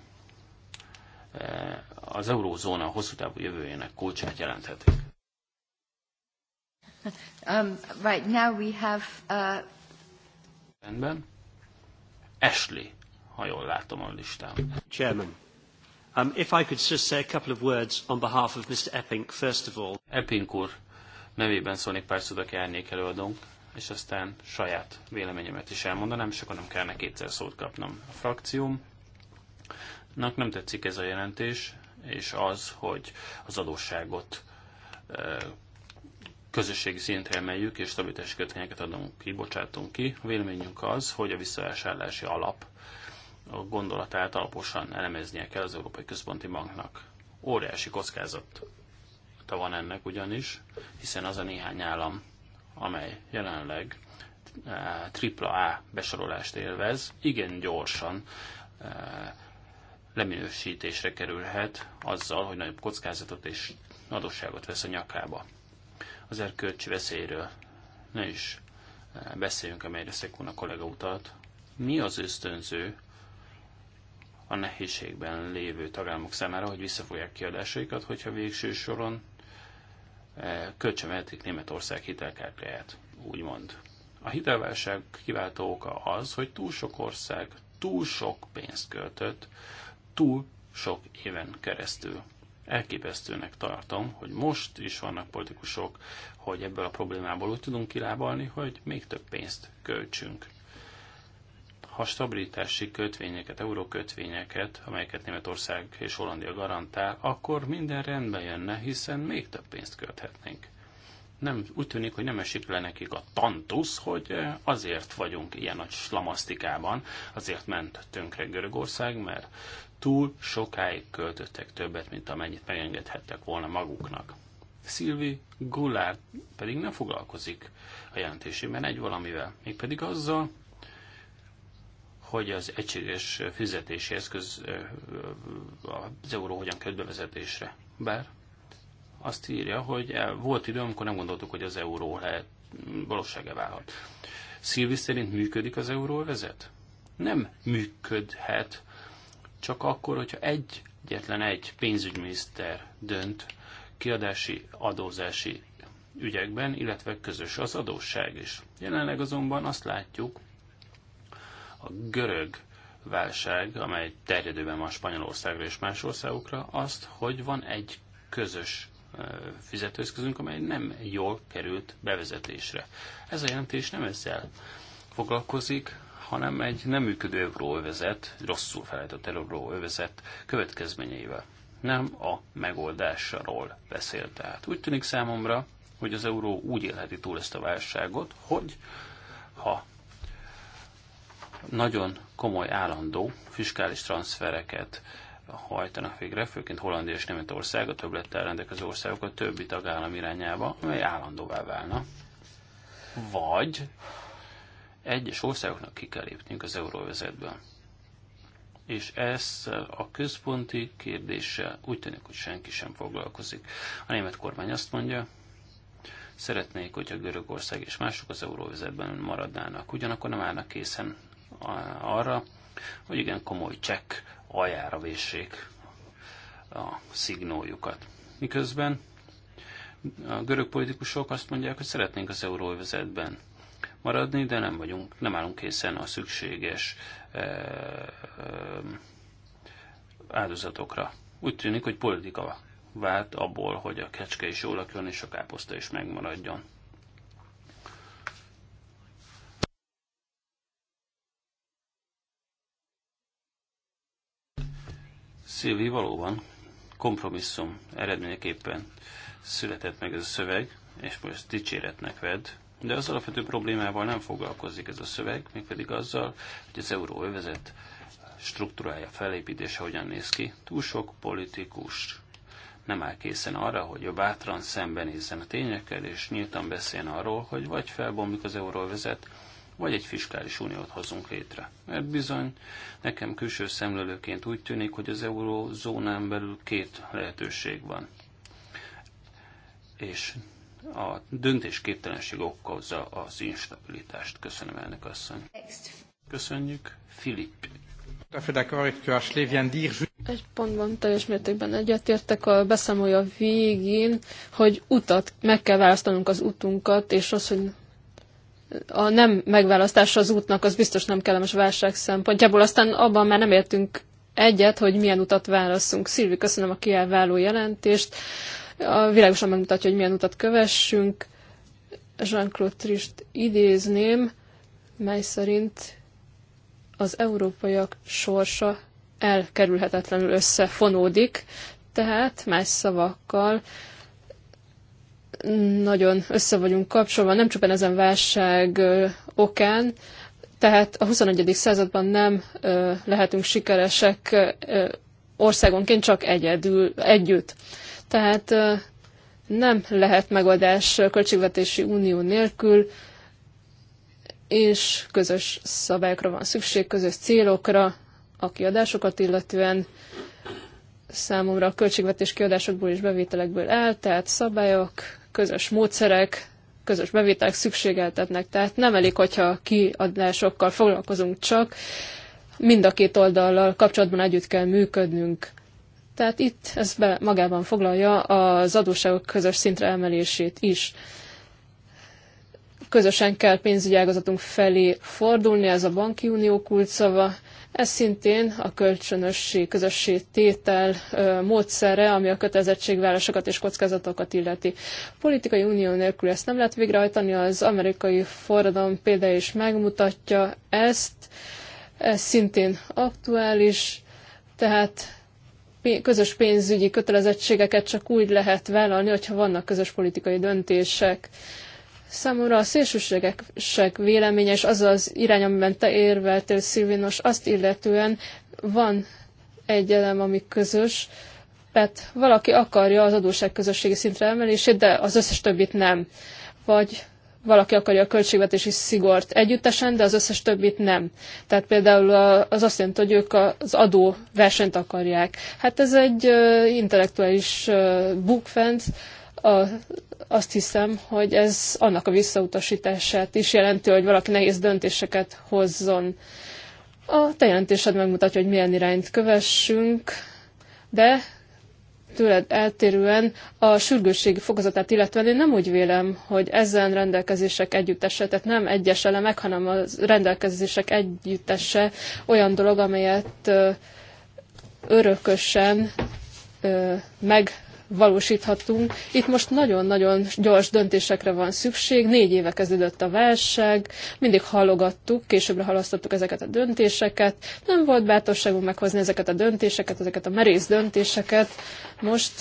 eh, az eurózóna hosszú távú jövőjének kulcsát jelenthetik. Um, right, now we have... Uh... Rendben. Ashley, ha jól látom a listán. Chairman. Um, if I could just say a couple of words on behalf of Mr. Epping, first of all. Epping úr nevében szólnék pár szót, aki árnyék előadónk, és aztán saját véleményemet is elmondanám, és akkor nem kellene kétszer szót kapnom. A frakciómnak nem tetszik ez a jelentés, és az, hogy az adósságot közösségi szintre emeljük, és stabilitási kötvényeket adunk ki, bocsátunk ki. A véleményünk az, hogy a visszavásárlási alap a gondolatát alaposan elemeznie kell az Európai Központi Banknak. Óriási kockázat van ennek ugyanis, hiszen az a néhány állam, amely jelenleg eh, A besorolást élvez, igen gyorsan eh, leminősítésre kerülhet azzal, hogy nagyobb kockázatot és adósságot vesz a nyakába. Az erkölcsi veszélyről ne is eh, beszéljünk, amelyre Szekuna kollega utalt. Mi az ösztönző a nehézségben lévő tagállamok számára, hogy visszafogják kiadásaikat, hogyha végső soron e, kölcsönvehetik Németország hitelkártyáját, úgymond. A hitelválság kiváltó oka az, hogy túl sok ország túl sok pénzt költött, túl sok éven keresztül. Elképesztőnek tartom, hogy most is vannak politikusok, hogy ebből a problémából úgy tudunk kilábalni, hogy még több pénzt költsünk ha stabilitási kötvényeket, eurókötvényeket, amelyeket Németország és Hollandia garantál, akkor minden rendben jönne, hiszen még több pénzt költhetnénk. Nem, úgy tűnik, hogy nem esik le nekik a tantusz, hogy eh, azért vagyunk ilyen nagy slamasztikában, azért ment tönkre Görögország, mert túl sokáig költöttek többet, mint amennyit megengedhettek volna maguknak. Szilvi Gullár pedig nem foglalkozik a jelentésében egy valamivel, mégpedig azzal, hogy az egységes fizetési eszköz az euró hogyan kerül bevezetésre. Bár azt írja, hogy volt idő, amikor nem gondoltuk, hogy az euró lehet valósága válhat. Szilvi szerint működik az euróvezet? Nem működhet, csak akkor, hogyha egy, egyetlen egy pénzügyminiszter dönt kiadási, adózási ügyekben, illetve közös az adósság is. Jelenleg azonban azt látjuk, a görög válság, amely terjedőben van Spanyolországra és más országokra, azt, hogy van egy közös fizetőeszközünk, amely nem jól került bevezetésre. Ez a jelentés nem ezzel foglalkozik, hanem egy nem működő euróövezet, rosszul felejtett euróövezet következményeivel. Nem a megoldásról beszélt. Tehát úgy tűnik számomra, hogy az euró úgy élheti túl ezt a válságot, hogy ha nagyon komoly állandó fiskális transfereket hajtanak végre, főként Hollandia és Németország, a többlettel rendelkező országok a többi tagállam irányába, amely állandóvá válna. Vagy egyes országoknak ki kell lépnünk az euróvezetből. És ez a központi kérdéssel úgy tűnik, hogy senki sem foglalkozik. A német kormány azt mondja, szeretnék, hogyha Görögország és mások az euróvezetben maradnának, ugyanakkor nem állnak készen arra, hogy igen komoly csekk aljára vessék a szignójukat. Miközben a görög politikusok azt mondják, hogy szeretnénk az euróvezetben maradni, de nem vagyunk, nem állunk készen a szükséges e, e, áldozatokra. Úgy tűnik, hogy politika vált abból, hogy a kecske is jól lakjon, és a káposzta is megmaradjon. Szilvi, valóban kompromisszum eredményeképpen született meg ez a szöveg, és most dicséretnek ved. de az alapvető problémával nem foglalkozik ez a szöveg, mégpedig azzal, hogy az euróövezet struktúrája, felépítése hogyan néz ki. Túl sok politikus nem áll készen arra, hogy a bátran szembenézzen a tényekkel, és nyíltan beszéljen arról, hogy vagy felbomlik az euróvezet, vagy egy fiskális uniót hozunk létre. Mert bizony, nekem külső szemlelőként úgy tűnik, hogy az eurózónán belül két lehetőség van. És a döntésképtelenség okozza az instabilitást. Köszönöm, elnök asszony. Köszönjük, Filipp. Egy pontban teljes mértékben egyetértek a beszámolja végén, hogy utat, meg kell választanunk az utunkat, és az, hogy a nem megválasztása az útnak az biztos nem kellemes válság szempontjából. Aztán abban már nem értünk egyet, hogy milyen utat válaszunk. Szilvi, köszönöm a kiállváló jelentést. A világosan megmutatja, hogy milyen utat kövessünk. Jean-Claude Trist idézném, mely szerint az európaiak sorsa elkerülhetetlenül összefonódik, tehát más szavakkal nagyon össze vagyunk kapcsolva, nem csupán ezen válság okán, tehát a XXI. században nem lehetünk sikeresek országonként, csak egyedül, együtt. Tehát nem lehet megoldás költségvetési unió nélkül, és közös szabályokra van szükség, közös célokra, a kiadásokat illetően számomra a költségvetés kiadásokból és bevételekből áll, tehát szabályok, közös módszerek, közös bevételek szükségeltetnek. Tehát nem elég, hogyha kiadásokkal foglalkozunk csak, mind a két oldallal kapcsolatban együtt kell működnünk. Tehát itt ez be magában foglalja az adósságok közös szintre emelését is. Közösen kell pénzügyi ágazatunk felé fordulni, ez a banki unió kulcsszava. Ez szintén a kölcsönösség, közössé tétel módszere, ami a kötelezettségvárásokat és kockázatokat illeti. Politikai unió nélkül ezt nem lehet végrehajtani, az amerikai forradalom példája is megmutatja ezt. Ez szintén aktuális, tehát közös pénzügyi kötelezettségeket csak úgy lehet vállalni, hogyha vannak közös politikai döntések. Számomra a szélsőségesek véleménye és az az irány, amiben te érveltél, Szilvinos, azt illetően van egy elem, ami közös, tehát valaki akarja az adóság közösségi szintre emelését, de az összes többit nem. Vagy valaki akarja a költségvetési szigort együttesen, de az összes többit nem. Tehát például az azt jelenti, hogy ők az adó versenyt akarják. Hát ez egy intellektuális bukfenc, a, azt hiszem, hogy ez annak a visszautasítását is jelenti, hogy valaki nehéz döntéseket hozzon. A te jelentésed megmutatja, hogy milyen irányt kövessünk, de tőled eltérően a sürgősségi fokozatát illetve én nem úgy vélem, hogy ezen rendelkezések együttese, tehát nem egyes elemek, hanem a rendelkezések együttese olyan dolog, amelyet örökösen meg valósíthatunk. Itt most nagyon-nagyon gyors döntésekre van szükség. Négy éve kezdődött a válság, mindig halogattuk, későbbre halasztottuk ezeket a döntéseket. Nem volt bátorságunk meghozni ezeket a döntéseket, ezeket a merész döntéseket. Most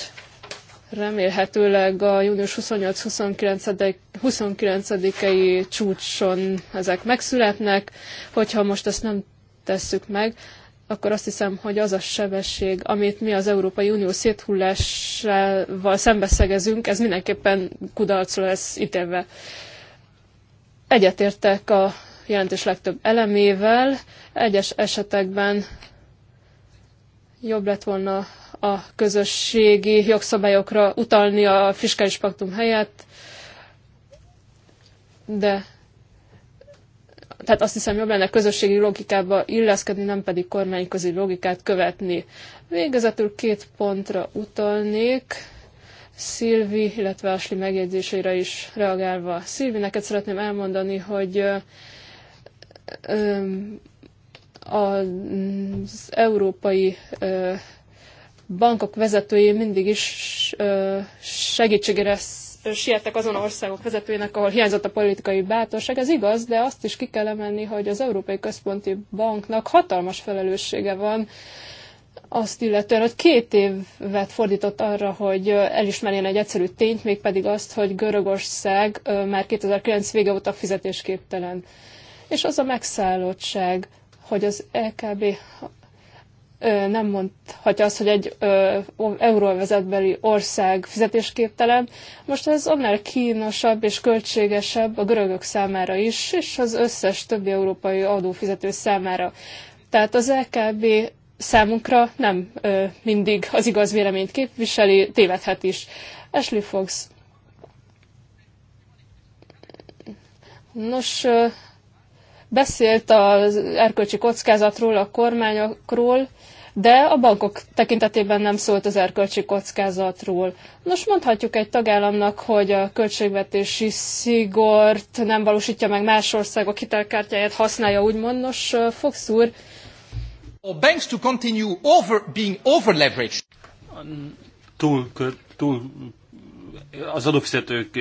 remélhetőleg a június 28-29-i 29 csúcson ezek megszületnek. Hogyha most ezt nem tesszük meg, akkor azt hiszem, hogy az a sebesség, amit mi az Európai Unió széthullásával szembeszegezünk, ez mindenképpen kudarcra lesz ítélve. Egyetértek a jelentés legtöbb elemével, egyes esetekben jobb lett volna a közösségi jogszabályokra utalni a fiskális paktum helyett, de tehát azt hiszem jobb lenne közösségi logikába illeszkedni, nem pedig kormányközi logikát követni. Végezetül két pontra utalnék. Szilvi, illetve Asli megjegyzéseire is reagálva. Szilvi, neked szeretném elmondani, hogy az európai bankok vezetői mindig is segítségére siettek azon országok vezetőinek, ahol hiányzott a politikai bátorság. Ez igaz, de azt is ki kell emelni, hogy az Európai Központi Banknak hatalmas felelőssége van, azt illetően, hogy két évet fordított arra, hogy elismerjen egy egyszerű tényt, mégpedig azt, hogy Görögország már 2009 vége óta fizetésképtelen. És az a megszállottság, hogy az LKB e nem mondhatja azt, hogy egy euróvezetbeli ország fizetésképtelen. Most ez annál kínosabb és költségesebb a görögök számára is, és az összes többi európai adófizető számára. Tehát az LKB e számunkra nem ö, mindig az igaz véleményt képviseli, tévedhet is. Ashley Fox. Nos, ö, beszélt az erkölcsi kockázatról, a kormányokról, de a bankok tekintetében nem szólt az erkölcsi kockázatról. Nos, mondhatjuk egy tagállamnak, hogy a költségvetési szigort nem valósítja meg más országok hitelkártyáját használja, úgymond. Nos, Fox úr, banks to continue over being over leveraged. Túl, túl az adófizetők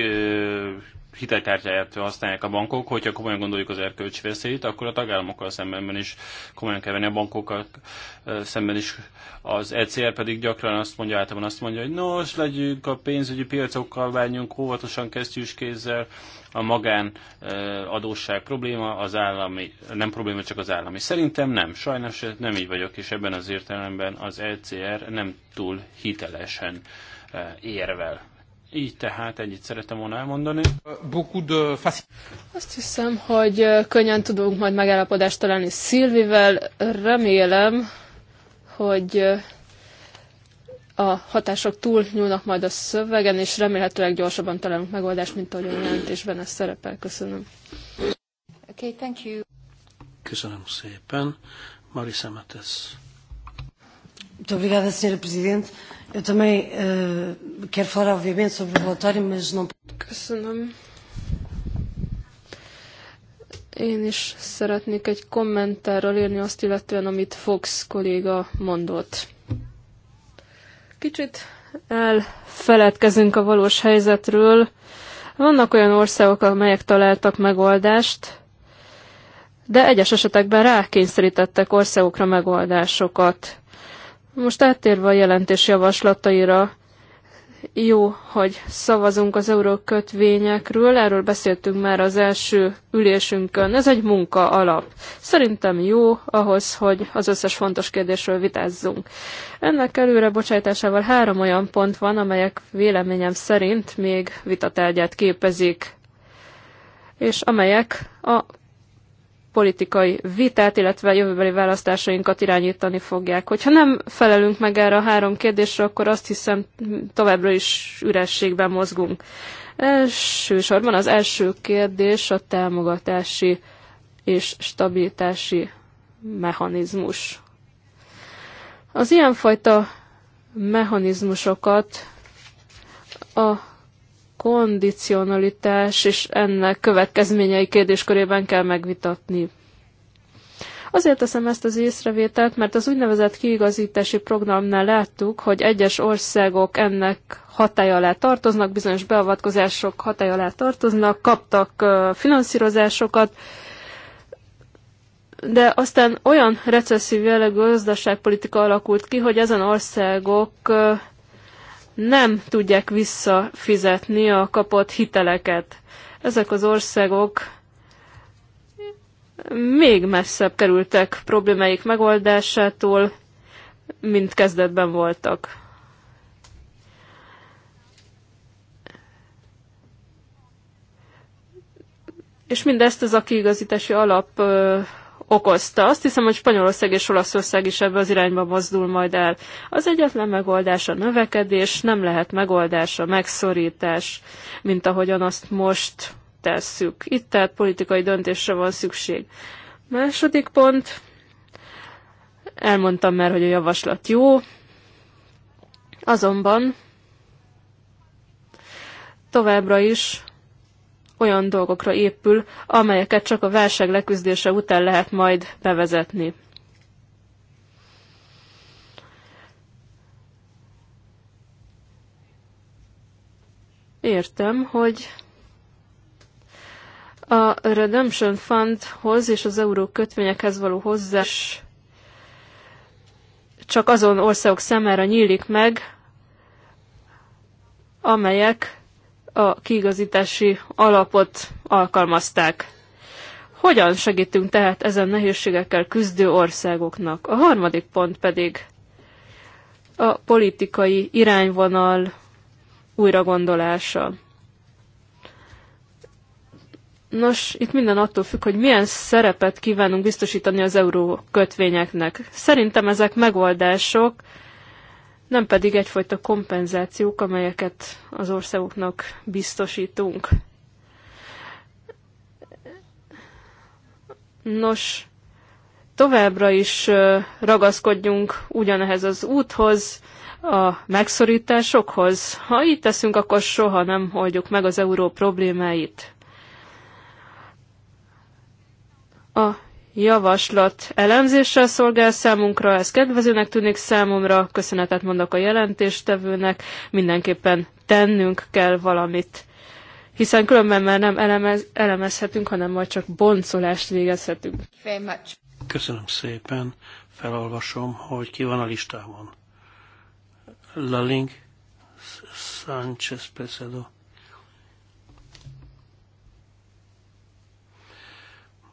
hitelkártyáját használják a bankok, hogyha komolyan gondoljuk az erkölcsi veszélyt, akkor a tagállamokkal szemben is komolyan kell venni a bankokkal szemben is. Az ECR pedig gyakran azt mondja, általában azt mondja, hogy nos, legyünk a pénzügyi piacokkal, bánjunk óvatosan kesztyűs kézzel, a magán adósság probléma, az állami, nem probléma, csak az állami. Szerintem nem, sajnos nem így vagyok, és ebben az értelemben az ECR nem túl hitelesen érvel így tehát ennyit szeretem volna elmondani. Azt hiszem, hogy könnyen tudunk majd megállapodást találni Szilvivel. Remélem, hogy a hatások túl nyúlnak majd a szövegen, és remélhetőleg gyorsabban találunk megoldást, mint ahogy a jelentésben ez szerepel. Köszönöm. Okay, thank you. Köszönöm szépen. Marisa Matesz. Muito obrigada, Presidente. Eu também uh, quero falar, obviamente, sobre o relatório, mas não. Köszönöm. Én is szeretnék egy kommentárral írni azt illetően, amit Fox kolléga mondott. Kicsit elfeledkezünk a valós helyzetről. Vannak olyan országok, amelyek találtak megoldást, de egyes esetekben rákényszerítettek országokra megoldásokat. Most áttérve a jelentés javaslataira, jó, hogy szavazunk az eurókötvényekről, erről beszéltünk már az első ülésünkön. Ez egy munka alap. Szerintem jó ahhoz, hogy az összes fontos kérdésről vitázzunk. Ennek előre bocsájtásával három olyan pont van, amelyek véleményem szerint még vitatárgyát képezik, és amelyek a politikai vitát, illetve jövőbeli választásainkat irányítani fogják. Hogyha nem felelünk meg erre a három kérdésre, akkor azt hiszem továbbra is ürességben mozgunk. Elsősorban az első kérdés a támogatási és stabilitási mechanizmus. Az ilyenfajta mechanizmusokat a kondicionalitás és ennek következményei kérdéskörében kell megvitatni. Azért teszem ezt az észrevételt, mert az úgynevezett kiigazítási programnál láttuk, hogy egyes országok ennek hatája alá tartoznak, bizonyos beavatkozások hatája alá tartoznak, kaptak finanszírozásokat, de aztán olyan recesszív jellegű gazdaságpolitika alakult ki, hogy ezen országok nem tudják visszafizetni a kapott hiteleket. Ezek az országok még messzebb kerültek problémáik megoldásától, mint kezdetben voltak. És mindezt az a kiigazítási alap okozta. Azt hiszem, hogy Spanyolország és Olaszország is ebbe az irányba mozdul majd el. Az egyetlen megoldás a növekedés, nem lehet megoldás a megszorítás, mint ahogyan azt most tesszük. Itt tehát politikai döntésre van szükség. Második pont, elmondtam már, hogy a javaslat jó, azonban továbbra is olyan dolgokra épül, amelyeket csak a válság leküzdése után lehet majd bevezetni. Értem, hogy a Redemption Fundhoz és az euró kötvényekhez való hozzás csak azon országok számára nyílik meg, amelyek a kiigazítási alapot alkalmazták. Hogyan segítünk tehát ezen nehézségekkel küzdő országoknak? A harmadik pont pedig a politikai irányvonal újragondolása. Nos, itt minden attól függ, hogy milyen szerepet kívánunk biztosítani az euró kötvényeknek. Szerintem ezek megoldások, nem pedig egyfajta kompenzációk, amelyeket az országoknak biztosítunk. Nos, továbbra is ragaszkodjunk ugyanehez az úthoz, a megszorításokhoz. Ha így teszünk, akkor soha nem oldjuk meg az euró problémáit. A javaslat elemzéssel szolgál számunkra, ez kedvezőnek tűnik számomra, köszönetet mondok a jelentéstevőnek, mindenképpen tennünk kell valamit, hiszen különben már nem elemez, elemezhetünk, hanem majd csak boncolást végezhetünk. Köszönöm szépen, felolvasom, hogy ki van a listámon. Laling Sánchez Pesedo.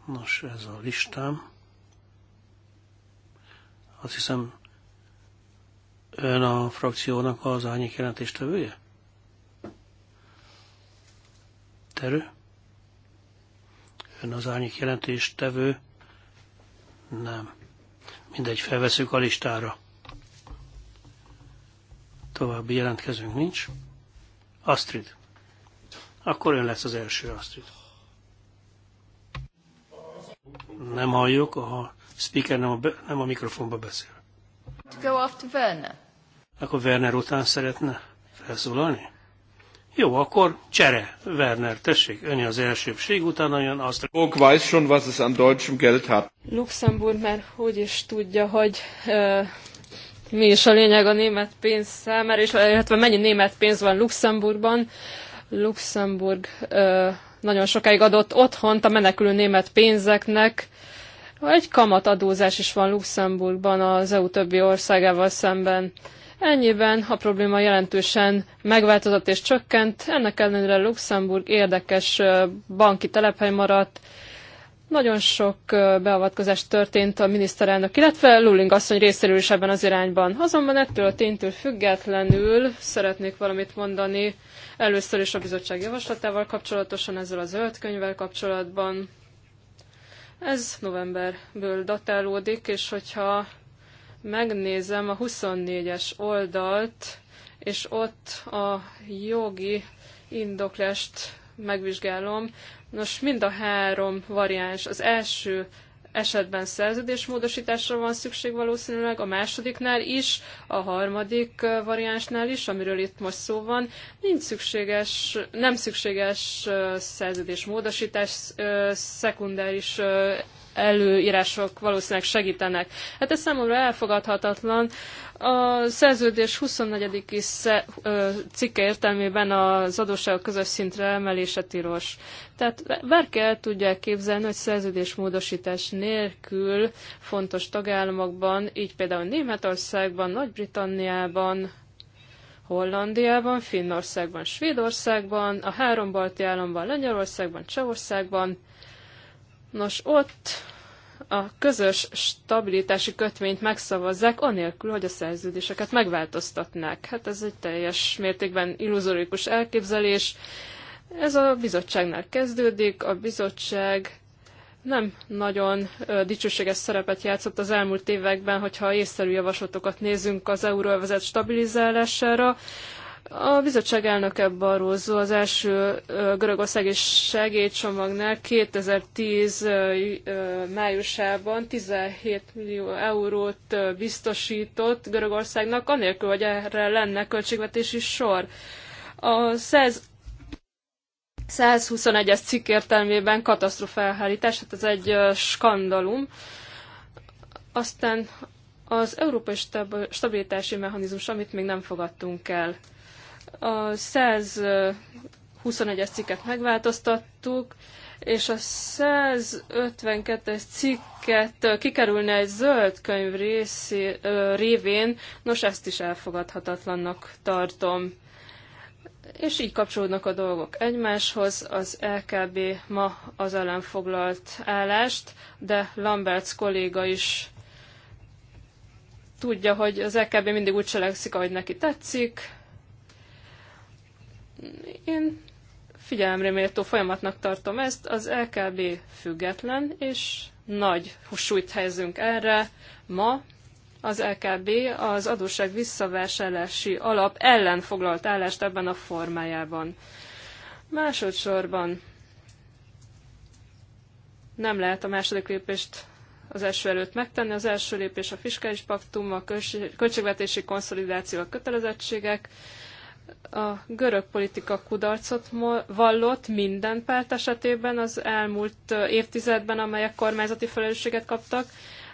Nos, ez a listám. Azt hiszem, ön a frakciónak az árnyék jelentéstevője? Terő? Ön az árnyék jelentéstevő? Nem. Mindegy, felveszünk a listára. További jelentkezünk nincs. Astrid. Akkor ön lesz az első Astrid. Nem halljuk, a speaker nem a, be, nem a mikrofonba beszél. To go after Werner. Akkor Werner után szeretne felszólalni? Jó, akkor csere, Werner, tessék, öni az elsőbség, utána jön azt. Ok, weiß schon, was es an deutschem Geld hat. Luxemburg már hogy is tudja, hogy uh, mi is a lényeg a német pénz számára, és illetve mennyi német pénz van Luxemburgban. Luxemburg uh, nagyon sokáig adott otthont a menekülő német pénzeknek. Egy kamatadózás is van Luxemburgban az EU többi országával szemben. Ennyiben a probléma jelentősen megváltozott és csökkent, ennek ellenére Luxemburg érdekes banki telephely maradt, nagyon sok beavatkozás történt a miniszterelnök, illetve Luling asszony részéről is ebben az irányban. Azonban ettől a ténytől függetlenül szeretnék valamit mondani először is a bizottság javaslatával kapcsolatosan, ezzel a zöld könyvvel kapcsolatban. Ez novemberből datálódik, és hogyha megnézem a 24-es oldalt, és ott a jogi indoklást megvizsgálom, Nos, mind a három variáns. Az első esetben szerződésmódosításra van szükség valószínűleg, a másodiknál is, a harmadik variánsnál is, amiről itt most szó van, nincs szükséges, nem szükséges szerződésmódosítás, szekundáris előírások valószínűleg segítenek. Hát ez számomra elfogadhatatlan. A szerződés 24. cikke értelmében az adósságok közös szintre emelése tilos. Tehát bárki el tudja képzelni, hogy szerződésmódosítás nélkül fontos tagállamokban, így például Németországban, Nagy-Britanniában, Hollandiában, Finnországban, Svédországban, a három balti államban, Lengyelországban, Csehországban, Nos, ott a közös stabilitási kötvényt megszavazzák, anélkül, hogy a szerződéseket megváltoztatnák. Hát ez egy teljes mértékben illuzorikus elképzelés. Ez a bizottságnál kezdődik, a bizottság nem nagyon dicsőséges szerepet játszott az elmúlt években, hogyha észszerű javaslatokat nézünk az euróvezet stabilizálására. A bizottság elnöke Barózó az első és segélycsomagnál 2010 májusában 17 millió eurót biztosított Görögországnak, anélkül, hogy erre lenne költségvetési sor. A 100 121-es cikk értelmében katasztrofa hát ez egy skandalum. Aztán az európai stabilitási mechanizmus, amit még nem fogadtunk el. A 121-es cikket megváltoztattuk, és a 152-es cikket kikerülne egy zöld könyv részi, révén, nos ezt is elfogadhatatlannak tartom. És így kapcsolódnak a dolgok egymáshoz. Az LKB ma az ellen foglalt állást, de Lamberts kolléga is tudja, hogy az LKB mindig úgy cselekszik, ahogy neki tetszik, én figyelemre méltó folyamatnak tartom ezt, az LKB független, és nagy súlyt helyezünk erre. Ma az LKB az adósság visszavásárlási alap ellen foglalt állást ebben a formájában. Másodszorban nem lehet a második lépést az első előtt megtenni. Az első lépés a fiskális paktum, a költségvetési konszolidáció, a kötelezettségek. A görög politika kudarcot vallott minden párt esetében az elmúlt évtizedben, amelyek kormányzati felelősséget kaptak.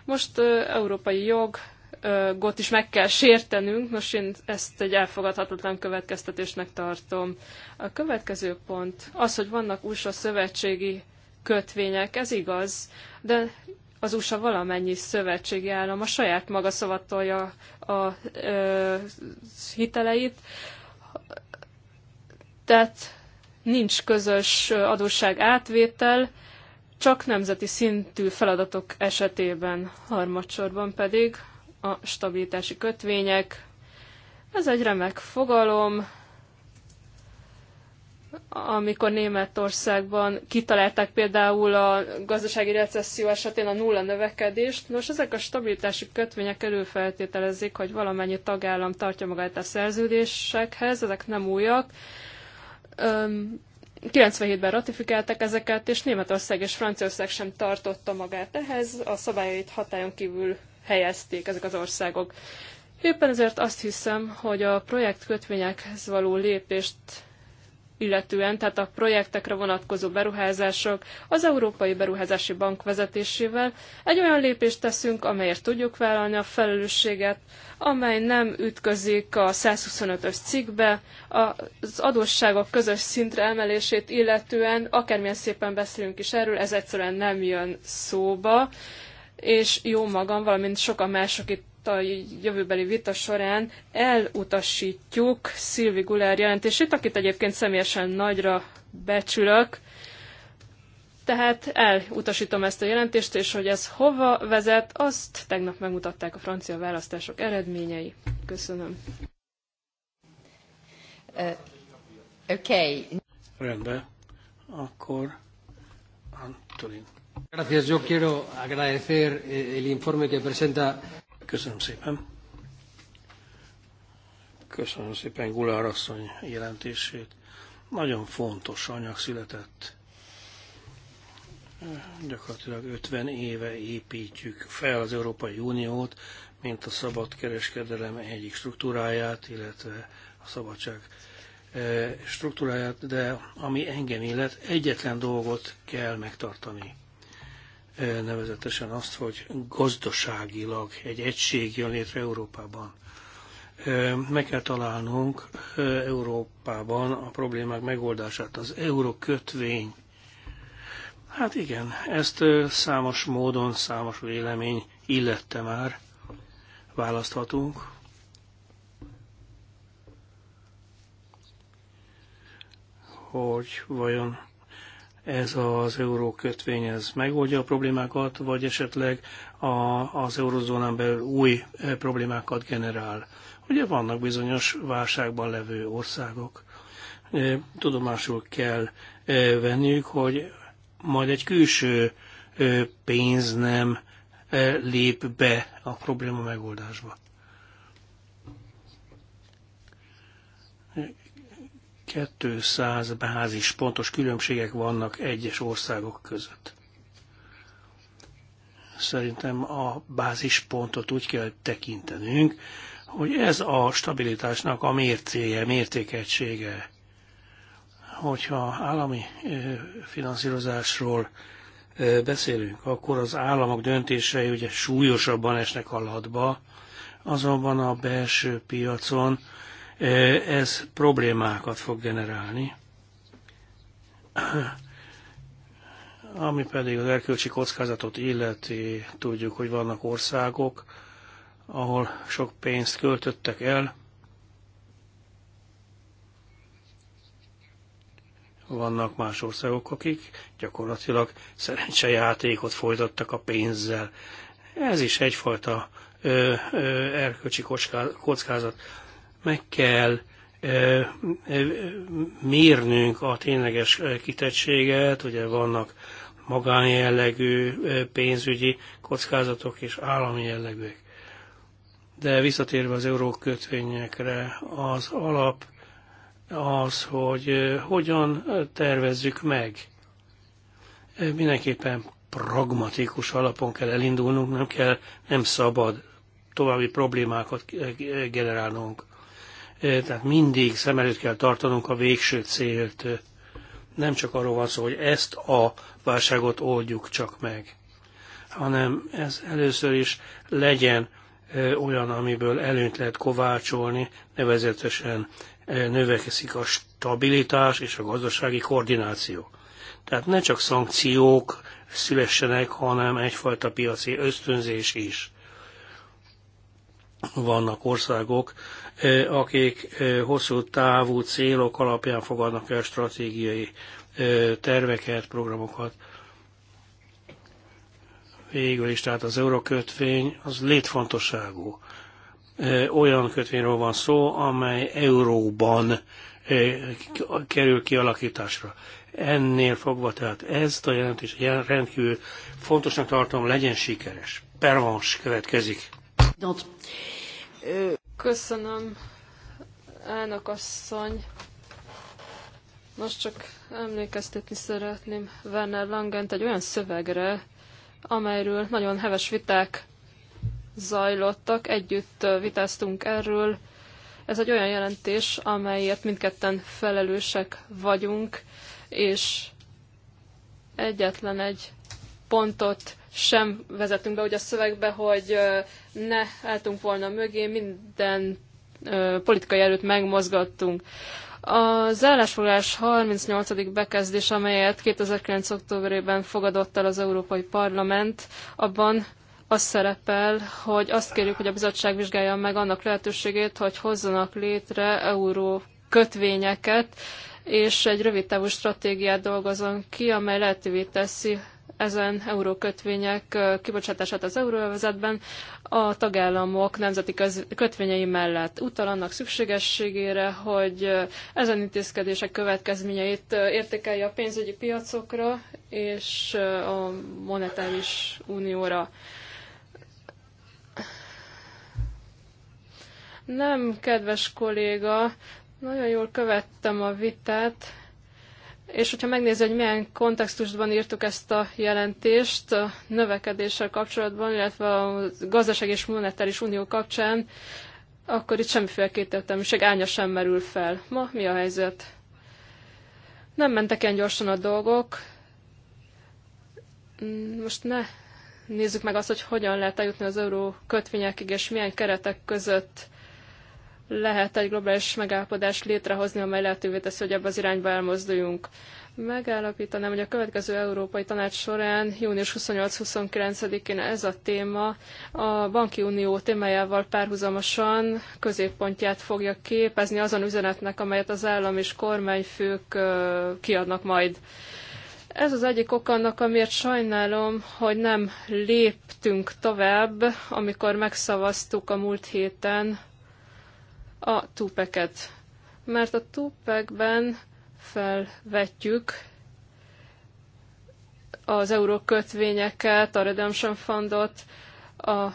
Most európai jog, jogot is meg kell sértenünk, nos én ezt egy elfogadhatatlan következtetésnek tartom. A következő pont az, hogy vannak USA szövetségi kötvények, ez igaz, de az USA valamennyi szövetségi állam a saját maga szavatolja a, a, a hiteleit, tehát nincs közös adósság átvétel, csak nemzeti szintű feladatok esetében, harmadsorban pedig a stabilitási kötvények. Ez egy remek fogalom, amikor Németországban kitalálták például a gazdasági recesszió esetén a nulla növekedést. Nos, ezek a stabilitási kötvények előfeltételezik, hogy valamennyi tagállam tartja magát a szerződésekhez, ezek nem újak. 97-ben ratifikálták ezeket, és Németország és Franciaország sem tartotta magát ehhez, a szabályait hatályon kívül helyezték ezek az országok. Éppen ezért azt hiszem, hogy a projektkötvényekhez való lépést illetően, tehát a projektekre vonatkozó beruházások az Európai Beruházási Bank vezetésével egy olyan lépést teszünk, amelyért tudjuk vállalni a felelősséget, amely nem ütközik a 125-ös cikkbe, az adósságok közös szintre emelését illetően, akármilyen szépen beszélünk is erről, ez egyszerűen nem jön szóba és jó magam, valamint sokan mások itt a jövőbeli vita során elutasítjuk Szilvi Gulár jelentését, akit egyébként személyesen nagyra becsülök. Tehát elutasítom ezt a jelentést, és hogy ez hova vezet, azt tegnap megmutatták a francia választások eredményei. Köszönöm. Uh, okay. Rendben. Akkor Antolin. Gracias. Yo quiero agradecer eh, el informe que presenta. Köszönöm szépen. Köszönöm szépen Gulár asszony jelentését. Nagyon fontos anyag született. Gyakorlatilag 50 éve építjük fel az Európai Uniót, mint a szabad kereskedelem egyik struktúráját, illetve a szabadság e, struktúráját, de ami engem illet, egyetlen dolgot kell megtartani nevezetesen azt, hogy gazdaságilag egy egység jön létre Európában. Meg kell találnunk Európában a problémák megoldását. Az eurókötvény Hát igen, ezt számos módon, számos vélemény illette már. Választhatunk. Hogy vajon ez az eurókötvény ez megoldja a problémákat, vagy esetleg a, az eurozónán belül új e, problémákat generál. Ugye vannak bizonyos válságban levő országok. E, tudomásul kell e, venniük, hogy majd egy külső pénz nem lép be a probléma megoldásba. 200 bázis pontos különbségek vannak egyes országok között. Szerintem a bázis pontot úgy kell tekintenünk, hogy ez a stabilitásnak a mércéje, mértékegysége. Hogyha állami finanszírozásról beszélünk, akkor az államok döntései ugye súlyosabban esnek alatba, azonban a belső piacon ez problémákat fog generálni. Ami pedig az erkölcsi kockázatot illeti, tudjuk, hogy vannak országok, ahol sok pénzt költöttek el, vannak más országok, akik gyakorlatilag szerencsejátékot folytattak a pénzzel. Ez is egyfajta ö, ö, erkölcsi kockázat meg kell mérnünk a tényleges kitettséget, ugye vannak magánjellegű pénzügyi kockázatok és állami jellegűek. De visszatérve az eurókötvényekre, az alap az, hogy hogyan tervezzük meg. Mindenképpen pragmatikus alapon kell elindulnunk, nem kell, nem szabad további problémákat generálnunk tehát mindig szem előtt kell tartanunk a végső célt. Nem csak arról van szó, hogy ezt a válságot oldjuk csak meg, hanem ez először is legyen olyan, amiből előnyt lehet kovácsolni, nevezetesen növekszik a stabilitás és a gazdasági koordináció. Tehát ne csak szankciók szülessenek, hanem egyfajta piaci ösztönzés is vannak országok, eh, akik eh, hosszú távú célok alapján fogadnak el stratégiai eh, terveket, programokat. Végül is, tehát az eurókötvény az létfontosságú. Olyan kötvényről van szó, amely euróban kerül kialakításra. Ennél fogva, tehát ezt a jelentést rendkívül fontosnak tartom, legyen sikeres. Pervans következik. Köszönöm, elnök asszony. Most csak emlékeztetni szeretném Werner Langent egy olyan szövegre, amelyről nagyon heves viták zajlottak, együtt vitáztunk erről. Ez egy olyan jelentés, amelyet mindketten felelősek vagyunk, és egyetlen egy pontot sem vezetünk be ugye a szövegbe, hogy ne álltunk volna mögé, minden politikai erőt megmozgattunk. Az állásfoglalás 38. bekezdés, amelyet 2009. októberében fogadott el az Európai Parlament, abban az szerepel, hogy azt kérjük, hogy a bizottság vizsgálja meg annak lehetőségét, hogy hozzanak létre euró kötvényeket, és egy rövidtávú stratégiát dolgozzon ki, amely lehetővé teszi, ezen eurókötvények kibocsátását az euróvezetben a tagállamok nemzeti kötvényei mellett. Utal annak szükségességére, hogy ezen intézkedések következményeit értékelje a pénzügyi piacokra és a monetáris unióra. Nem, kedves kolléga, nagyon jól követtem a vitát, és hogyha megnézi, hogy milyen kontextusban írtuk ezt a jelentést a növekedéssel kapcsolatban, illetve a gazdaság és monetáris unió kapcsán, akkor itt semmiféle kétértelműség ánya sem merül fel. Ma mi a helyzet? Nem mentek ilyen gyorsan a dolgok. Most ne nézzük meg azt, hogy hogyan lehet eljutni az euró kötvényekig, és milyen keretek között lehet egy globális megállapodást létrehozni, amely lehetővé teszi, hogy ebbe az irányba elmozduljunk. Megállapítanám, hogy a következő Európai Tanács során június 28-29-én ez a téma a Banki Unió témájával párhuzamosan középpontját fogja képezni azon üzenetnek, amelyet az állam és kormányfők kiadnak majd. Ez az egyik ok annak, amiért sajnálom, hogy nem léptünk tovább, amikor megszavaztuk a múlt héten a tupeket. Mert a tupekben felvetjük az eurókötvényeket, a Redemption Fundot, a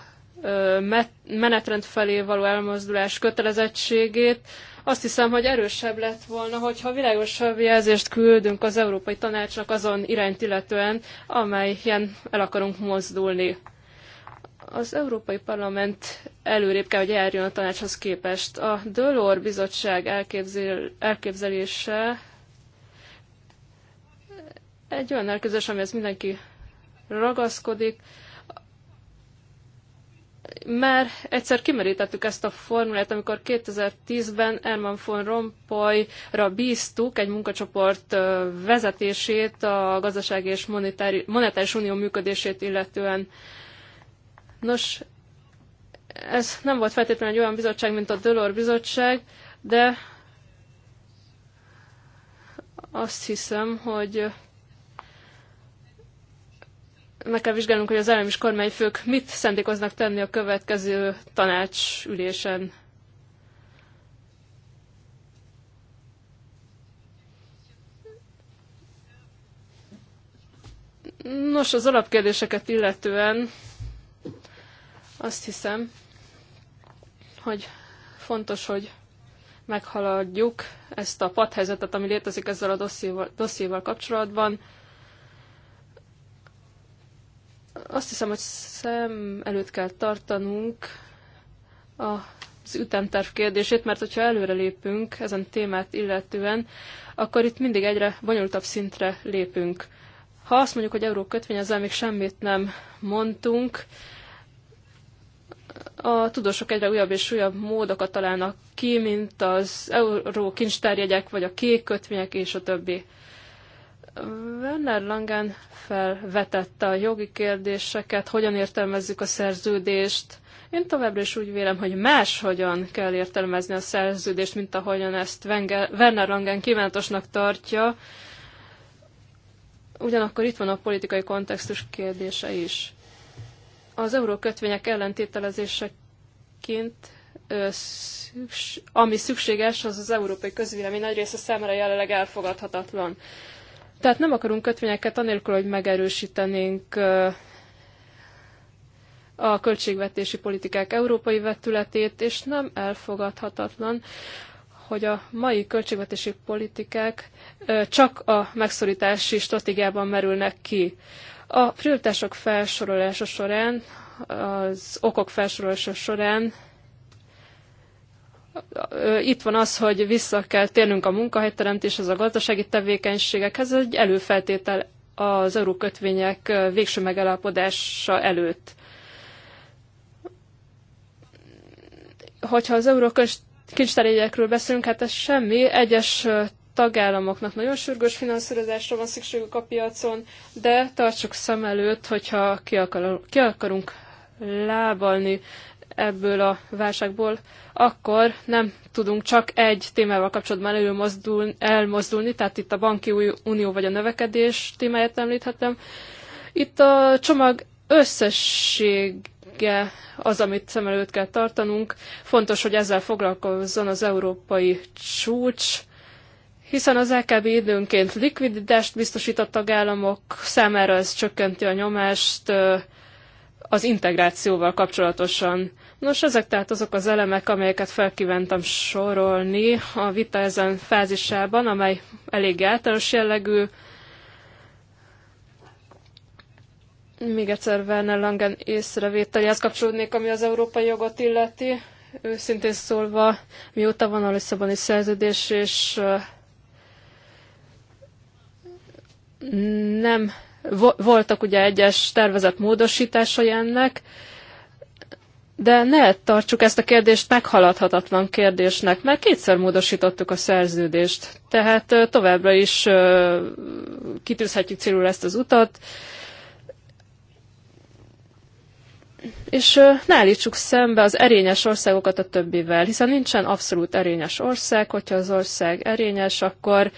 menetrend felé való elmozdulás kötelezettségét. Azt hiszem, hogy erősebb lett volna, hogyha világosabb jelzést küldünk az Európai Tanácsnak azon irányt illetően, amelyen el akarunk mozdulni. Az Európai Parlament előrébb kell, hogy járjon a tanácshoz képest. A Dölor bizottság elképzel, elképzelése egy olyan elképzelés, amihez mindenki ragaszkodik. Már egyszer kimerítettük ezt a formulát, amikor 2010-ben Erman von Rompuyra bíztuk egy munkacsoport vezetését a gazdasági és monetáris unió működését illetően. Nos, ez nem volt feltétlenül egy olyan bizottság, mint a Dölor bizottság, de azt hiszem, hogy meg kell vizsgálnunk, hogy az állam és kormányfők mit szendékoznak tenni a következő tanácsülésen. Nos, az alapkérdéseket illetően azt hiszem, hogy fontos, hogy meghaladjuk ezt a padhelyzetet, ami létezik ezzel a dosszéval, dosszéval kapcsolatban. Azt hiszem, hogy szem előtt kell tartanunk az ütemterv kérdését, mert hogyha előrelépünk ezen témát illetően, akkor itt mindig egyre bonyolultabb szintre lépünk. Ha azt mondjuk, hogy kötvény, ezzel még semmit nem mondtunk, a tudósok egyre újabb és újabb módokat találnak ki, mint az euró kincstárjegyek, vagy a kék kötvények, és a többi. Werner Langen felvetette a jogi kérdéseket, hogyan értelmezzük a szerződést. Én továbbra is úgy vélem, hogy máshogyan kell értelmezni a szerződést, mint ahogyan ezt Werner Langen kívánatosnak tartja. Ugyanakkor itt van a politikai kontextus kérdése is. Az eurókötvények ellentételezéseként ami szükséges, az az európai közvélemény nagy része számára jelenleg elfogadhatatlan. Tehát nem akarunk kötvényeket anélkül, hogy megerősítenénk a költségvetési politikák európai vetületét, és nem elfogadhatatlan, hogy a mai költségvetési politikák csak a megszorítási stratégiában merülnek ki. A prioritások felsorolása során, az okok felsorolása során itt van az, hogy vissza kell térnünk a munkahelyteremtéshez, a gazdasági tevékenységekhez, ez egy előfeltétel az eurókötvények végső megállapodása előtt. Hogyha az eurókötvényekről beszélünk, hát ez semmi. Egyes tagállamoknak nagyon sürgős finanszírozásra van szükségük a piacon, de tartsuk szem előtt, hogyha ki, akar, ki akarunk lábalni ebből a válságból, akkor nem tudunk csak egy témával kapcsolatban elmozdulni, elmozdulni tehát itt a banki unió vagy a növekedés témáját említhetem. Itt a csomag összessége az, amit szem előtt kell tartanunk. Fontos, hogy ezzel foglalkozzon az európai csúcs, hiszen az LKB időnként likviditást biztosít a tagállamok számára, ez csökkenti a nyomást az integrációval kapcsolatosan. Nos, ezek tehát azok az elemek, amelyeket felkívántam sorolni a vita ezen fázisában, amely elég általános jellegű. Még egyszer Werner Langen észrevételéhez kapcsolódnék, ami az európai jogot illeti. Őszintén szólva, mióta van a Lisszaboni szerződés, és nem voltak ugye egyes tervezett módosításai ennek, de ne tartsuk ezt a kérdést meghaladhatatlan kérdésnek, mert kétszer módosítottuk a szerződést, tehát továbbra is kitűzhetjük célul ezt az utat, és ne állítsuk szembe az erényes országokat a többivel, hiszen nincsen abszolút erényes ország, hogyha az ország erényes, akkor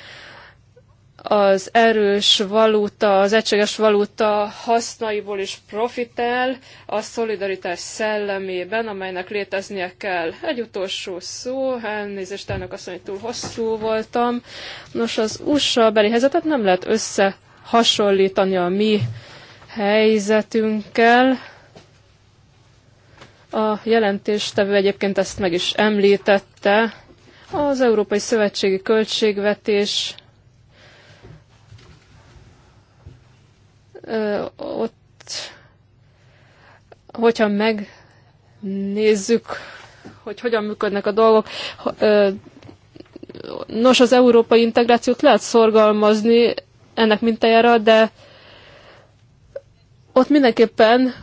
az erős valuta, az egységes valuta hasznaiból is profitál a szolidaritás szellemében, amelynek léteznie kell. Egy utolsó szó, elnézést elnök asszony, hogy túl hosszú voltam. Nos, az USA beli helyzetet nem lehet összehasonlítani a mi helyzetünkkel. A jelentéstevő egyébként ezt meg is említette. Az Európai Szövetségi Költségvetés ott, hogyha megnézzük, hogy hogyan működnek a dolgok, nos, az európai integrációt lehet szorgalmazni ennek mintájára, de ott mindenképpen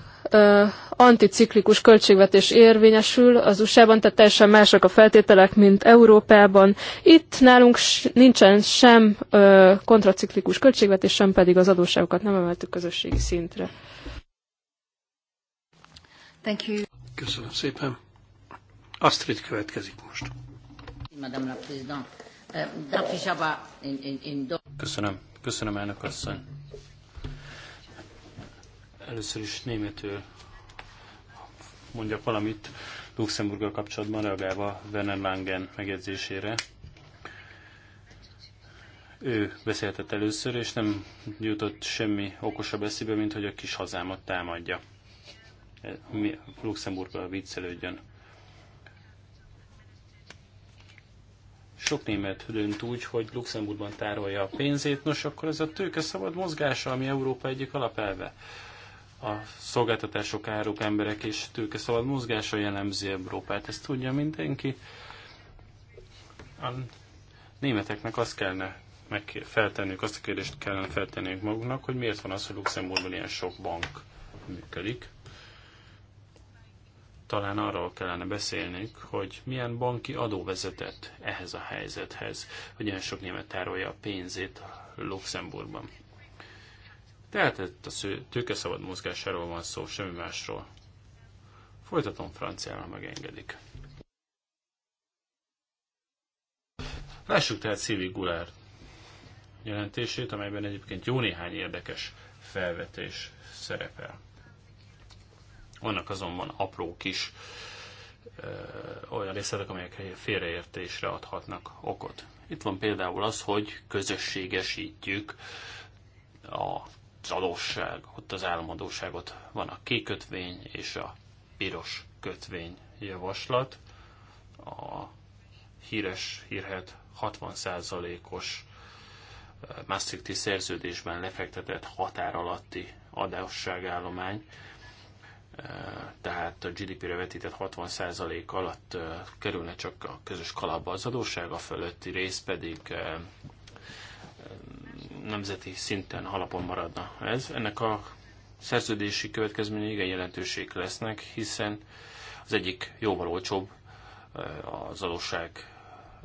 anticiklikus költségvetés érvényesül az USA-ban, tehát teljesen mások a feltételek, mint Európában. Itt nálunk nincsen sem ö, kontraciklikus költségvetés, sem pedig az adósságokat nem emeltük közösségi szintre. Thank you. Köszönöm szépen. Astrid következik most. Madame la Présidente. Euh, Köszönöm. Köszönöm, elnök asszony. Először is németül mondjak valamit Luxemburggal kapcsolatban, reagálva Werner Langen megjegyzésére. Ő beszélhetett először, és nem jutott semmi okosabb eszébe, mint hogy a kis hazámat támadja. E, luxemburgba viccelődjön. sok német dönt úgy, hogy Luxemburgban tárolja a pénzét, nos akkor ez a tőke szabad mozgása, ami Európa egyik alapelve a szolgáltatások, áruk, emberek és tőke szabad szóval mozgása jellemzi Európát. Ezt tudja mindenki. A németeknek azt kellene meg feltennünk, azt a kérdést kellene feltennünk magunknak, hogy miért van az, hogy Luxemburgban ilyen sok bank működik. Talán arról kellene beszélnünk, hogy milyen banki adó vezetett ehhez a helyzethez, hogy ilyen sok német tárolja a pénzét Luxemburgban. Tehát itt a tőke szabad mozgásáról van szó, semmi másról. Folytatom franciára, megengedik. Lássuk tehát Szilvi Gulár jelentését, amelyben egyébként jó néhány érdekes felvetés szerepel. Vannak azonban apró kis ö, olyan részletek, amelyek félreértésre adhatnak okot. Itt van például az, hogy közösségesítjük a az adósság, ott az államadóságot van a kék kötvény és a piros kötvény javaslat. A híres, hírhet 60%-os Maastrichti szerződésben lefektetett határ alatti adásságállomány, tehát a GDP-re vetített 60% alatt kerülne csak a közös kalapba az a fölötti rész pedig nemzeti szinten alapon maradna ez. Ennek a szerződési következményei igen jelentőség lesznek, hiszen az egyik jóval olcsóbb eh, az adósság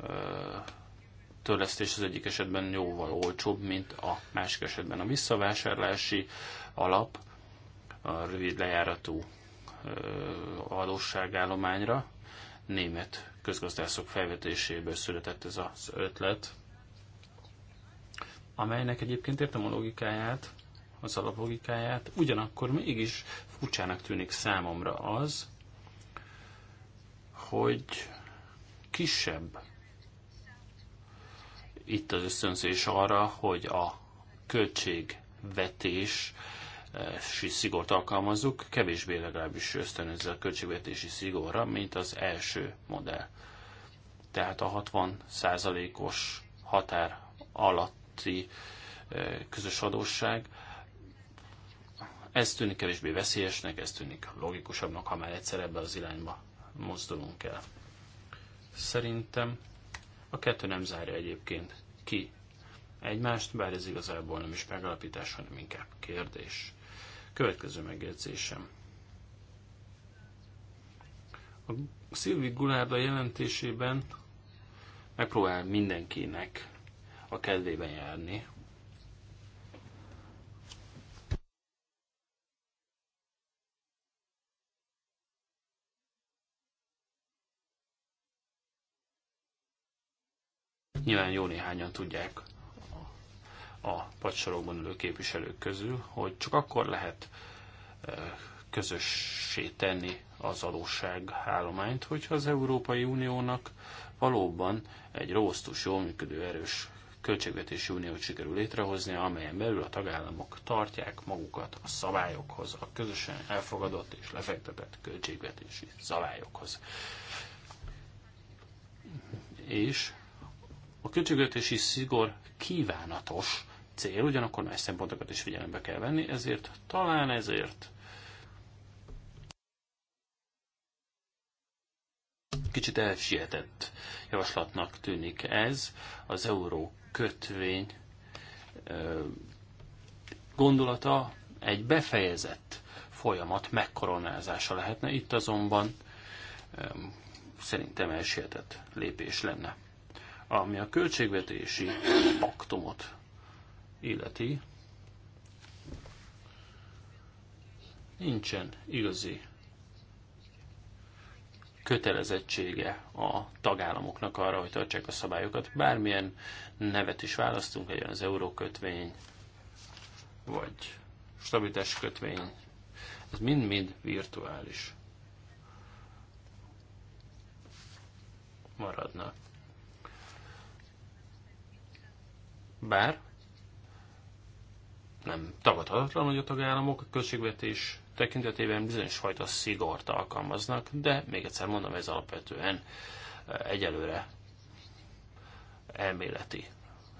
eh, törlesztés az egyik esetben jóval olcsóbb, mint a másik esetben a visszavásárlási alap a rövid lejáratú eh, adósságállományra. Német közgazdászok felvetéséből született ez az ötlet amelynek egyébként értem a logikáját, az alaplogikáját, ugyanakkor mégis furcsának tűnik számomra az, hogy kisebb itt az összönzés arra, hogy a költségvetés és eh, szigort alkalmazzuk, kevésbé legalábbis ösztönözze a költségvetési szigorra, mint az első modell. Tehát a 60 os határ alatt közötti eh, közös adósság. Ez tűnik kevésbé veszélyesnek, ez tűnik logikusabbnak, ha már egyszer ebbe az irányba mozdulunk el. Szerintem a kettő nem zárja egyébként ki egymást, bár ez igazából nem is megalapítás, hanem inkább kérdés. Következő megjegyzésem. A Szilvi Gulárda jelentésében megpróbál mindenkinek a kedvében járni. Nyilván jó néhányan tudják a padsorokban ülő képviselők közül, hogy csak akkor lehet közössé tenni az állományt, hogyha az Európai Uniónak valóban egy robusztus, jól működő, erős költségvetési uniót sikerül létrehozni, amelyen belül a tagállamok tartják magukat a szabályokhoz, a közösen elfogadott és lefektetett költségvetési szabályokhoz. És a költségvetési szigor kívánatos cél, ugyanakkor más szempontokat is figyelembe kell venni, ezért talán ezért Kicsit elsietett javaslatnak tűnik ez. Az euró kötvény gondolata egy befejezett folyamat megkoronázása lehetne. Itt azonban szerintem elsietett lépés lenne. Ami a költségvetési paktumot illeti, nincsen igazi kötelezettsége a tagállamoknak arra, hogy tartsák a szabályokat. Bármilyen nevet is választunk, legyen az eurókötvény, vagy stabilitás kötvény, ez mind-mind virtuális maradna. Bár nem tagadhatatlan, hogy a tagállamok a költségvetés tekintetében bizonyos fajta szigort alkalmaznak, de még egyszer mondom, ez alapvetően e, egyelőre elméleti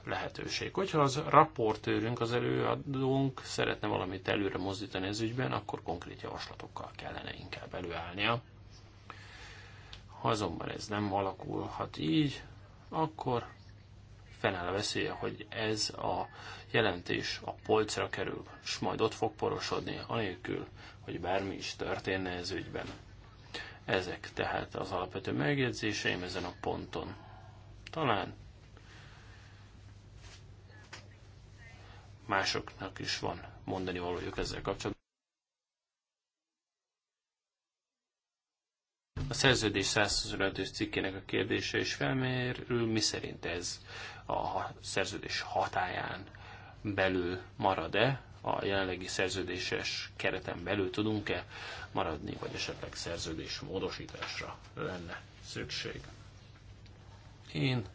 lehetőség. Hogyha az raportőrünk, az előadónk szeretne valamit előre mozdítani ez ügyben, akkor konkrét javaslatokkal kellene inkább előállnia. Ha azonban ez nem alakulhat így, akkor fennáll a veszélye, hogy ez a jelentés a polcra kerül, és majd ott fog porosodni, anélkül, hogy bármi is történne ez ügyben. Ezek tehát az alapvető megjegyzéseim ezen a ponton. Talán másoknak is van mondani valójuk ezzel kapcsolatban. A szerződés 125 cikkének a kérdése is felmerül, mi szerint ez a szerződés hatáján belül marad-e, a jelenlegi szerződéses kereten belül tudunk-e maradni, vagy esetleg szerződés módosításra lenne szükség. Én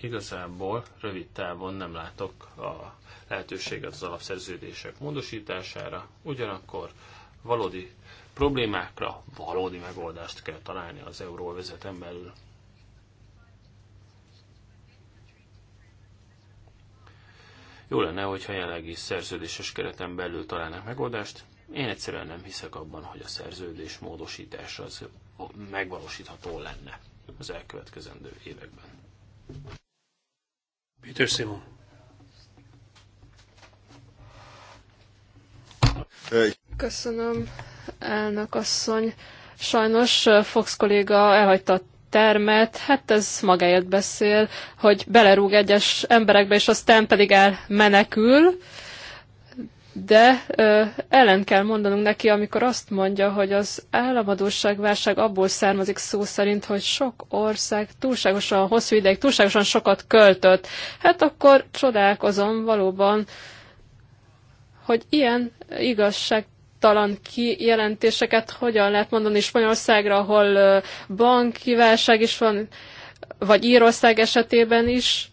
igazából rövid távon nem látok a lehetőséget az alapszerződések módosítására, ugyanakkor valódi problémákra valódi megoldást kell találni az euróvezeten belül. Jó lenne, hogyha jelenlegi szerződéses kereten belül találnak megoldást. Én egyszerűen nem hiszek abban, hogy a szerződés módosítása az megvalósítható lenne az elkövetkezendő években. Peter Simon. Köszönöm, elnök asszony. Sajnos eh, Fox kolléga elhagyta a termet, hát ez magáért beszél, hogy belerúg egyes emberekbe, és aztán pedig elmenekül, de ö, ellen kell mondanunk neki, amikor azt mondja, hogy az államadóságválság abból származik szó szerint, hogy sok ország túlságosan hosszú ideig, túlságosan sokat költött. Hát akkor csodálkozom valóban, hogy ilyen igazság alaptalan kijelentéseket hogyan lehet mondani Spanyolországra, ahol banki válság is van, vagy Írország esetében is.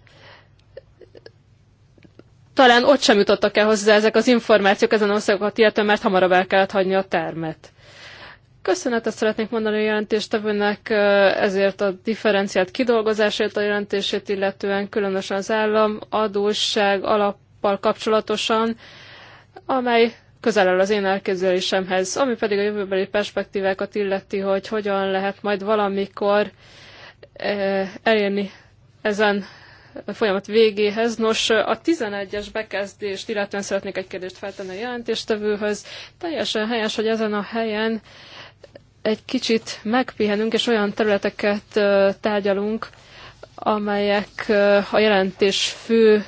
Talán ott sem jutottak el hozzá ezek az információk ezen országokat illetően, mert hamarabb el kellett hagyni a termet. Köszönetet szeretnék mondani a jelentéstevőnek ezért a differenciált kidolgozásért a jelentését, illetően különösen az állam adósság alappal kapcsolatosan, amely közel áll az én elképzelésemhez. Ami pedig a jövőbeli perspektívákat illeti, hogy hogyan lehet majd valamikor eh, elérni ezen folyamat végéhez. Nos, a 11-es bekezdést, illetve szeretnék egy kérdést feltenni a jelentéstevőhöz. Teljesen helyes, hogy ezen a helyen egy kicsit megpihenünk, és olyan területeket eh, tárgyalunk, amelyek eh, a jelentés fő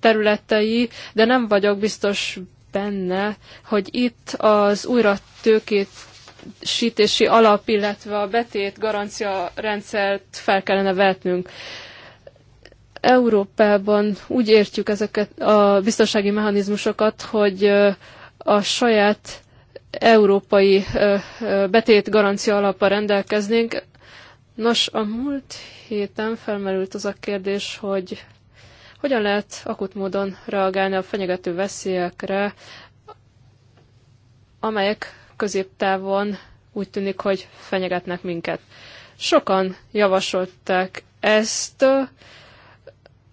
területei, de nem vagyok biztos benne, hogy itt az újra tőkét sítési alap, illetve a betét garancia rendszert fel kellene vetnünk. Európában úgy értjük ezeket a biztonsági mechanizmusokat, hogy a saját európai betét garancia alapra rendelkeznénk. Nos, a múlt héten felmerült az a kérdés, hogy hogyan lehet akut módon reagálni a fenyegető veszélyekre, amelyek középtávon úgy tűnik, hogy fenyegetnek minket. Sokan javasolták ezt.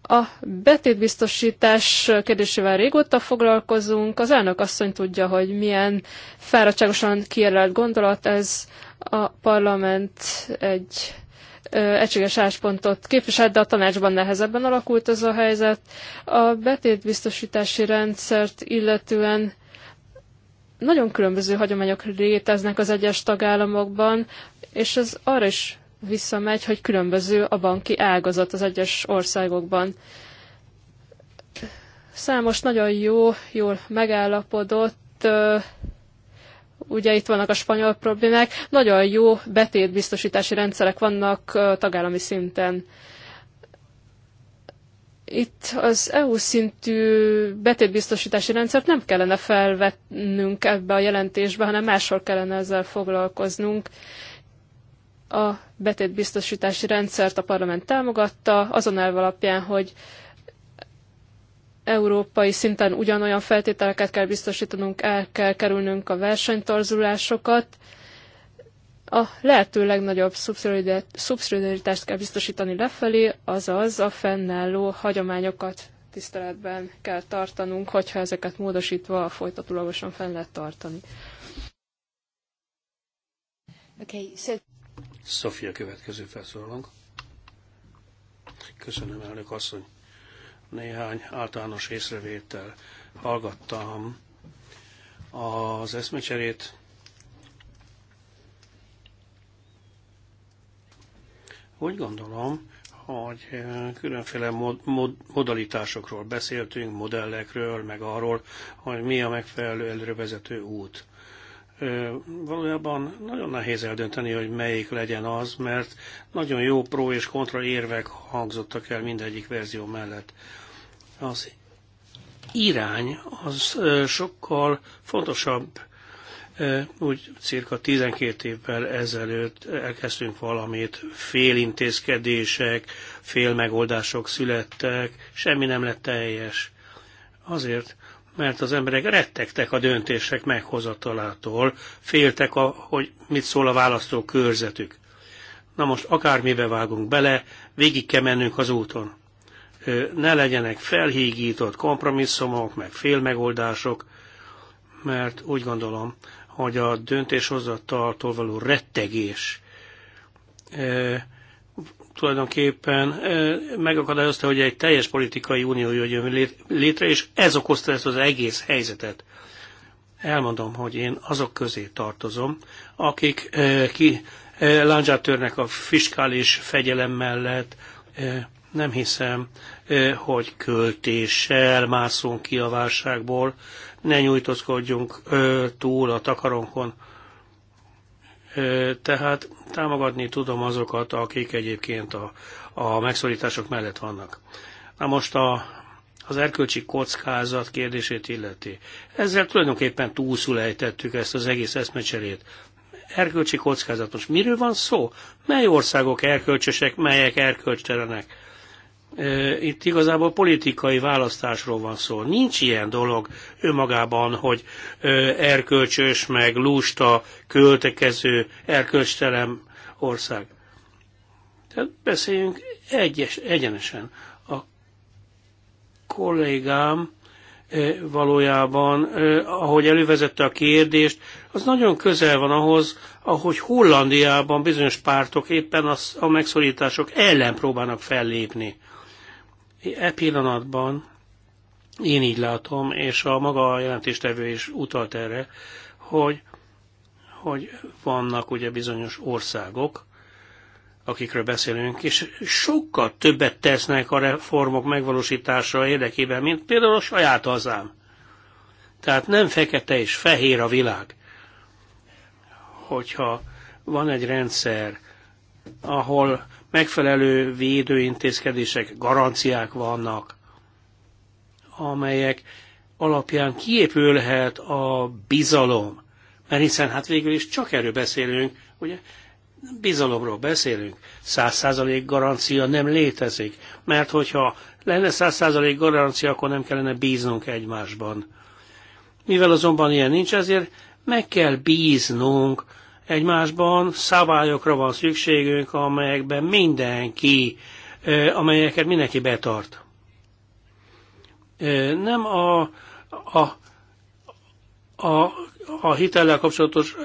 A betétbiztosítás kérdésével régóta foglalkozunk. Az elnök asszony tudja, hogy milyen fáradtságosan kiérlelt gondolat ez. A parlament egy egységes álláspontot képviselt, de a tanácsban nehezebben alakult ez a helyzet. A betétbiztosítási rendszert illetően nagyon különböző hagyományok léteznek az egyes tagállamokban, és ez arra is visszamegy, hogy különböző a banki ágazat az egyes országokban. Számos nagyon jó, jól megállapodott ugye itt vannak a spanyol problémák, nagyon jó betétbiztosítási rendszerek vannak tagállami szinten. Itt az EU szintű betétbiztosítási rendszert nem kellene felvetnünk ebbe a jelentésbe, hanem máshol kellene ezzel foglalkoznunk. A betétbiztosítási rendszert a parlament támogatta, azon elv alapján, hogy európai szinten ugyanolyan feltételeket kell biztosítanunk, el kell kerülnünk a versenytorzulásokat, a lehető legnagyobb szubszidiaritást kell biztosítani lefelé, azaz a fennálló hagyományokat tiszteletben kell tartanunk, hogyha ezeket módosítva folytatólagosan fenn lehet tartani. Okay, so... Sofia következő felszólalónk. Köszönöm, elnök asszony néhány általános észrevétel. Hallgattam az eszmecserét. Úgy gondolom, hogy eh, különféle mod- mod- modalitásokról beszéltünk, modellekről, meg arról, hogy mi a megfelelő előrevezető út. Eh, valójában nagyon nehéz eldönteni, hogy melyik legyen az, mert nagyon jó pró és kontra érvek hangzottak el mindegyik verzió mellett az irány az sokkal fontosabb. Úgy cirka 12 évvel ezelőtt elkezdtünk valamit, félintézkedések, félmegoldások születtek, semmi nem lett teljes. Azért, mert az emberek rettegtek a döntések meghozatalától, féltek, a, hogy mit szól a választó körzetük. Na most akármibe vágunk bele, végig kell mennünk az úton ne legyenek felhígított kompromisszumok, meg félmegoldások, mert úgy gondolom, hogy a döntéshozataltól való rettegés tulajdonképpen megakadályozta, hogy egy teljes politikai unió jöjjön létre, és ez okozta ezt az egész helyzetet. Elmondom, hogy én azok közé tartozom, akik ki e, törnek a fiskális fegyelem mellett, nem hiszem, hogy költéssel mászunk ki a válságból, ne nyújtózkodjunk túl a takaronkon. Tehát támogatni tudom azokat, akik egyébként a, a megszorítások mellett vannak. Na most a, az erkölcsi kockázat kérdését illeti. Ezzel tulajdonképpen túlszulejtettük ezt az egész eszmecserét. Erkölcsi kockázat. Most miről van szó? Mely országok erkölcsösek, melyek erkölcstelenek? itt igazából politikai választásról van szó. Nincs ilyen dolog önmagában, hogy erkölcsös, meg lusta, költekező, erkölcstelem ország. Tehát beszéljünk egyes, egyenesen. A kollégám valójában, ahogy elővezette a kérdést, az nagyon közel van ahhoz, ahogy Hollandiában bizonyos pártok éppen az, a megszorítások ellen próbálnak fellépni. E pillanatban én így látom, és a maga a jelentéstevő is utalt erre, hogy, hogy vannak ugye bizonyos országok, akikről beszélünk, és sokkal többet tesznek a reformok megvalósítása érdekében, mint például a saját hazám. Tehát nem fekete és fehér a világ. Hogyha van egy rendszer, ahol megfelelő védőintézkedések, garanciák vannak, amelyek alapján kiépülhet a bizalom. Mert hiszen hát végül is csak erről beszélünk, ugye bizalomról beszélünk. Száz százalék garancia nem létezik, mert hogyha lenne száz százalék garancia, akkor nem kellene bíznunk egymásban. Mivel azonban ilyen nincs, ezért meg kell bíznunk egymásban, szabályokra van szükségünk, amelyekben mindenki, amelyeket mindenki betart. Nem a, a, a, a hitellel kapcsolatos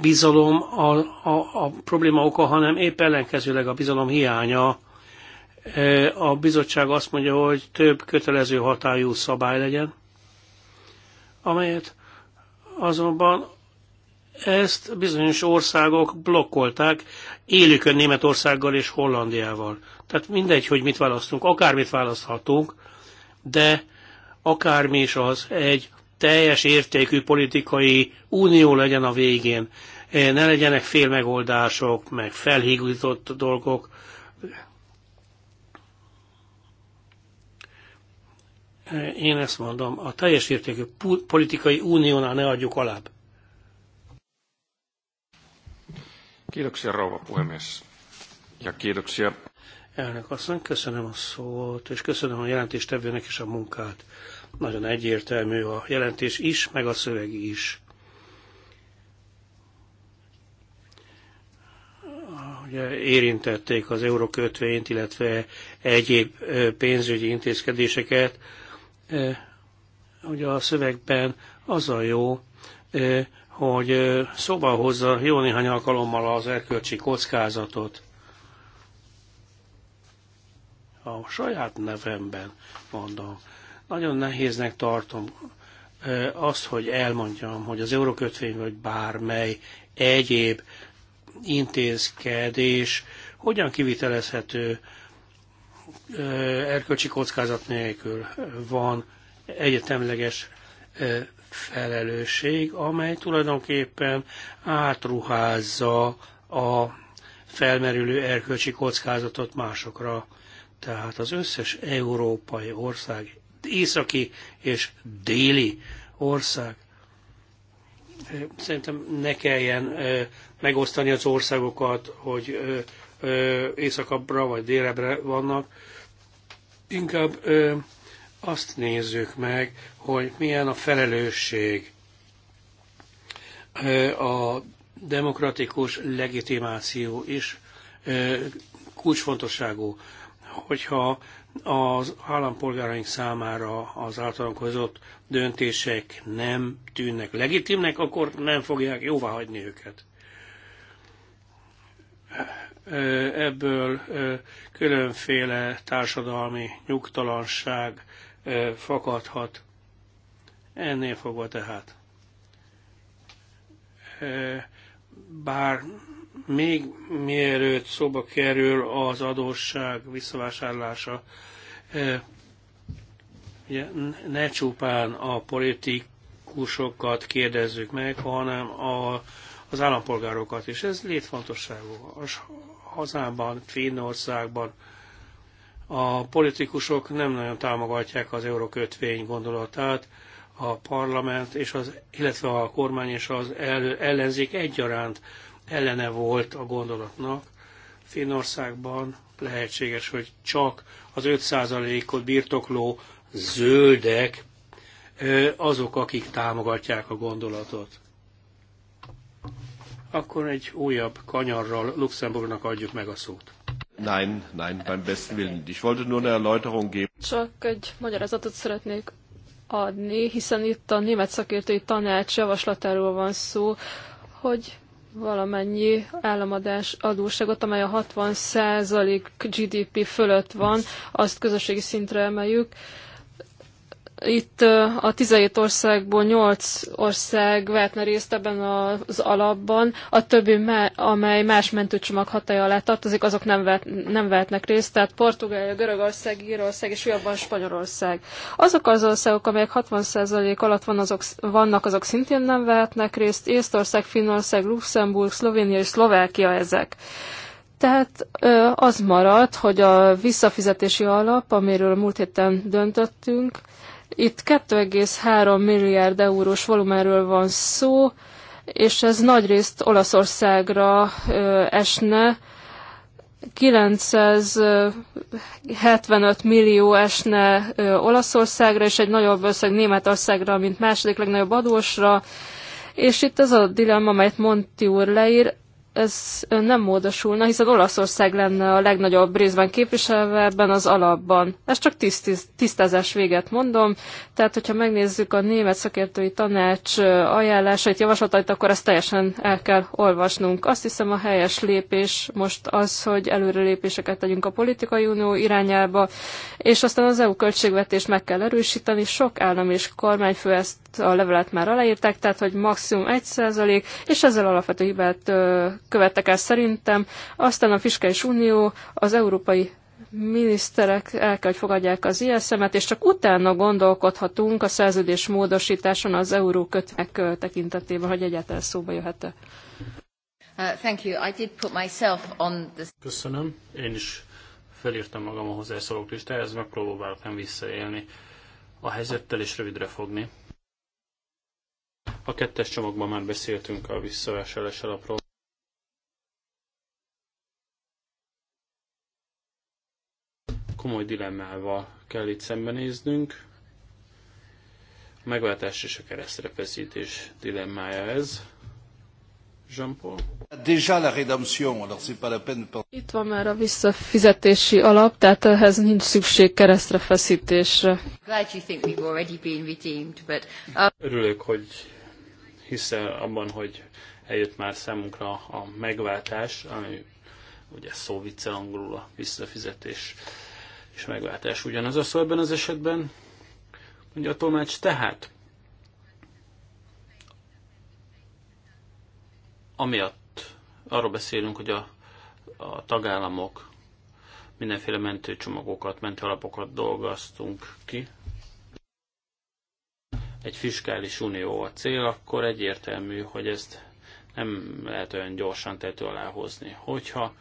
bizalom a, a, a probléma oka, hanem épp ellenkezőleg a bizalom hiánya. A bizottság azt mondja, hogy több kötelező hatályú szabály legyen, amelyet azonban ezt bizonyos országok blokkolták, élükön Németországgal és Hollandiával. Tehát mindegy, hogy mit választunk, akármit választhatunk, de akármi is az, egy teljes értékű politikai unió legyen a végén. Ne legyenek félmegoldások, meg felhígított dolgok. Én ezt mondom, a teljes értékű politikai uniónál ne adjuk alább. Kiitoksia rouva puhemies. Ja kiitoksia. Elnök asszony, köszönöm a szót, és köszönöm a jelentéstevőnek is a munkát. Nagyon egyértelmű a jelentés is, meg a szöveg is. ugye érintették az eurókötvényt, illetve egyéb pénzügyi intézkedéseket. Ugye a szövegben az a jó, hogy szóba hozza jó néhány alkalommal az erkölcsi kockázatot. A saját nevemben mondom, nagyon nehéznek tartom azt, hogy elmondjam, hogy az eurókötvény vagy bármely egyéb intézkedés hogyan kivitelezhető erkölcsi kockázat nélkül van egyetemleges felelősség, amely tulajdonképpen átruházza a felmerülő erkölcsi kockázatot másokra. Tehát az összes európai ország, északi és déli ország, szerintem ne kelljen megosztani az országokat, hogy északabbra vagy délebbre vannak, inkább azt nézzük meg, hogy milyen a felelősség a demokratikus legitimáció is kulcsfontosságú, hogyha az állampolgáraink számára az általunk hozott döntések nem tűnnek legitimnek, akkor nem fogják jóvá hagyni őket. Ebből különféle társadalmi nyugtalanság fakadhat. Ennél fogva tehát. Bár még mielőtt szóba kerül az adósság visszavásárlása, ne csupán a politikusokat kérdezzük meg, hanem a, az állampolgárokat is. Ez létfontosságú. A hazában, Finnországban, a politikusok nem nagyon támogatják az eurókötvény gondolatát, a parlament, és az, illetve a kormány és az ellenzék egyaránt ellene volt a gondolatnak. Finnországban lehetséges, hogy csak az 5%-ot birtokló zöldek azok, akik támogatják a gondolatot. Akkor egy újabb kanyarral Luxemburgnak adjuk meg a szót. Nein, nein, beim besten Willen. Ich wollte nur eine Erläuterung geben. Csak egy magyarázatot szeretnék adni, hiszen itt a német szakértői tanács javaslatáról van szó, hogy valamennyi államadás adóságot, amely a 60% GDP fölött van, azt közösségi szintre emeljük. Uh, itt a 17 országból 8 ország vehetne részt ebben az alapban, a többi, amely más mentőcsomag hatája alá tartozik, azok nem, vehet, nem vehetnek részt, tehát Portugália, Görögország, Írország és újabban Spanyolország. Azok az országok, amelyek 60% alatt van azok, vannak, azok szintén nem vehetnek részt, Észtország, Finnország, Luxemburg, Szlovénia és Szlovákia ezek. Tehát az marad, hogy a visszafizetési alap, amiről múlt héten döntöttünk, itt 2,3 milliárd eurós volumenről van szó, és ez nagyrészt Olaszországra esne. 975 millió esne Olaszországra, és egy nagyobb összeg Németországra, mint második legnagyobb adósra. És itt az a dilemma, amelyet Monti úr leír, ez nem módosulna, hiszen Olaszország lenne a legnagyobb részben képviselve ebben az alapban. Ez csak tiszt, tisztázás véget mondom, tehát hogyha megnézzük a német szakértői tanács ajánlásait, javaslatait, akkor ezt teljesen el kell olvasnunk. Azt hiszem a helyes lépés most az, hogy előrelépéseket tegyünk a politikai unió irányába, és aztán az EU költségvetést meg kell erősíteni. Sok állam és kormányfő ezt a levelet már aláírták, tehát hogy maximum 1 és ezzel alapvető hibát követtek el szerintem. Aztán a Fiskális Unió, az Európai miniszterek el kell, hogy fogadják az ISM-et, és csak utána gondolkodhatunk a szerződés módosításon az euró kötvek tekintetében, hogy egyáltalán szóba jöhet-e. Uh, Köszönöm. Én is felírtam magam a hozzászólók listájához, nem visszaélni a helyzettel és rövidre fogni. A kettes csomagban már beszéltünk a visszavásárlás alapról. komoly dilemmával kell itt szembenéznünk. A megváltás és a keresztrepeszítés dilemmája ez. Itt van már a visszafizetési alap, tehát ehhez nincs szükség keresztre feszítésre. Uh, Örülök, hogy hiszel abban, hogy eljött már számunkra a megváltás, ami ugye szó vicce angolul a visszafizetés és a meglátás ugyanaz a szó ebben az esetben, mondja a tolmács, tehát amiatt arról beszélünk, hogy a, a tagállamok mindenféle mentőcsomagokat, mentőalapokat dolgoztunk ki, egy fiskális unió a cél, akkor egyértelmű, hogy ezt nem lehet olyan gyorsan tető alá hozni. Hogyha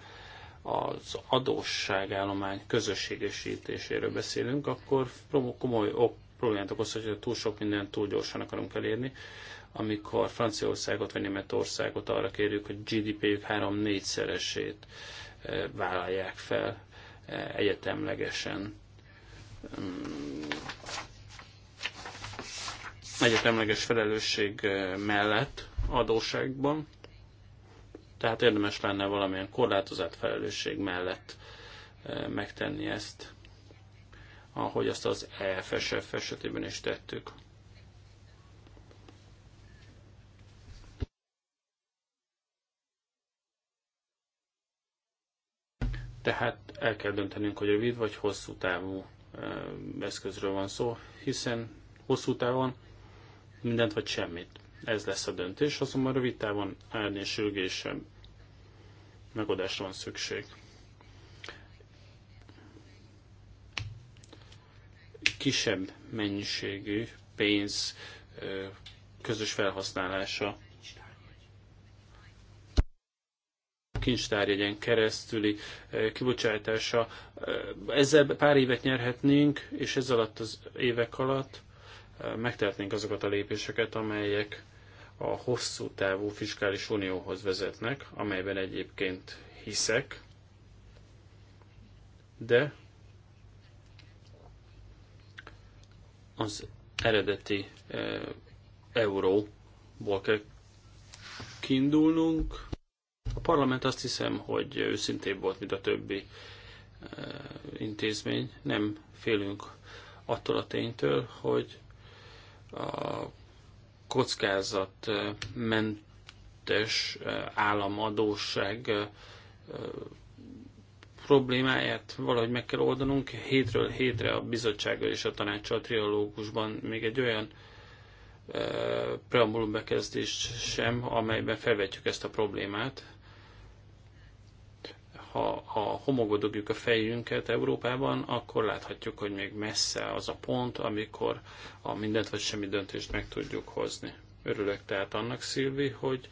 az adósságállomány közösségesítéséről beszélünk, akkor komoly ok, problémát okoz, hogy túl sok mindent túl gyorsan akarunk elérni. Amikor Franciaországot vagy Németországot arra kérjük, hogy GDP-jük 3-4 szeresét eh, vállalják fel eh, egyetemlegesen. Mm. Egyetemleges felelősség eh, mellett adóságban. Tehát érdemes lenne valamilyen korlátozott felelősség mellett e, megtenni ezt, ahogy azt az EFSF esetében is tettük. Tehát el kell döntenünk, hogy rövid vagy hosszú távú e, eszközről van szó, hiszen hosszú távon mindent vagy semmit. Ez lesz a döntés, azonban rövid távon árnyésülgésen megoldásra van szükség. Kisebb mennyiségű pénz közös felhasználása kincstárjegyen keresztüli kibocsátása. Ezzel pár évet nyerhetnénk, és ez alatt az évek alatt megtehetnénk azokat a lépéseket, amelyek a hosszú távú fiskális unióhoz vezetnek, amelyben egyébként hiszek, de az eredeti e, euróból kell kiindulnunk. A parlament azt hiszem, hogy őszintébb volt, mint a többi e, intézmény. Nem félünk attól a ténytől, hogy a kockázatmentes államadóság problémáját valahogy meg kell oldanunk. Hétről hétre a bizottsággal és a tanácssal triológusban még egy olyan preambulum bekezdést sem, amelyben felvetjük ezt a problémát ha, ha homogodogjuk a fejünket Európában, akkor láthatjuk, hogy még messze az a pont, amikor a mindent vagy semmi döntést meg tudjuk hozni. Örülök tehát annak, Szilvi, hogy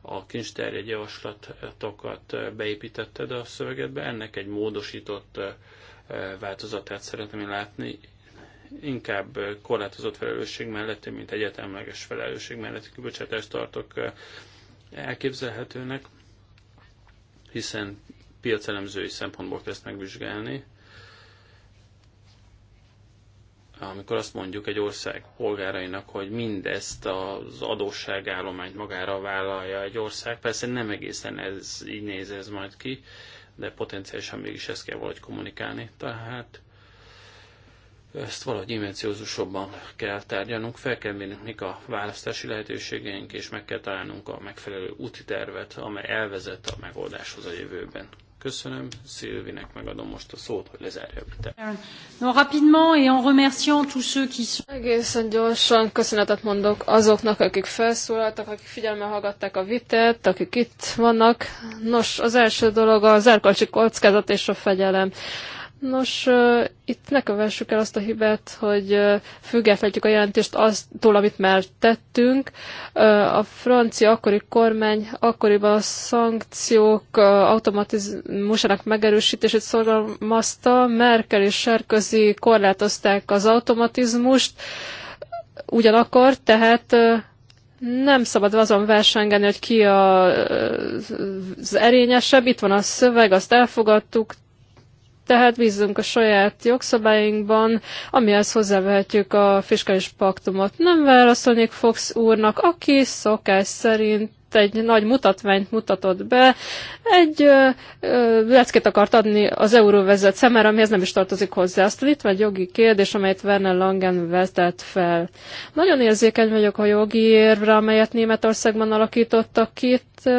a kincsterjegy javaslatokat beépítetted a szövegedbe, ennek egy módosított változatát szeretném látni, inkább korlátozott felelősség mellett, mint egyetemleges felelősség mellett kibocsátást tartok elképzelhetőnek, hiszen piacelemzői szempontból kezd megvizsgálni. Amikor azt mondjuk egy ország polgárainak, hogy mindezt az adósságállományt magára vállalja egy ország, persze nem egészen ez, így néz ez majd ki, de potenciálisan mégis ezt kell valahogy kommunikálni. Tehát ezt valahogy invenciózusabban kell tárgyalnunk, fel kell mérnünk, mik a választási lehetőségeink, és meg kell találnunk a megfelelő úti tervet, amely elvezet a megoldáshoz a jövőben. Köszönöm, Szilvinek megadom most a szót, hogy lezárja a vitát. No, rapidement et en remerciant tous ceux qui sont... Egészen gyorsan köszönetet mondok azoknak, akik felszólaltak, akik figyelme hallgatták a vitát, akik itt vannak. Nos, az első dolog az erkölcsi kockázat és a fegyelem. Nos, itt ne kövessük el azt a hibát, hogy függetlenjük a jelentést aztól, amit már tettünk. A francia akkori kormány akkoriban a szankciók automatizmusának megerősítését szorgalmazta. Merkel és Sarkozy korlátozták az automatizmust. Ugyanakkor tehát nem szabad azon versengeni, hogy ki a, az erényesebb. Itt van a szöveg, azt elfogadtuk, tehát bízunk a saját jogszabályunkban, amihez hozzávehetjük a fiskális paktumot. Nem válaszolnék Fox úrnak, aki szokás szerint egy nagy mutatványt mutatott be, egy ö, ö, leckét akart adni az euróvezet szemére, amihez nem is tartozik hozzá. Azt itt van egy jogi kérdés, amelyet Werner Langen vetett fel. Nagyon érzékeny vagyok a jogi érvre, amelyet Németországban alakítottak itt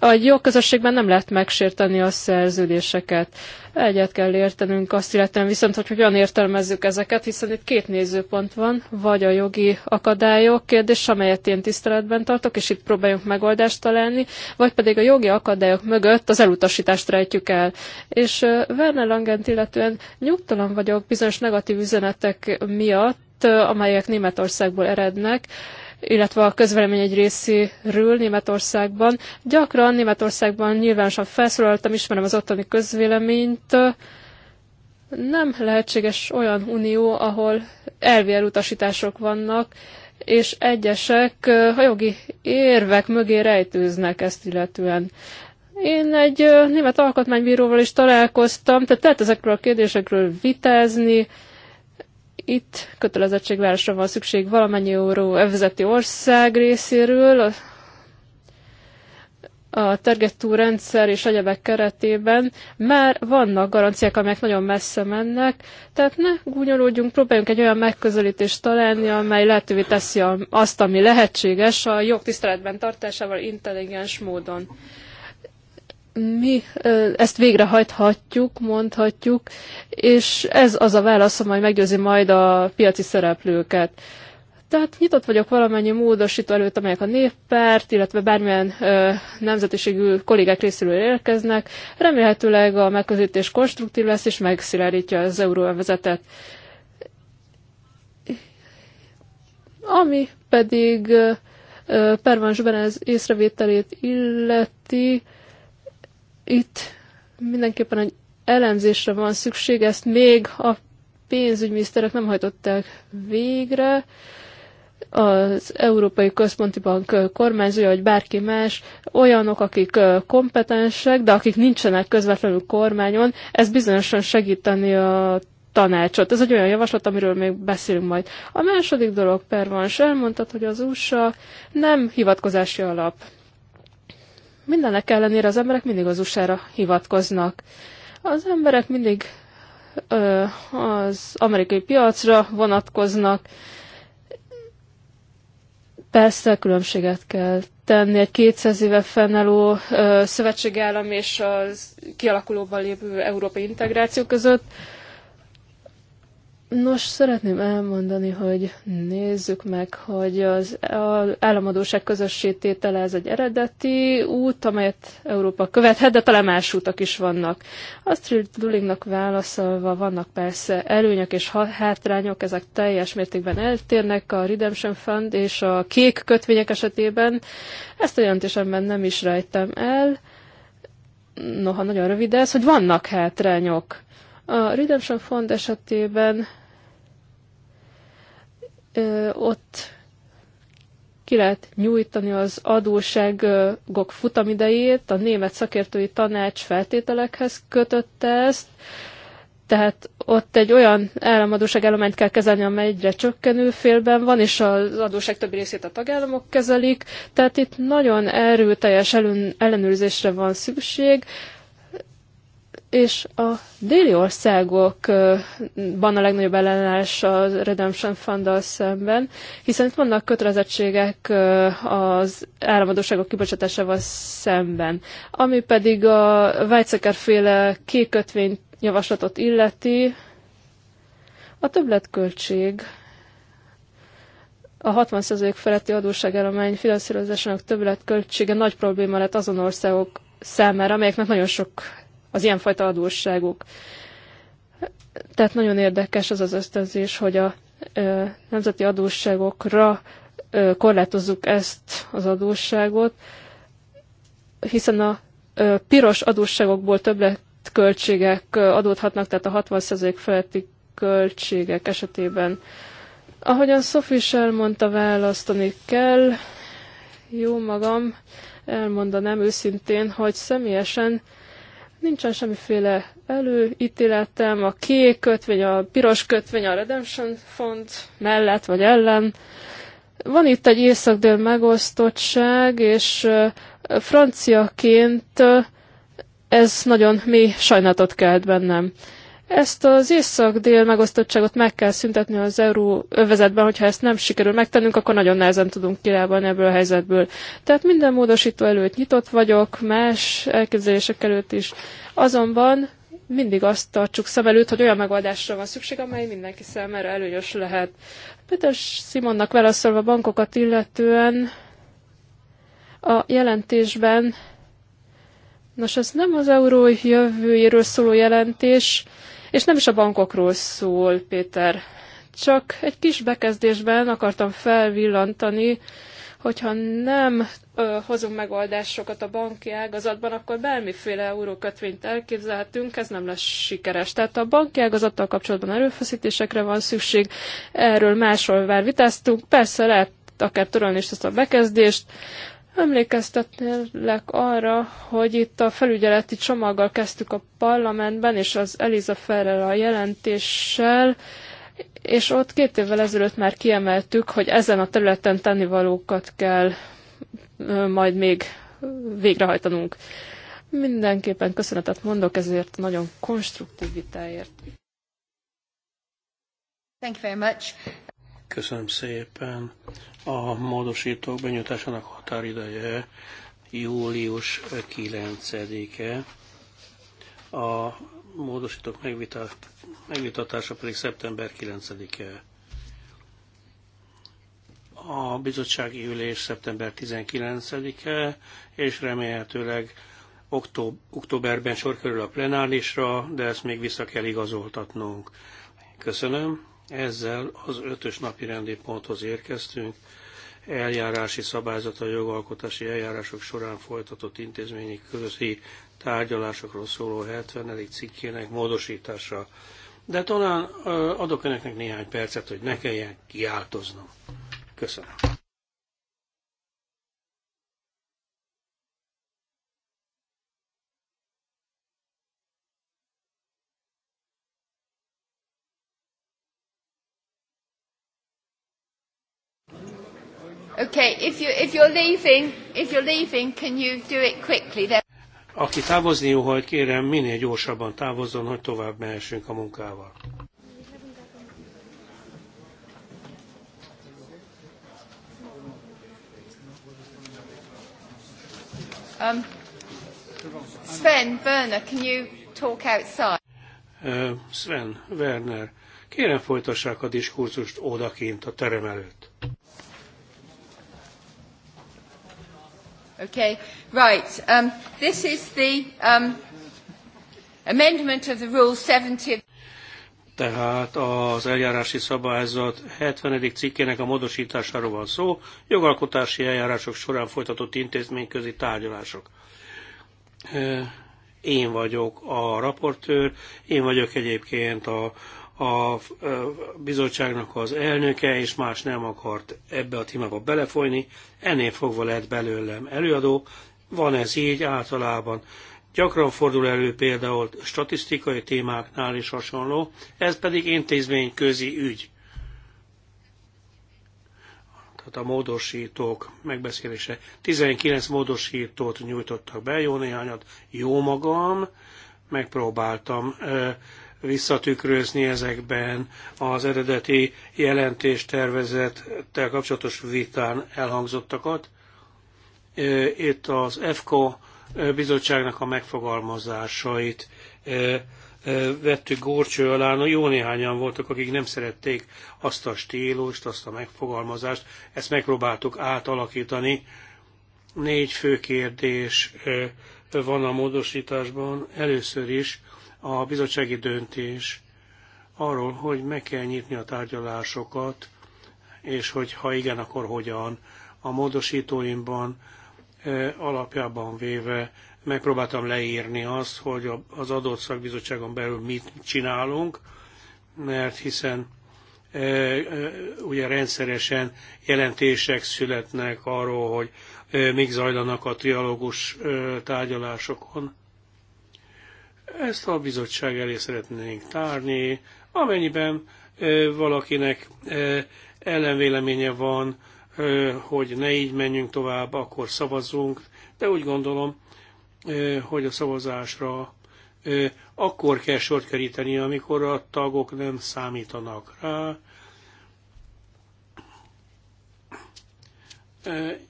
A jogközösségben nem lehet megsérteni a szerződéseket. Egyet kell értenünk azt illetően viszont, hogy hogyan értelmezzük ezeket, hiszen itt két nézőpont van, vagy a jogi akadályok kérdés, amelyet én tiszteletben tartok, és itt próbáljunk megoldást találni, vagy pedig a jogi akadályok mögött az elutasítást rejtjük el. És Werner Langent illetően nyugtalan vagyok bizonyos negatív üzenetek miatt, amelyek Németországból erednek, illetve a közvelemény egy részéről Németországban. Gyakran Németországban nyilvánosan felszólaltam, ismerem az ottani közvéleményt. Nem lehetséges olyan unió, ahol elvi elutasítások vannak, és egyesek a jogi érvek mögé rejtőznek ezt illetően. Én egy német alkotmánybíróval is találkoztam, tehát lehet ezekről a kérdésekről vitázni, itt kötelezettségvárosra van szükség valamennyi euró övezeti ország részéről, a tergettú rendszer és egyebek keretében már vannak garanciák, amelyek nagyon messze mennek, tehát ne gúnyolódjunk, próbáljunk egy olyan megközelítést találni, amely lehetővé teszi azt, ami lehetséges, a jog tiszteletben tartásával intelligens módon mi ezt végrehajthatjuk, mondhatjuk, és ez az a válasz, amely meggyőzi majd a piaci szereplőket. Tehát nyitott vagyok valamennyi módosító előtt, amelyek a néppárt, illetve bármilyen ö, nemzetiségű kollégák részéről érkeznek. Remélhetőleg a megközelítés konstruktív lesz, és megszilárdítja az euróvezetet. Ami pedig ö, Pervans Benez észrevételét illeti, ö, itt mindenképpen egy elemzésre van szükség, ezt még a pénzügyminiszterek nem hajtották végre. Az Európai Központi Bank kormányzója, vagy bárki más, olyanok, akik kompetensek, de akik nincsenek közvetlenül kormányon, ez bizonyosan segíteni a tanácsot. Ez egy olyan javaslat, amiről még beszélünk majd. A második dolog, Pervans elmondtad, hogy az USA nem hivatkozási alap. Mindenek ellenére az emberek mindig az USA-ra hivatkoznak. Az emberek mindig ö, az amerikai piacra vonatkoznak. Persze különbséget kell tenni egy 200 éve fennálló állam és az kialakulóban lévő európai integráció között. Ö, Nos, szeretném elmondani, hogy nézzük meg, hogy az államadóság közössététele ez egy eredeti út, amelyet Európa követhet, de talán más útak is vannak. Astrid Lullingnak válaszolva vannak persze előnyök és hátrányok, ezek teljes mértékben eltérnek a Redemption Fund és a kék kötvények esetében. Ezt a jelentésemben nem is rejtem el, noha nagyon rövid ez, hogy vannak hátrányok a Redemption Fund esetében ö, ott ki lehet nyújtani az adóságok futamidejét, a német szakértői tanács feltételekhez kötötte ezt, tehát ott egy olyan elományt kell kezelni, amely egyre csökkenő félben van, és az adóság többi részét a tagállamok kezelik. Tehát itt nagyon erőteljes ellenőrzésre van szükség, és a déli országokban a legnagyobb ellenállás a Redemption fund szemben, hiszen itt vannak kötelezettségek az államadóságok kibocsátásával szemben, ami pedig a Weizsäcker féle kékötvény javaslatot illeti, a többletköltség a 60% feletti adósságállomány finanszírozásának többletköltsége nagy probléma lett azon országok számára, amelyeknek nagyon sok az ilyenfajta adósságuk. Tehát nagyon érdekes az az ösztönzés, hogy a ö, nemzeti adósságokra ö, korlátozzuk ezt az adósságot, hiszen a ö, piros adósságokból többletköltségek adódhatnak, tehát a 60% feletti költségek esetében. Ahogyan Sophie is elmondta, választani kell. Jó magam, elmondanám őszintén, hogy személyesen Nincsen semmiféle előítéletem, a kék kötvény, a piros kötvény, a Redemption Fund mellett vagy ellen. Van itt egy észak megosztottság, és franciaként ez nagyon mély sajnálatot kelt bennem. Ezt az észak-dél megosztottságot meg kell szüntetni az EU övezetben, hogyha ezt nem sikerül megtennünk, akkor nagyon nehezen tudunk kilábalni ebből a helyzetből. Tehát minden módosító előtt nyitott vagyok, más elképzelések előtt is. Azonban mindig azt tartsuk szem előtt, hogy olyan megoldásra van szükség, amely mindenki számára előnyös lehet. Péter Simonnak válaszolva bankokat illetően a jelentésben Nos, ez nem az euró jövőjéről szóló jelentés, és nem is a bankokról szól, Péter. Csak egy kis bekezdésben akartam felvillantani, hogyha nem ö, hozunk megoldásokat a banki ágazatban, akkor bármiféle eurókötvényt elképzelhetünk, ez nem lesz sikeres. Tehát a banki ágazattal kapcsolatban erőfeszítésekre van szükség, erről máshol már vitáztunk, persze lehet akár törölni is ezt a bekezdést, Emlékeztetnélek arra, hogy itt a felügyeleti csomaggal kezdtük a parlamentben, és az Eliza Ferrer a jelentéssel, és ott két évvel ezelőtt már kiemeltük, hogy ezen a területen tennivalókat kell majd még végrehajtanunk. Mindenképpen köszönetet mondok ezért a nagyon konstruktív vitáért. Thank you very much. Köszönöm szépen. A módosítók benyújtásának határideje július 9-e. A módosítók megvitatása pedig szeptember 9-e. A bizottsági ülés szeptember 19-e, és remélhetőleg októberben sor kerül a plenárisra, de ezt még vissza kell igazoltatnunk. Köszönöm. Ezzel az ötös napi rendi ponthoz érkeztünk, eljárási szabályzat a jogalkotási eljárások során folytatott intézményi közötti tárgyalásokról szóló 70. cikkének módosítása. De talán adok önöknek néhány percet, hogy ne kelljen kiáltoznom. Köszönöm. Okay, if you if you're leaving, if you're leaving, can you do it quickly then? Aki távozni jó, hogy kérem, minél gyorsabban távozzon, hogy tovább mehessünk a munkával. Um, Sven, Werner, can you talk outside? Uh, Sven, Werner, kérem folytassák a diskurzust odakint a terem előtt. Okay, right. Um, this is the um, amendment of the rule 70. Tehát az eljárási szabályzat 70. cikkének a módosításáról van szó, jogalkotási eljárások során folytatott intézményközi tárgyalások. Én vagyok a raportőr, én vagyok egyébként a, a bizottságnak az elnöke, és más nem akart ebbe a témába belefolyni, ennél fogva lett belőlem előadó, van ez így általában. Gyakran fordul elő például statisztikai témáknál is hasonló, ez pedig intézményközi ügy. Tehát a módosítók megbeszélése. 19 módosítót nyújtottak be, jó néhányat, jó magam, megpróbáltam visszatükrözni ezekben az eredeti jelentéstervezettel kapcsolatos vitán elhangzottakat. Itt az EFKO bizottságnak a megfogalmazásait vettük górcső alá, no, jó néhányan voltak, akik nem szerették azt a stílust, azt a megfogalmazást, ezt megpróbáltuk átalakítani. Négy fő kérdés van a módosításban. Először is a bizottsági döntés arról, hogy meg kell nyitni a tárgyalásokat, és hogy ha igen, akkor hogyan. A módosítóimban alapjában véve megpróbáltam leírni azt, hogy az adott szakbizottságon belül mit csinálunk, mert hiszen ugye rendszeresen jelentések születnek arról, hogy még zajlanak a trialógus tárgyalásokon. Ezt a bizottság elé szeretnénk tárni, amennyiben valakinek ellenvéleménye van, hogy ne így menjünk tovább, akkor szavazzunk, de úgy gondolom, hogy a szavazásra akkor kell sort keríteni, amikor a tagok nem számítanak rá.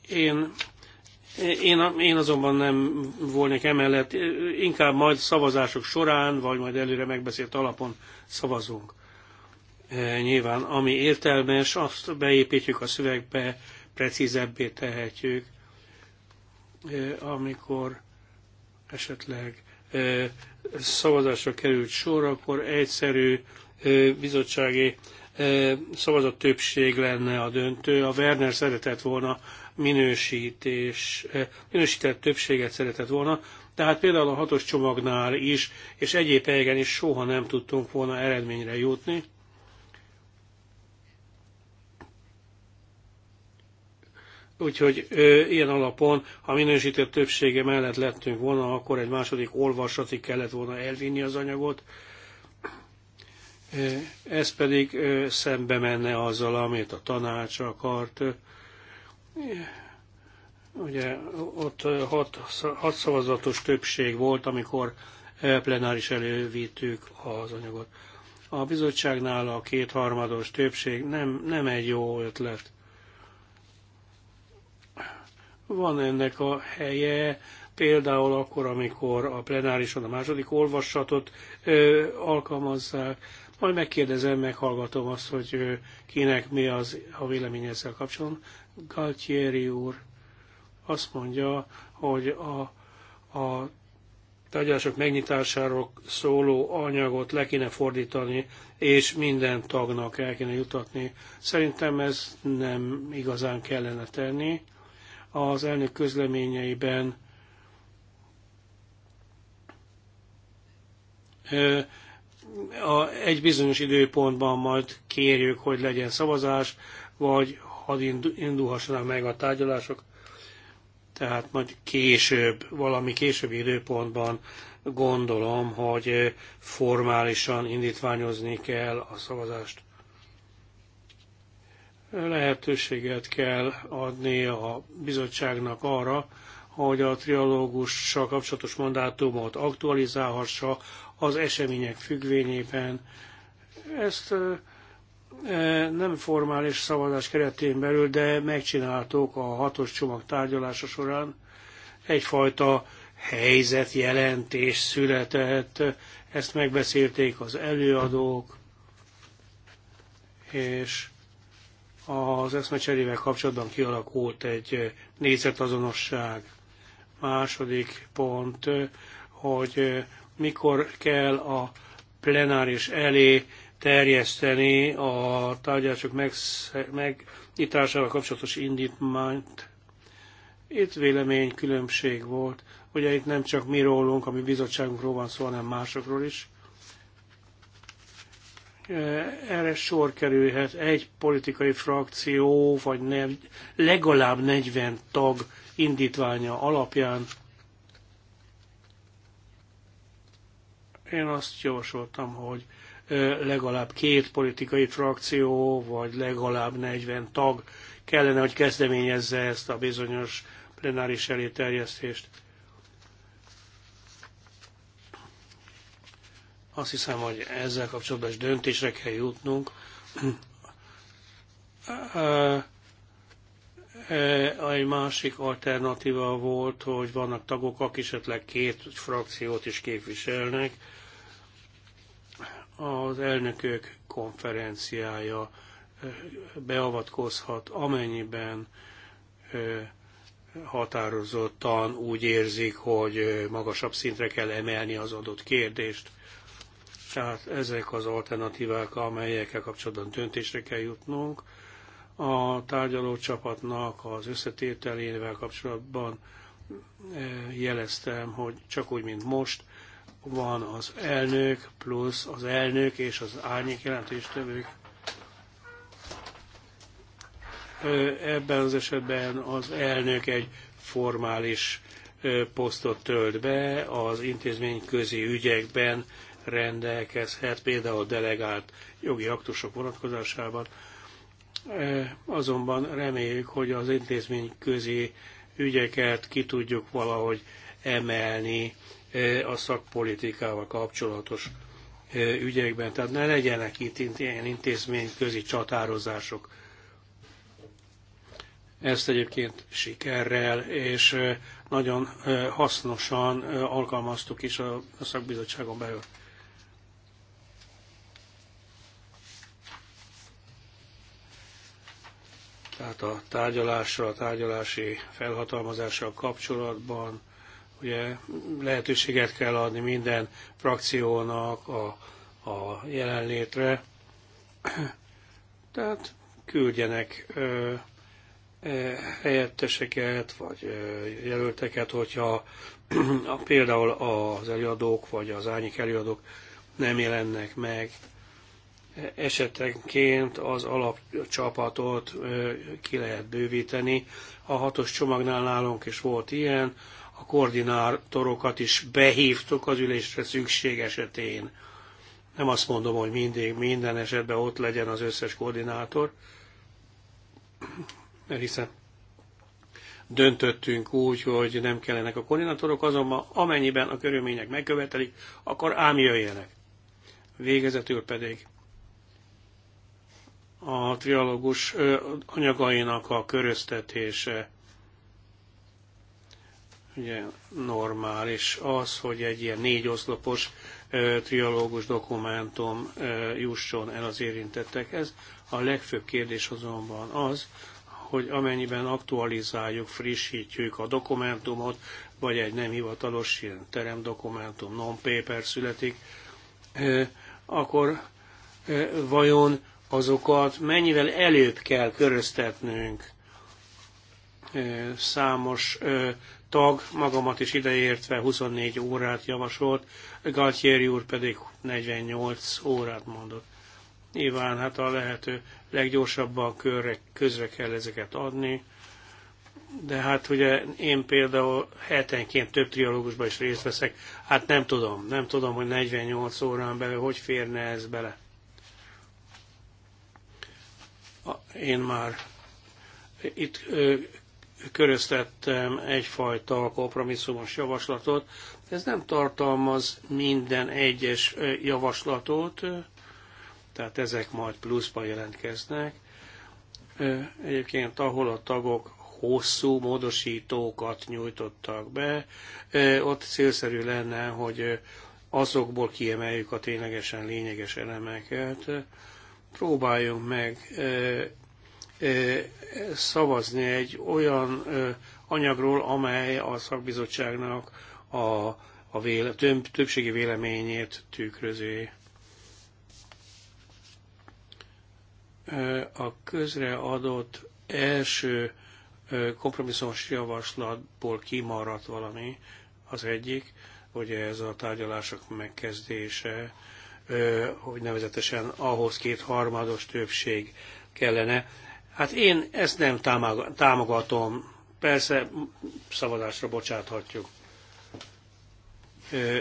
Én én, én azonban nem volnék emellett, inkább majd szavazások során, vagy majd előre megbeszélt alapon szavazunk. E, nyilván, ami értelmes, azt beépítjük a szövegbe, precízebbé tehetjük, e, amikor esetleg e, szavazásra került sor, akkor egyszerű bizottsági szavazat többség lenne a döntő. A Werner szeretett volna minősítés, eh, minősített többséget szeretett volna, tehát például a hatos csomagnál is, és egyéb helyeken is soha nem tudtunk volna eredményre jutni. Úgyhogy ö, eh, ilyen alapon, ha minősített többsége mellett lettünk volna, akkor egy második olvasatig kellett volna elvinni az anyagot. Eh, ez pedig ö, szembe menne azzal, amit a tanács akart. Ugye ott hat, hat szavazatos többség volt, amikor plenáris elővittük az anyagot. A bizottságnál a kétharmados többség nem, nem egy jó ötlet. Van ennek a helye, például akkor, amikor a plenárison a második olvasatot ö, alkalmazzák, majd megkérdezem, meghallgatom azt, hogy kinek mi az a vélemény ezzel kapcsolatban. Galtieri úr azt mondja, hogy a, a tárgyalások megnyitásáról szóló anyagot le kéne fordítani, és minden tagnak el kéne jutatni. Szerintem ez nem igazán kellene tenni. Az elnök közleményeiben a, egy bizonyos időpontban majd kérjük, hogy legyen szavazás, vagy hadd indulhassanak meg a tárgyalások. Tehát majd később, valami későbbi időpontban gondolom, hogy formálisan indítványozni kell a szavazást. Lehetőséget kell adni a bizottságnak arra, hogy a trialógussal kapcsolatos mandátumot aktualizálhassa, az események függvényében. Ezt nem formális szavazás keretén belül, de megcsináltuk a hatos csomag tárgyalása során. Egyfajta helyzetjelentés született, ezt megbeszélték az előadók, és az eszmecserével kapcsolatban kialakult egy nézetazonosság. Második pont, hogy mikor kell a plenáris elé terjeszteni a tárgyalások megnyitásával kapcsolatos indítmányt. Itt vélemény különbség volt. Ugye itt nem csak mi rólunk, ami bizottságunkról van szó, hanem másokról is. Erre sor kerülhet egy politikai frakció, vagy nem, legalább 40 tag indítványa alapján Én azt javasoltam, hogy legalább két politikai frakció, vagy legalább 40 tag kellene, hogy kezdeményezze ezt a bizonyos plenáris eléterjesztést. Azt hiszem, hogy ezzel kapcsolatban is döntésre kell jutnunk. E, egy másik alternatíva volt, hogy vannak tagok, akik esetleg két frakciót is képviselnek. Az elnökök konferenciája e, beavatkozhat, amennyiben e, határozottan úgy érzik, hogy magasabb szintre kell emelni az adott kérdést. Tehát ezek az alternatívák, amelyekkel kapcsolatban döntésre kell jutnunk a tárgyaló csapatnak az összetételével kapcsolatban eh, jeleztem, hogy csak úgy, mint most, van az elnök plusz az elnök és az árnyék jelentéstevők. Ebben az esetben az elnök egy formális posztot tölt be, az intézmény közi ügyekben rendelkezhet, például delegált jogi aktusok vonatkozásában. E, azonban reméljük, hogy az intézmény közé ügyeket ki tudjuk valahogy emelni e, a szakpolitikával kapcsolatos e, ügyekben. Tehát ne legyenek itt ilyen közi csatározások. Ezt egyébként sikerrel és nagyon hasznosan alkalmaztuk is a szakbizottságon belül. tehát a tárgyalásra, a tárgyalási felhatalmazással kapcsolatban ugye lehetőséget kell adni minden frakciónak a, a jelenlétre. Tehát küldjenek ö, ö, helyetteseket, vagy ö, jelölteket, hogyha a, például az előadók, vagy az árnyék előadók nem jelennek meg esetenként az alapcsapatot ki lehet bővíteni. A hatos csomagnál nálunk is volt ilyen, a koordinátorokat is behívtuk az ülésre szükség esetén. Nem azt mondom, hogy mindig, minden esetben ott legyen az összes koordinátor, mert hiszen döntöttünk úgy, hogy nem kellenek a koordinátorok, azonban amennyiben a körülmények megkövetelik, akkor ám jöjjenek. Végezetül pedig a trialógus anyagainak a köröztetése. Ugye normális az, hogy egy ilyen négy oszlopos trialógus dokumentum jusson el az érintettekhez. A legfőbb kérdés azonban az, hogy amennyiben aktualizáljuk, frissítjük a dokumentumot, vagy egy nem hivatalos ilyen teremdokumentum, non-paper születik, akkor vajon azokat mennyivel előbb kell köröztetnünk. Számos tag, magamat is ideértve 24 órát javasolt, Galtieri úr pedig 48 órát mondott. Nyilván hát a lehető leggyorsabban körre, közre kell ezeket adni, de hát ugye én például hetenként több trialógusban is részt veszek, hát nem tudom, nem tudom, hogy 48 órán belül hogy férne ez bele én már itt köröztettem egyfajta kompromisszumos javaslatot. Ez nem tartalmaz minden egyes javaslatot, tehát ezek majd pluszba jelentkeznek. Egyébként, ahol a tagok hosszú módosítókat nyújtottak be, ott célszerű lenne, hogy azokból kiemeljük a ténylegesen lényeges elemeket, próbáljunk meg szavazni egy olyan anyagról, amely a szakbizottságnak a, a véle, több, többségi véleményét tükrözi. A közre adott első kompromisszumos javaslatból kimaradt valami, az egyik, ugye ez a tárgyalások megkezdése hogy nevezetesen ahhoz kétharmados többség kellene. Hát én ezt nem támogatom. Persze szavazásra bocsáthatjuk.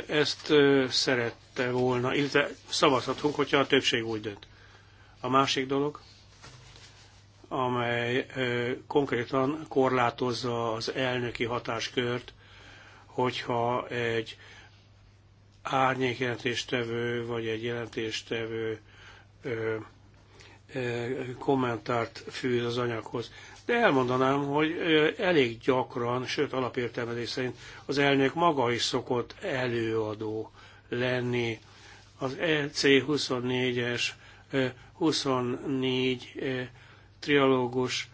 Ezt szerette volna, illetve szavazhatunk, hogyha a többség úgy dönt. A másik dolog, amely konkrétan korlátozza az elnöki hatáskört, hogyha egy árnyékjelentéstevő vagy egy jelentéstevő ö, ö, kommentárt fűz az anyaghoz. De elmondanám, hogy elég gyakran, sőt alapértelmezés szerint az elnök maga is szokott előadó lenni. Az EC24-es 24 trialógus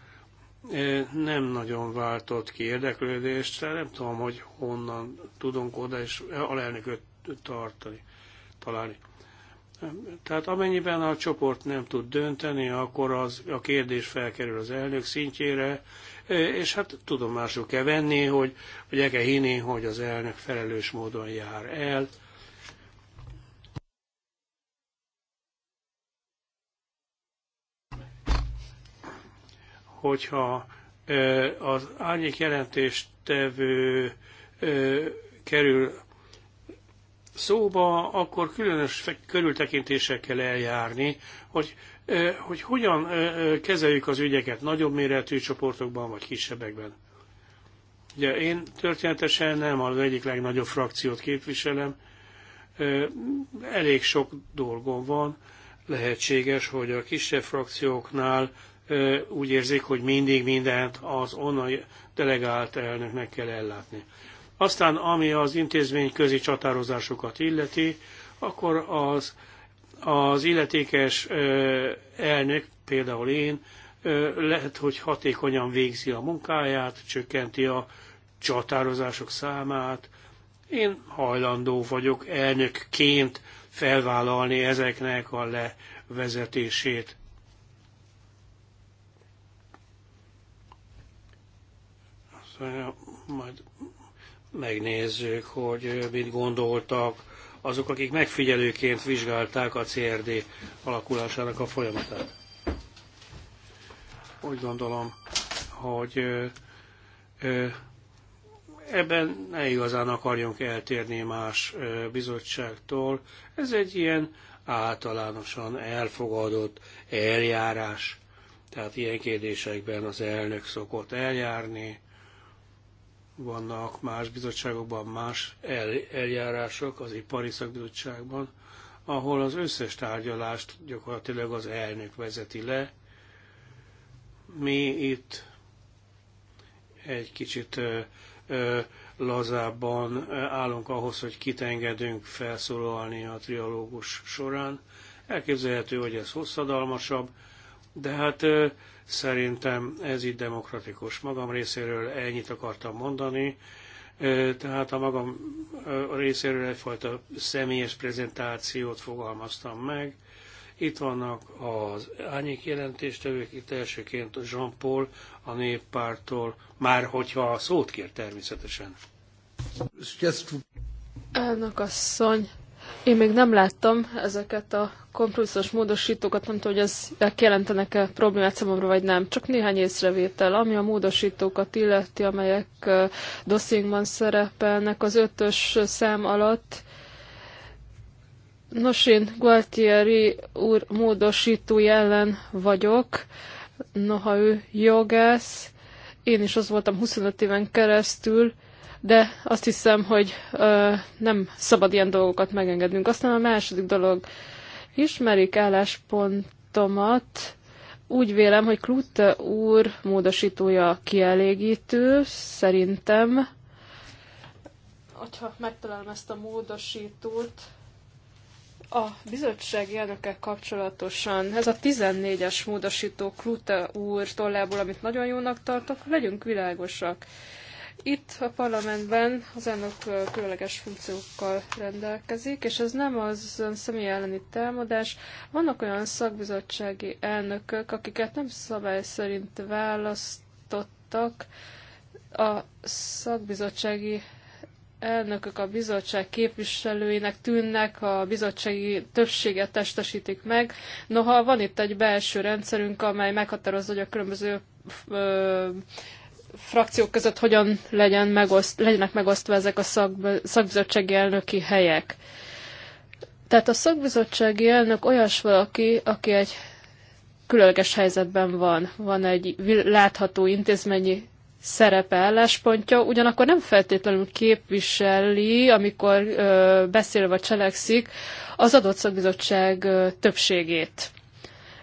nem nagyon váltott ki érdeklődést, nem tudom, hogy honnan tudunk oda, és alelnököt tartani, találni. Tehát amennyiben a csoport nem tud dönteni, akkor az, a kérdés felkerül az elnök szintjére, és hát tudomásul kell venni, hogy, hogy el kell hinni, hogy az elnök felelős módon jár el. Hogyha az árnyék tevő kerül szóba, akkor különös körültekintéssel kell eljárni, hogy, hogy hogyan kezeljük az ügyeket nagyobb méretű csoportokban, vagy kisebbekben. Ugye én történetesen nem az egyik legnagyobb frakciót képviselem, elég sok dolgom van, lehetséges, hogy a kisebb frakcióknál úgy érzik, hogy mindig mindent az onnan delegált elnöknek kell ellátni. Aztán ami az intézményközi csatározásokat illeti, akkor az, az illetékes elnök, például én, lehet, hogy hatékonyan végzi a munkáját, csökkenti a csatározások számát. Én hajlandó vagyok elnökként felvállalni ezeknek a levezetését. Szóval majd megnézzük, hogy mit gondoltak azok, akik megfigyelőként vizsgálták a CRD alakulásának a folyamatát. Úgy gondolom, hogy ebben ne igazán akarjunk eltérni más bizottságtól. Ez egy ilyen általánosan elfogadott eljárás. Tehát ilyen kérdésekben az elnök szokott eljárni, vannak más bizottságokban más eljárások, az ipari szakbizottságban, ahol az összes tárgyalást gyakorlatilag az elnök vezeti le. Mi itt egy kicsit lazábban állunk ahhoz, hogy kit engedünk felszólalni a trialógus során. Elképzelhető, hogy ez hosszadalmasabb, de hát szerintem ez így demokratikus. Magam részéről ennyit akartam mondani, tehát a magam részéről egyfajta személyes prezentációt fogalmaztam meg. Itt vannak az ányék jelentéstevők, itt elsőként Jean-Paul a néppártól, már hogyha szót kér természetesen. Elnök asszony, én még nem láttam ezeket a kompromisszós módosítókat, nem tudom, hogy ez jelentenek-e problémát számomra, vagy nem. Csak néhány észrevétel, ami a módosítókat illeti, amelyek dosszingban szerepelnek az ötös szám alatt. Nos, én Gualtieri úr módosítói ellen vagyok, noha ő jogász, én is az voltam 25 éven keresztül, de azt hiszem, hogy ö, nem szabad ilyen dolgokat megengednünk. Aztán a második dolog, ismerik álláspontomat, úgy vélem, hogy Klutte úr módosítója kielégítő, szerintem. Hogyha megtalálom ezt a módosítót, a bizottság elnökkel kapcsolatosan, ez a 14-es módosító Klute úr tollából, amit nagyon jónak tartok, legyünk világosak. Itt a parlamentben az elnök különleges funkciókkal rendelkezik, és ez nem az személy elleni támadás. Vannak olyan szakbizottsági elnökök, akiket nem szabály szerint választottak. A szakbizottsági elnökök a bizottság képviselőinek tűnnek, a bizottsági többséget testesítik meg. Noha van itt egy belső rendszerünk, amely meghatározza, hogy a különböző ö, frakciók között hogyan legyen megoszt, legyenek megosztva ezek a szakbizottsági elnöki helyek. Tehát a szakbizottsági elnök olyas valaki, aki egy különleges helyzetben van, van egy látható intézményi szerepe, álláspontja, ugyanakkor nem feltétlenül képviseli, amikor ö, beszél vagy cselekszik az adott szakbizottság ö, többségét.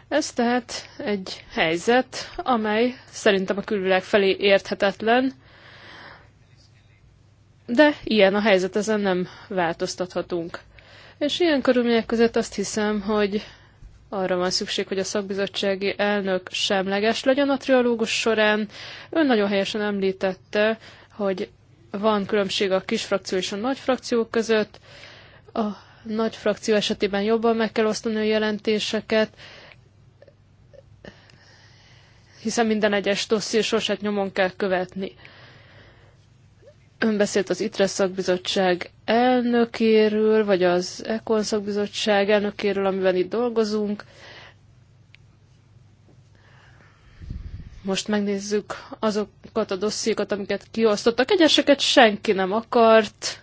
Ez tehát egy helyzet, amely szerintem a külvilág felé érthetetlen, de ilyen a helyzet, ezen nem változtathatunk. És ilyen körülmények között azt hiszem, hogy arra van szükség, hogy a szakbizottsági elnök semleges legyen a triológus során. Ön nagyon helyesen említette, hogy van különbség a kis frakció és a nagy frakció között. A nagy frakció esetében jobban meg kell osztani a jelentéseket, hiszen minden egyes dosszié sorsát nyomon kell követni. Ön beszélt az ITRE szakbizottság elnökéről, vagy az ECON szakbizottság elnökéről, amiben itt dolgozunk. Most megnézzük azokat a dossziékat, amiket kiosztottak. Egyeseket senki nem akart,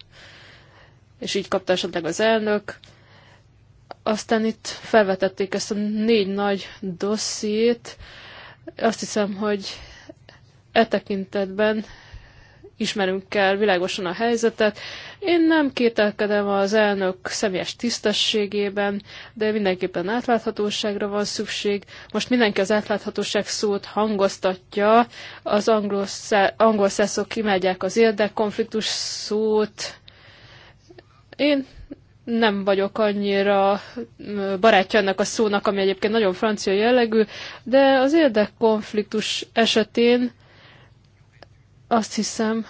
és így kapta esetleg az elnök. Aztán itt felvetették ezt a négy nagy dossziét, azt hiszem, hogy e tekintetben ismerünk el világosan a helyzetet. Én nem kételkedem az elnök személyes tisztességében, de mindenképpen átláthatóságra van szükség. Most mindenki az átláthatóság szót hangoztatja, az angol, szeszok angol imádják az érdekkonfliktus szót. Én nem vagyok annyira mm, barátja ennek a szónak, ami egyébként nagyon francia jellegű, de az érdekkonfliktus esetén azt hiszem,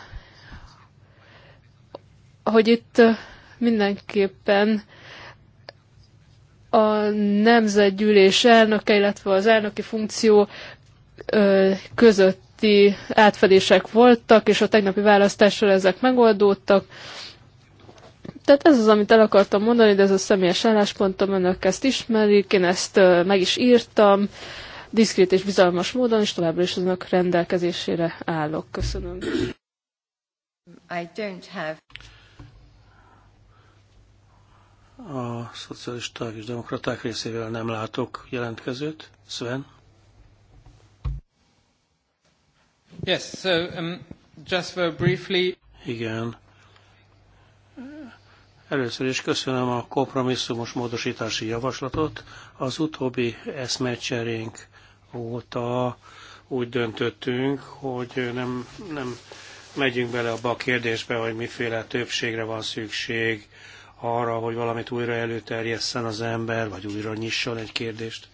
hogy itt mindenképpen a nemzetgyűlés elnöke, illetve az elnöki funkció közötti átfedések voltak, és a tegnapi választással ezek megoldódtak. Tehát ez az, amit el akartam mondani, de ez a személyes álláspontom, önök ezt ismerik, én ezt meg is írtam, diszkrét és bizalmas módon, és továbbra is önök rendelkezésére állok. Köszönöm. I don't have... A szocialisták és demokraták részével nem látok jelentkezőt. Sven? Yes, so um, just very briefly... Igen, Először is köszönöm a kompromisszumos módosítási javaslatot. Az utóbbi eszmecserénk óta úgy döntöttünk, hogy nem, nem megyünk bele abba a kérdésbe, hogy miféle többségre van szükség arra, hogy valamit újra előterjesszen az ember, vagy újra nyisson egy kérdést,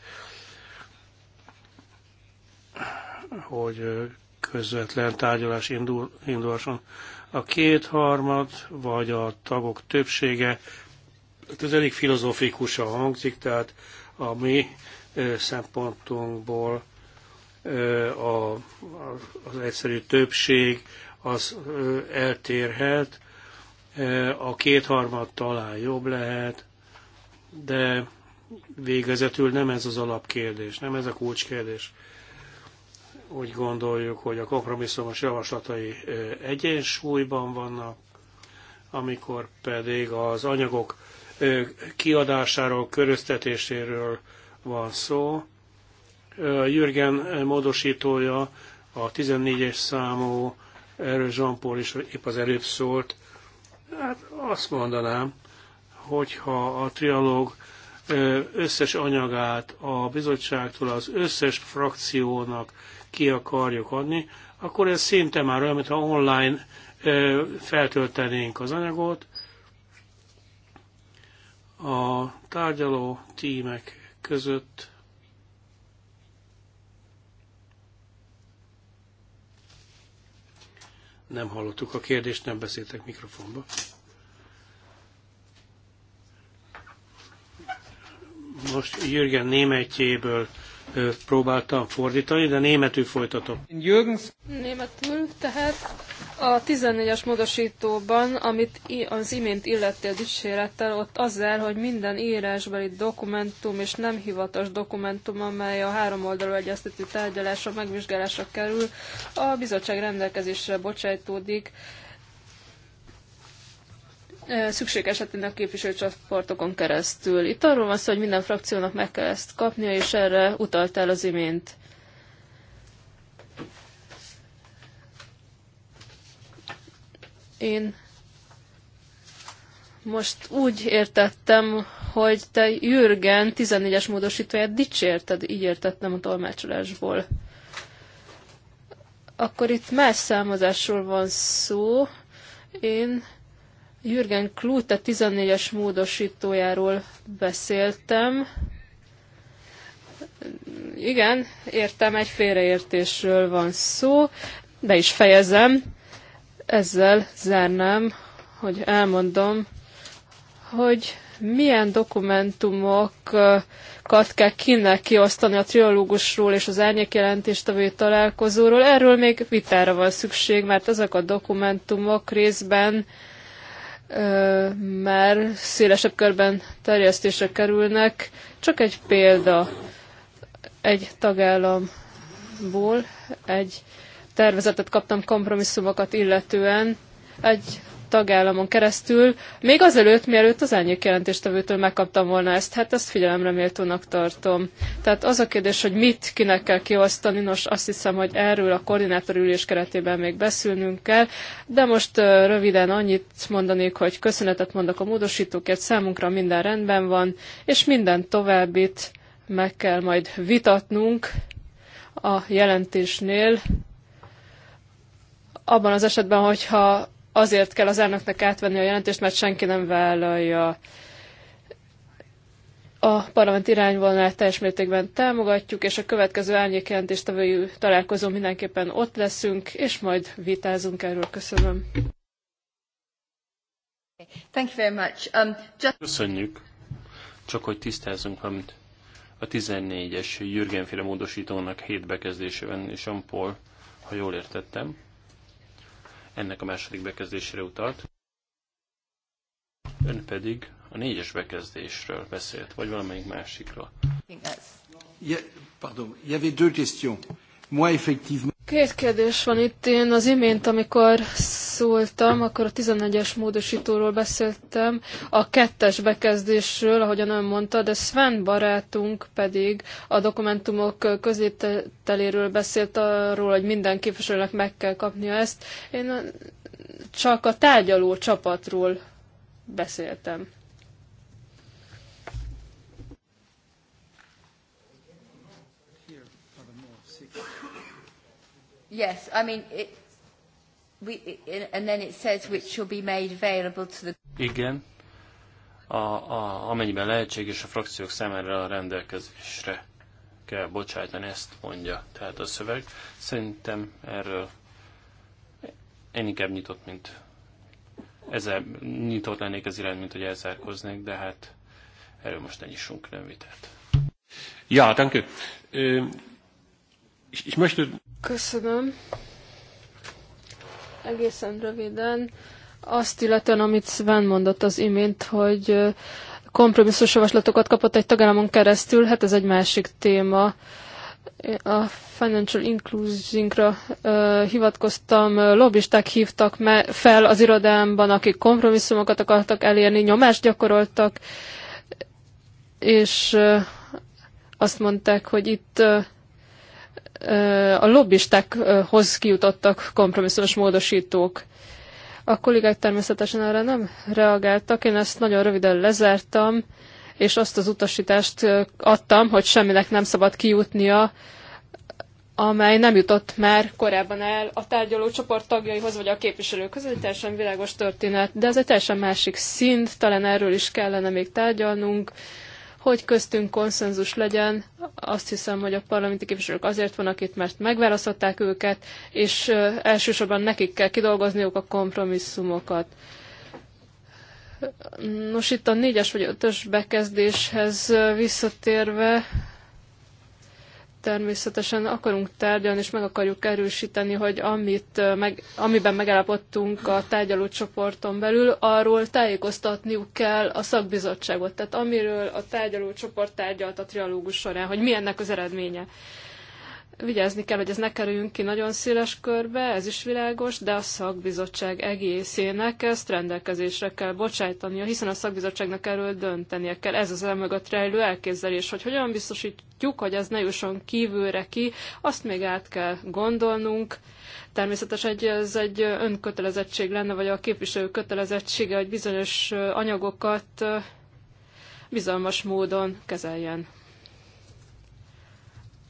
hogy közvetlen tárgyalás indul, indulhasson. A kétharmad, vagy a tagok többsége, hát ez elég filozófikusan hangzik, tehát a mi szempontunkból a, az egyszerű többség az eltérhet, a kétharmad talán jobb lehet, de végezetül nem ez az alapkérdés, nem ez a kulcskérdés. Úgy gondoljuk, hogy a kompromisszumos javaslatai egyensúlyban vannak, amikor pedig az anyagok kiadásáról, köröztetéséről van szó. Jürgen módosítója a 14-es számú, erről Jean-Paul is épp az előbb szólt. Hát azt mondanám, hogyha a trialóg összes anyagát a bizottságtól az összes frakciónak ki akarjuk adni, akkor ez szinte már olyan, mintha online feltöltenénk az anyagot. A tárgyaló tímek között nem hallottuk a kérdést, nem beszéltek mikrofonba. Most Jürgen németjéből próbáltam fordítani, de németül folytatom. Jürgens. Németül, tehát a 14-es módosítóban, amit az imént illettél dicsérettel, ott azzal, hogy minden írásbeli dokumentum és nem hivatalos dokumentum, amely a három oldalú egyeztető tárgyalásra, megvizsgálásra kerül, a bizottság rendelkezésre bocsájtódik, szükség esetén a képviselőcsoportokon keresztül. Itt arról van szó, hogy minden frakciónak meg kell ezt kapnia, és erre utaltál az imént. Én most úgy értettem, hogy te Jürgen 14-es módosítóját dicsérted, így értettem a tolmácsolásból. Akkor itt más számozásról van szó. Én Jürgen Klute 14-es módosítójáról beszéltem. Igen, értem, egy félreértésről van szó. Be is fejezem. Ezzel zárnám, hogy elmondom, hogy milyen dokumentumokat kell kinek kiosztani a triológusról és az árnyékjelentéstevői találkozóról. Erről még vitára van szükség, mert ezek a dokumentumok részben már szélesebb körben terjesztésre kerülnek. Csak egy példa egy tagállamból egy tervezetet kaptam kompromisszumokat illetően. Egy tagállamon keresztül, még azelőtt, mielőtt az elnyék jelentéstevőtől megkaptam volna ezt. Hát ezt figyelemre méltónak tartom. Tehát az a kérdés, hogy mit kinek kell kiosztani, nos azt hiszem, hogy erről a koordinátor ülés keretében még beszélnünk kell, de most röviden annyit mondanék, hogy köszönetet mondok a módosítókért, számunkra minden rendben van, és minden továbbit meg kell majd vitatnunk a jelentésnél, abban az esetben, hogyha azért kell az elnöknek átvenni a jelentést, mert senki nem vállalja a parlament irányvonalát teljes mértékben támogatjuk, és a következő árnyékjelentéstevői találkozó mindenképpen ott leszünk, és majd vitázunk erről. Köszönöm. Thank you very much. Um, just... Köszönjük. Csak hogy tisztázzunk amit A 14-es Jürgenféle módosítónak hét bekezdése van, és Ampol, ha jól értettem, ennek a második bekezdésére utalt. Ön pedig a négyes bekezdésről beszélt, vagy valamelyik másikról. Yeah, pardon, il y avait deux questions. Moi, effectivement... Két kérdés van itt. Én az imént, amikor szóltam, akkor a 11-es módosítóról beszéltem, a kettes bekezdésről, ahogyan ön mondta, de Sven barátunk pedig a dokumentumok közételéről beszélt arról, hogy minden képviselőnek meg kell kapnia ezt. Én csak a tárgyaló csapatról beszéltem. Yes, I mean, it, we, it, and then it says which shall be made available to the... Igen, a, a, amennyiben lehetséges a frakciók számára a rendelkezésre kell bocsájtani, ezt mondja tehát a szöveg. Szerintem erről én inkább nyitott, mint ezzel nyitott lennék az irány, mint hogy elzárkoznék, de hát erről most ne nyissunk nem vitelt. Ja, danke. Ich möchte... Köszönöm. Egészen röviden. Azt illetően, amit Sven mondott az imént, hogy kompromisszus javaslatokat kapott egy tagállamon keresztül, hát ez egy másik téma. A Financial Inclusion-ra hivatkoztam, lobbisták hívtak fel az irodámban, akik kompromisszumokat akartak elérni, nyomást gyakoroltak, és azt mondták, hogy itt a lobbistákhoz kijutottak kompromisszumos módosítók. A kollégák természetesen erre nem reagáltak, én ezt nagyon röviden lezártam, és azt az utasítást adtam, hogy semminek nem szabad kijutnia, amely nem jutott már korábban el a tárgyaló csoport tagjaihoz, vagy a képviselőkhoz. ez egy teljesen világos történet, de ez egy teljesen másik szint, talán erről is kellene még tárgyalnunk hogy köztünk konszenzus legyen. Azt hiszem, hogy a parlamenti képviselők azért vannak itt, mert megválasztották őket, és elsősorban nekik kell kidolgozniuk a kompromisszumokat. Nos, itt a négyes vagy ötös bekezdéshez visszatérve természetesen akarunk tárgyalni, és meg akarjuk erősíteni, hogy amit, meg, amiben megállapodtunk a tárgyalócsoporton belül, arról tájékoztatniuk kell a szakbizottságot. Tehát amiről a tárgyalócsoport tárgyalt a trialógus során, hogy mi ennek az eredménye vigyázni kell, hogy ez ne kerüljünk ki nagyon széles körbe, ez is világos, de a szakbizottság egészének ezt rendelkezésre kell bocsájtania, hiszen a szakbizottságnak erről döntenie kell. Ez az elmögött rejlő elképzelés, hogy hogyan biztosítjuk, hogy ez ne jusson kívülre ki, azt még át kell gondolnunk. Természetesen egy ez egy önkötelezettség lenne, vagy a képviselő kötelezettsége, hogy bizonyos anyagokat bizalmas módon kezeljen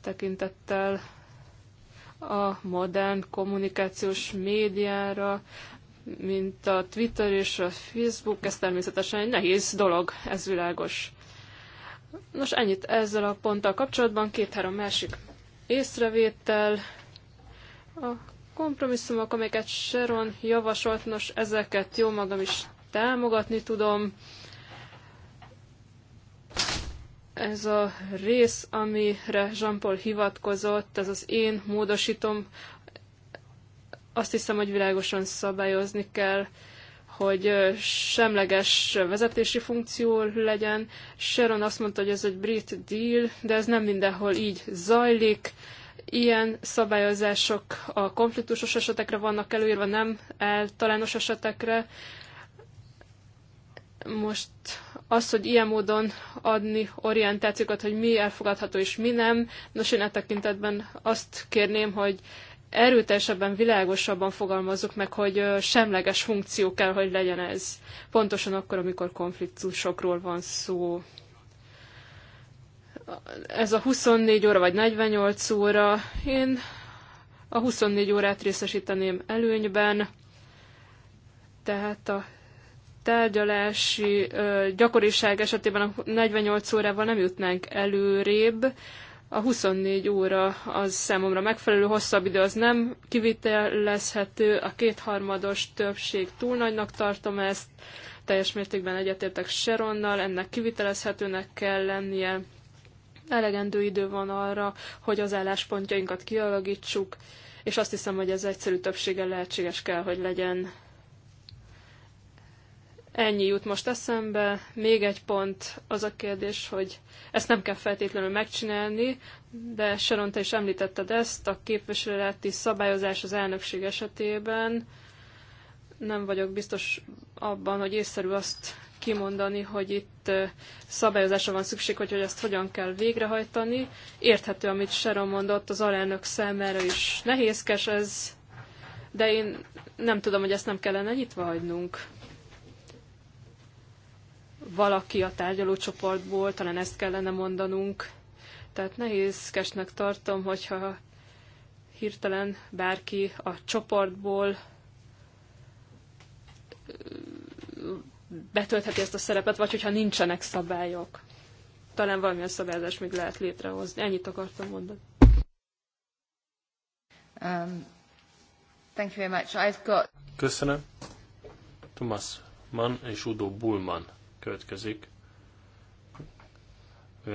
tekintettel a modern kommunikációs médiára, mint a Twitter és a Facebook, ez természetesen egy nehéz dolog, ez világos. Nos, ennyit ezzel a ponttal kapcsolatban, két-három másik észrevétel, a kompromisszumok, amiket Sharon javasolt, nos, ezeket jó magam is támogatni tudom ez a rész, amire Jean-Paul hivatkozott, ez az én módosítom, azt hiszem, hogy világosan szabályozni kell, hogy semleges vezetési funkció legyen. Sharon azt mondta, hogy ez egy brit deal, de ez nem mindenhol így zajlik. Ilyen szabályozások a konfliktusos esetekre vannak előírva, nem általános esetekre most az, hogy ilyen módon adni orientációkat, hogy mi elfogadható és mi nem, nos én e tekintetben azt kérném, hogy erőteljesebben, világosabban fogalmazzuk meg, hogy semleges funkció kell, hogy legyen ez. Pontosan akkor, amikor konfliktusokról van szó. Ez a 24 óra vagy 48 óra, én a 24 órát részesíteném előnyben, tehát a tárgyalási gyakoriság esetében a 48 órával nem jutnánk előrébb. A 24 óra az számomra megfelelő, hosszabb idő az nem kivitelezhető, a kétharmados többség túl nagynak tartom ezt, teljes mértékben egyetértek Sheronnal, ennek kivitelezhetőnek kell lennie, elegendő idő van arra, hogy az álláspontjainkat kialakítsuk, és azt hiszem, hogy ez egyszerű többséggel lehetséges kell, hogy legyen. Ennyi jut most eszembe. Még egy pont az a kérdés, hogy ezt nem kell feltétlenül megcsinálni, de Sharon, te is említetted ezt, a képviseleti szabályozás az elnökség esetében. Nem vagyok biztos abban, hogy észszerű azt kimondani, hogy itt szabályozásra van szükség, hogy, hogy ezt hogyan kell végrehajtani. Érthető, amit Sharon mondott, az alelnök számára is nehézkes ez, de én nem tudom, hogy ezt nem kellene nyitva hagynunk valaki a tárgyalócsoportból, talán ezt kellene mondanunk. Tehát nehézkesnek tartom, hogyha hirtelen bárki a csoportból betöltheti ezt a szerepet, vagy hogyha nincsenek szabályok. Talán valamilyen szabályozás még lehet létrehozni. Ennyit akartam mondani. Um, thank you very much. I've got... Köszönöm. Thomas Mann és Udo Bullmann. Következik.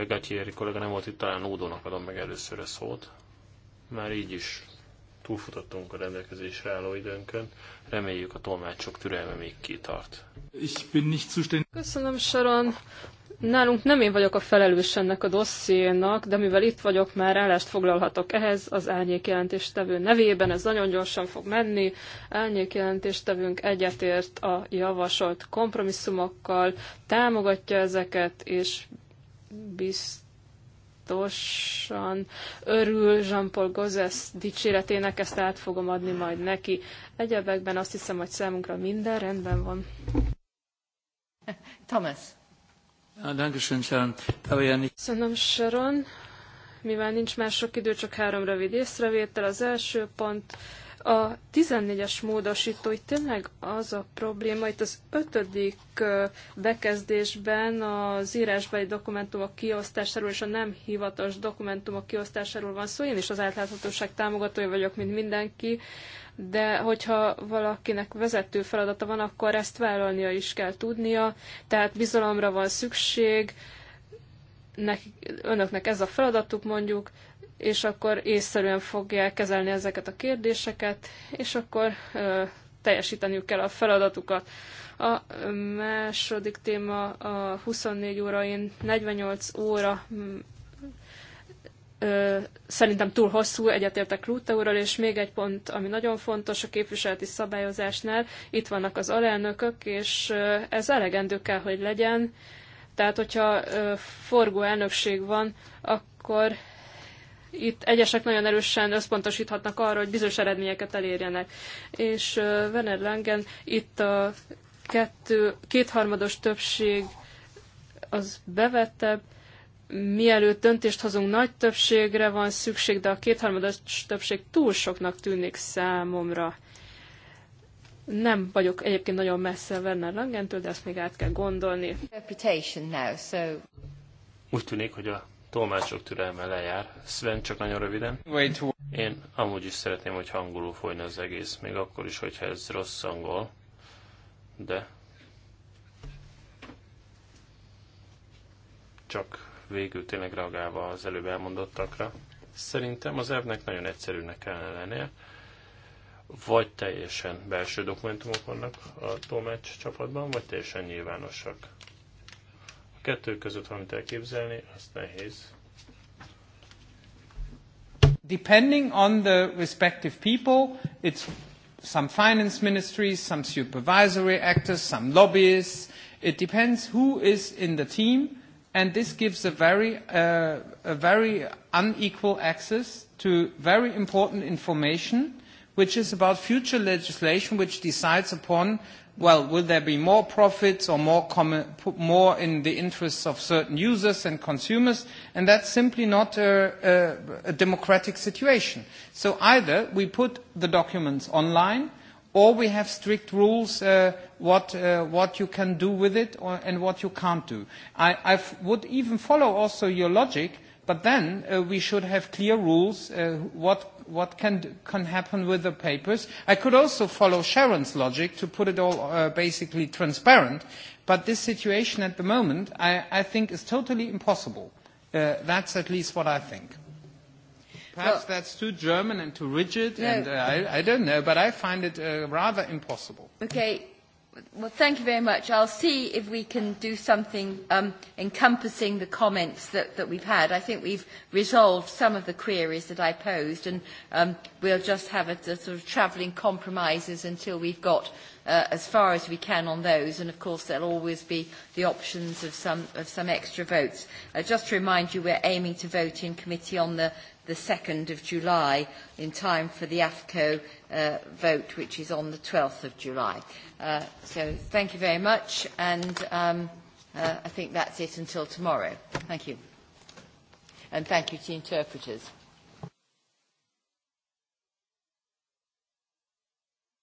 Gatieri kollega nem volt itt, talán Nódónak adom meg először a szót. Már így is túlfutottunk a rendelkezésre álló időnkön. Reméljük a tolmácsok türelme még kitart. Köszönöm, Sharon. Nálunk nem én vagyok a felelős ennek a dossziénak, de mivel itt vagyok, már állást foglalhatok ehhez az árnyékjelentéstevő nevében, ez nagyon gyorsan fog menni. Árnyékjelentéstevőnk egyetért a javasolt kompromisszumokkal, támogatja ezeket, és biztosan örül Jean-Paul Gozes dicséretének, ezt át fogom adni majd neki. Egyebekben azt hiszem, hogy számunkra minden rendben van. Thomas. Köszönöm, Sharon. Mivel nincs már sok idő, csak három rövid észrevétel. Az első pont, a 14-es módosító, itt tényleg az a probléma, itt az ötödik bekezdésben az írásbeli dokumentumok kiosztásáról és a nem hivatalos dokumentumok kiosztásáról van szó. Én is az átláthatóság támogatója vagyok, mint mindenki, de hogyha valakinek vezető feladata van, akkor ezt vállalnia is kell tudnia, tehát bizalomra van szükség, neki, önöknek ez a feladatuk mondjuk, és akkor észszerűen fogják kezelni ezeket a kérdéseket, és akkor ö, teljesíteniük kell a feladatukat. A második téma a 24 óra, én 48 óra ö, szerintem túl hosszú, egyetértek Lúte úrral, és még egy pont, ami nagyon fontos a képviseleti szabályozásnál, itt vannak az alelnökök, és ö, ez elegendő kell, hogy legyen. Tehát, hogyha ö, forgó elnökség van, akkor itt egyesek nagyon erősen összpontosíthatnak arra, hogy bizonyos eredményeket elérjenek. És ö, Vener Langen itt a kettő, kétharmados többség az bevettebb, mielőtt döntést hozunk, nagy többségre van szükség, de a kétharmados többség túl soknak tűnik számomra. Nem vagyok egyébként nagyon messze Werner Langentől, de ezt még át kell gondolni. Úgy tűnik, hogy a tolmácsok türelme lejár. Sven, csak nagyon röviden. Én amúgy is szeretném, hogy hangulú folyna az egész, még akkor is, hogyha ez rossz angol. De... Csak végül tényleg reagálva az előbb elmondottakra, szerintem az elvnek nagyon egyszerűnek kellene lennie, vagy teljesen belső dokumentumok vannak a Tomács csapatban, vagy teljesen nyilvánosak. A kettő között valamit elképzelni, azt nehéz. Depending on the respective people, it's some finance ministries, some supervisory actors, some lobbyists. It depends who is in the team and this gives a very, uh, a very unequal access to very important information, which is about future legislation which decides upon, well, will there be more profits or more, common, more in the interests of certain users and consumers, and that's simply not a, a, a democratic situation. So either we put the documents online, or we have strict rules uh, what, uh, what you can do with it or, and what you can't do. I, I would even follow also your logic, but then uh, we should have clear rules uh, what, what can, can happen with the papers. I could also follow Sharon's logic to put it all uh, basically transparent, but this situation at the moment I, I think is totally impossible. Uh, that's at least what I think. Perhaps no. that's too German and too rigid, no. and uh, I, I don't know, but I find it uh, rather impossible. Okay, well, thank you very much. I'll see if we can do something um, encompassing the comments that, that we've had. I think we've resolved some of the queries that I posed, and um, we'll just have a, a sort of travelling compromises until we've got Uh, as far as we can on those, and of course there'll always be the options of some, of some extra votes. Uh, just to remind you, we're aiming to vote in committee on the, the 2nd of July in time for the AFCO uh, vote, which is on the 12th of July. Uh, so thank you very much, and um, uh, I think that's it until tomorrow. Thank you. And thank you to interpreters.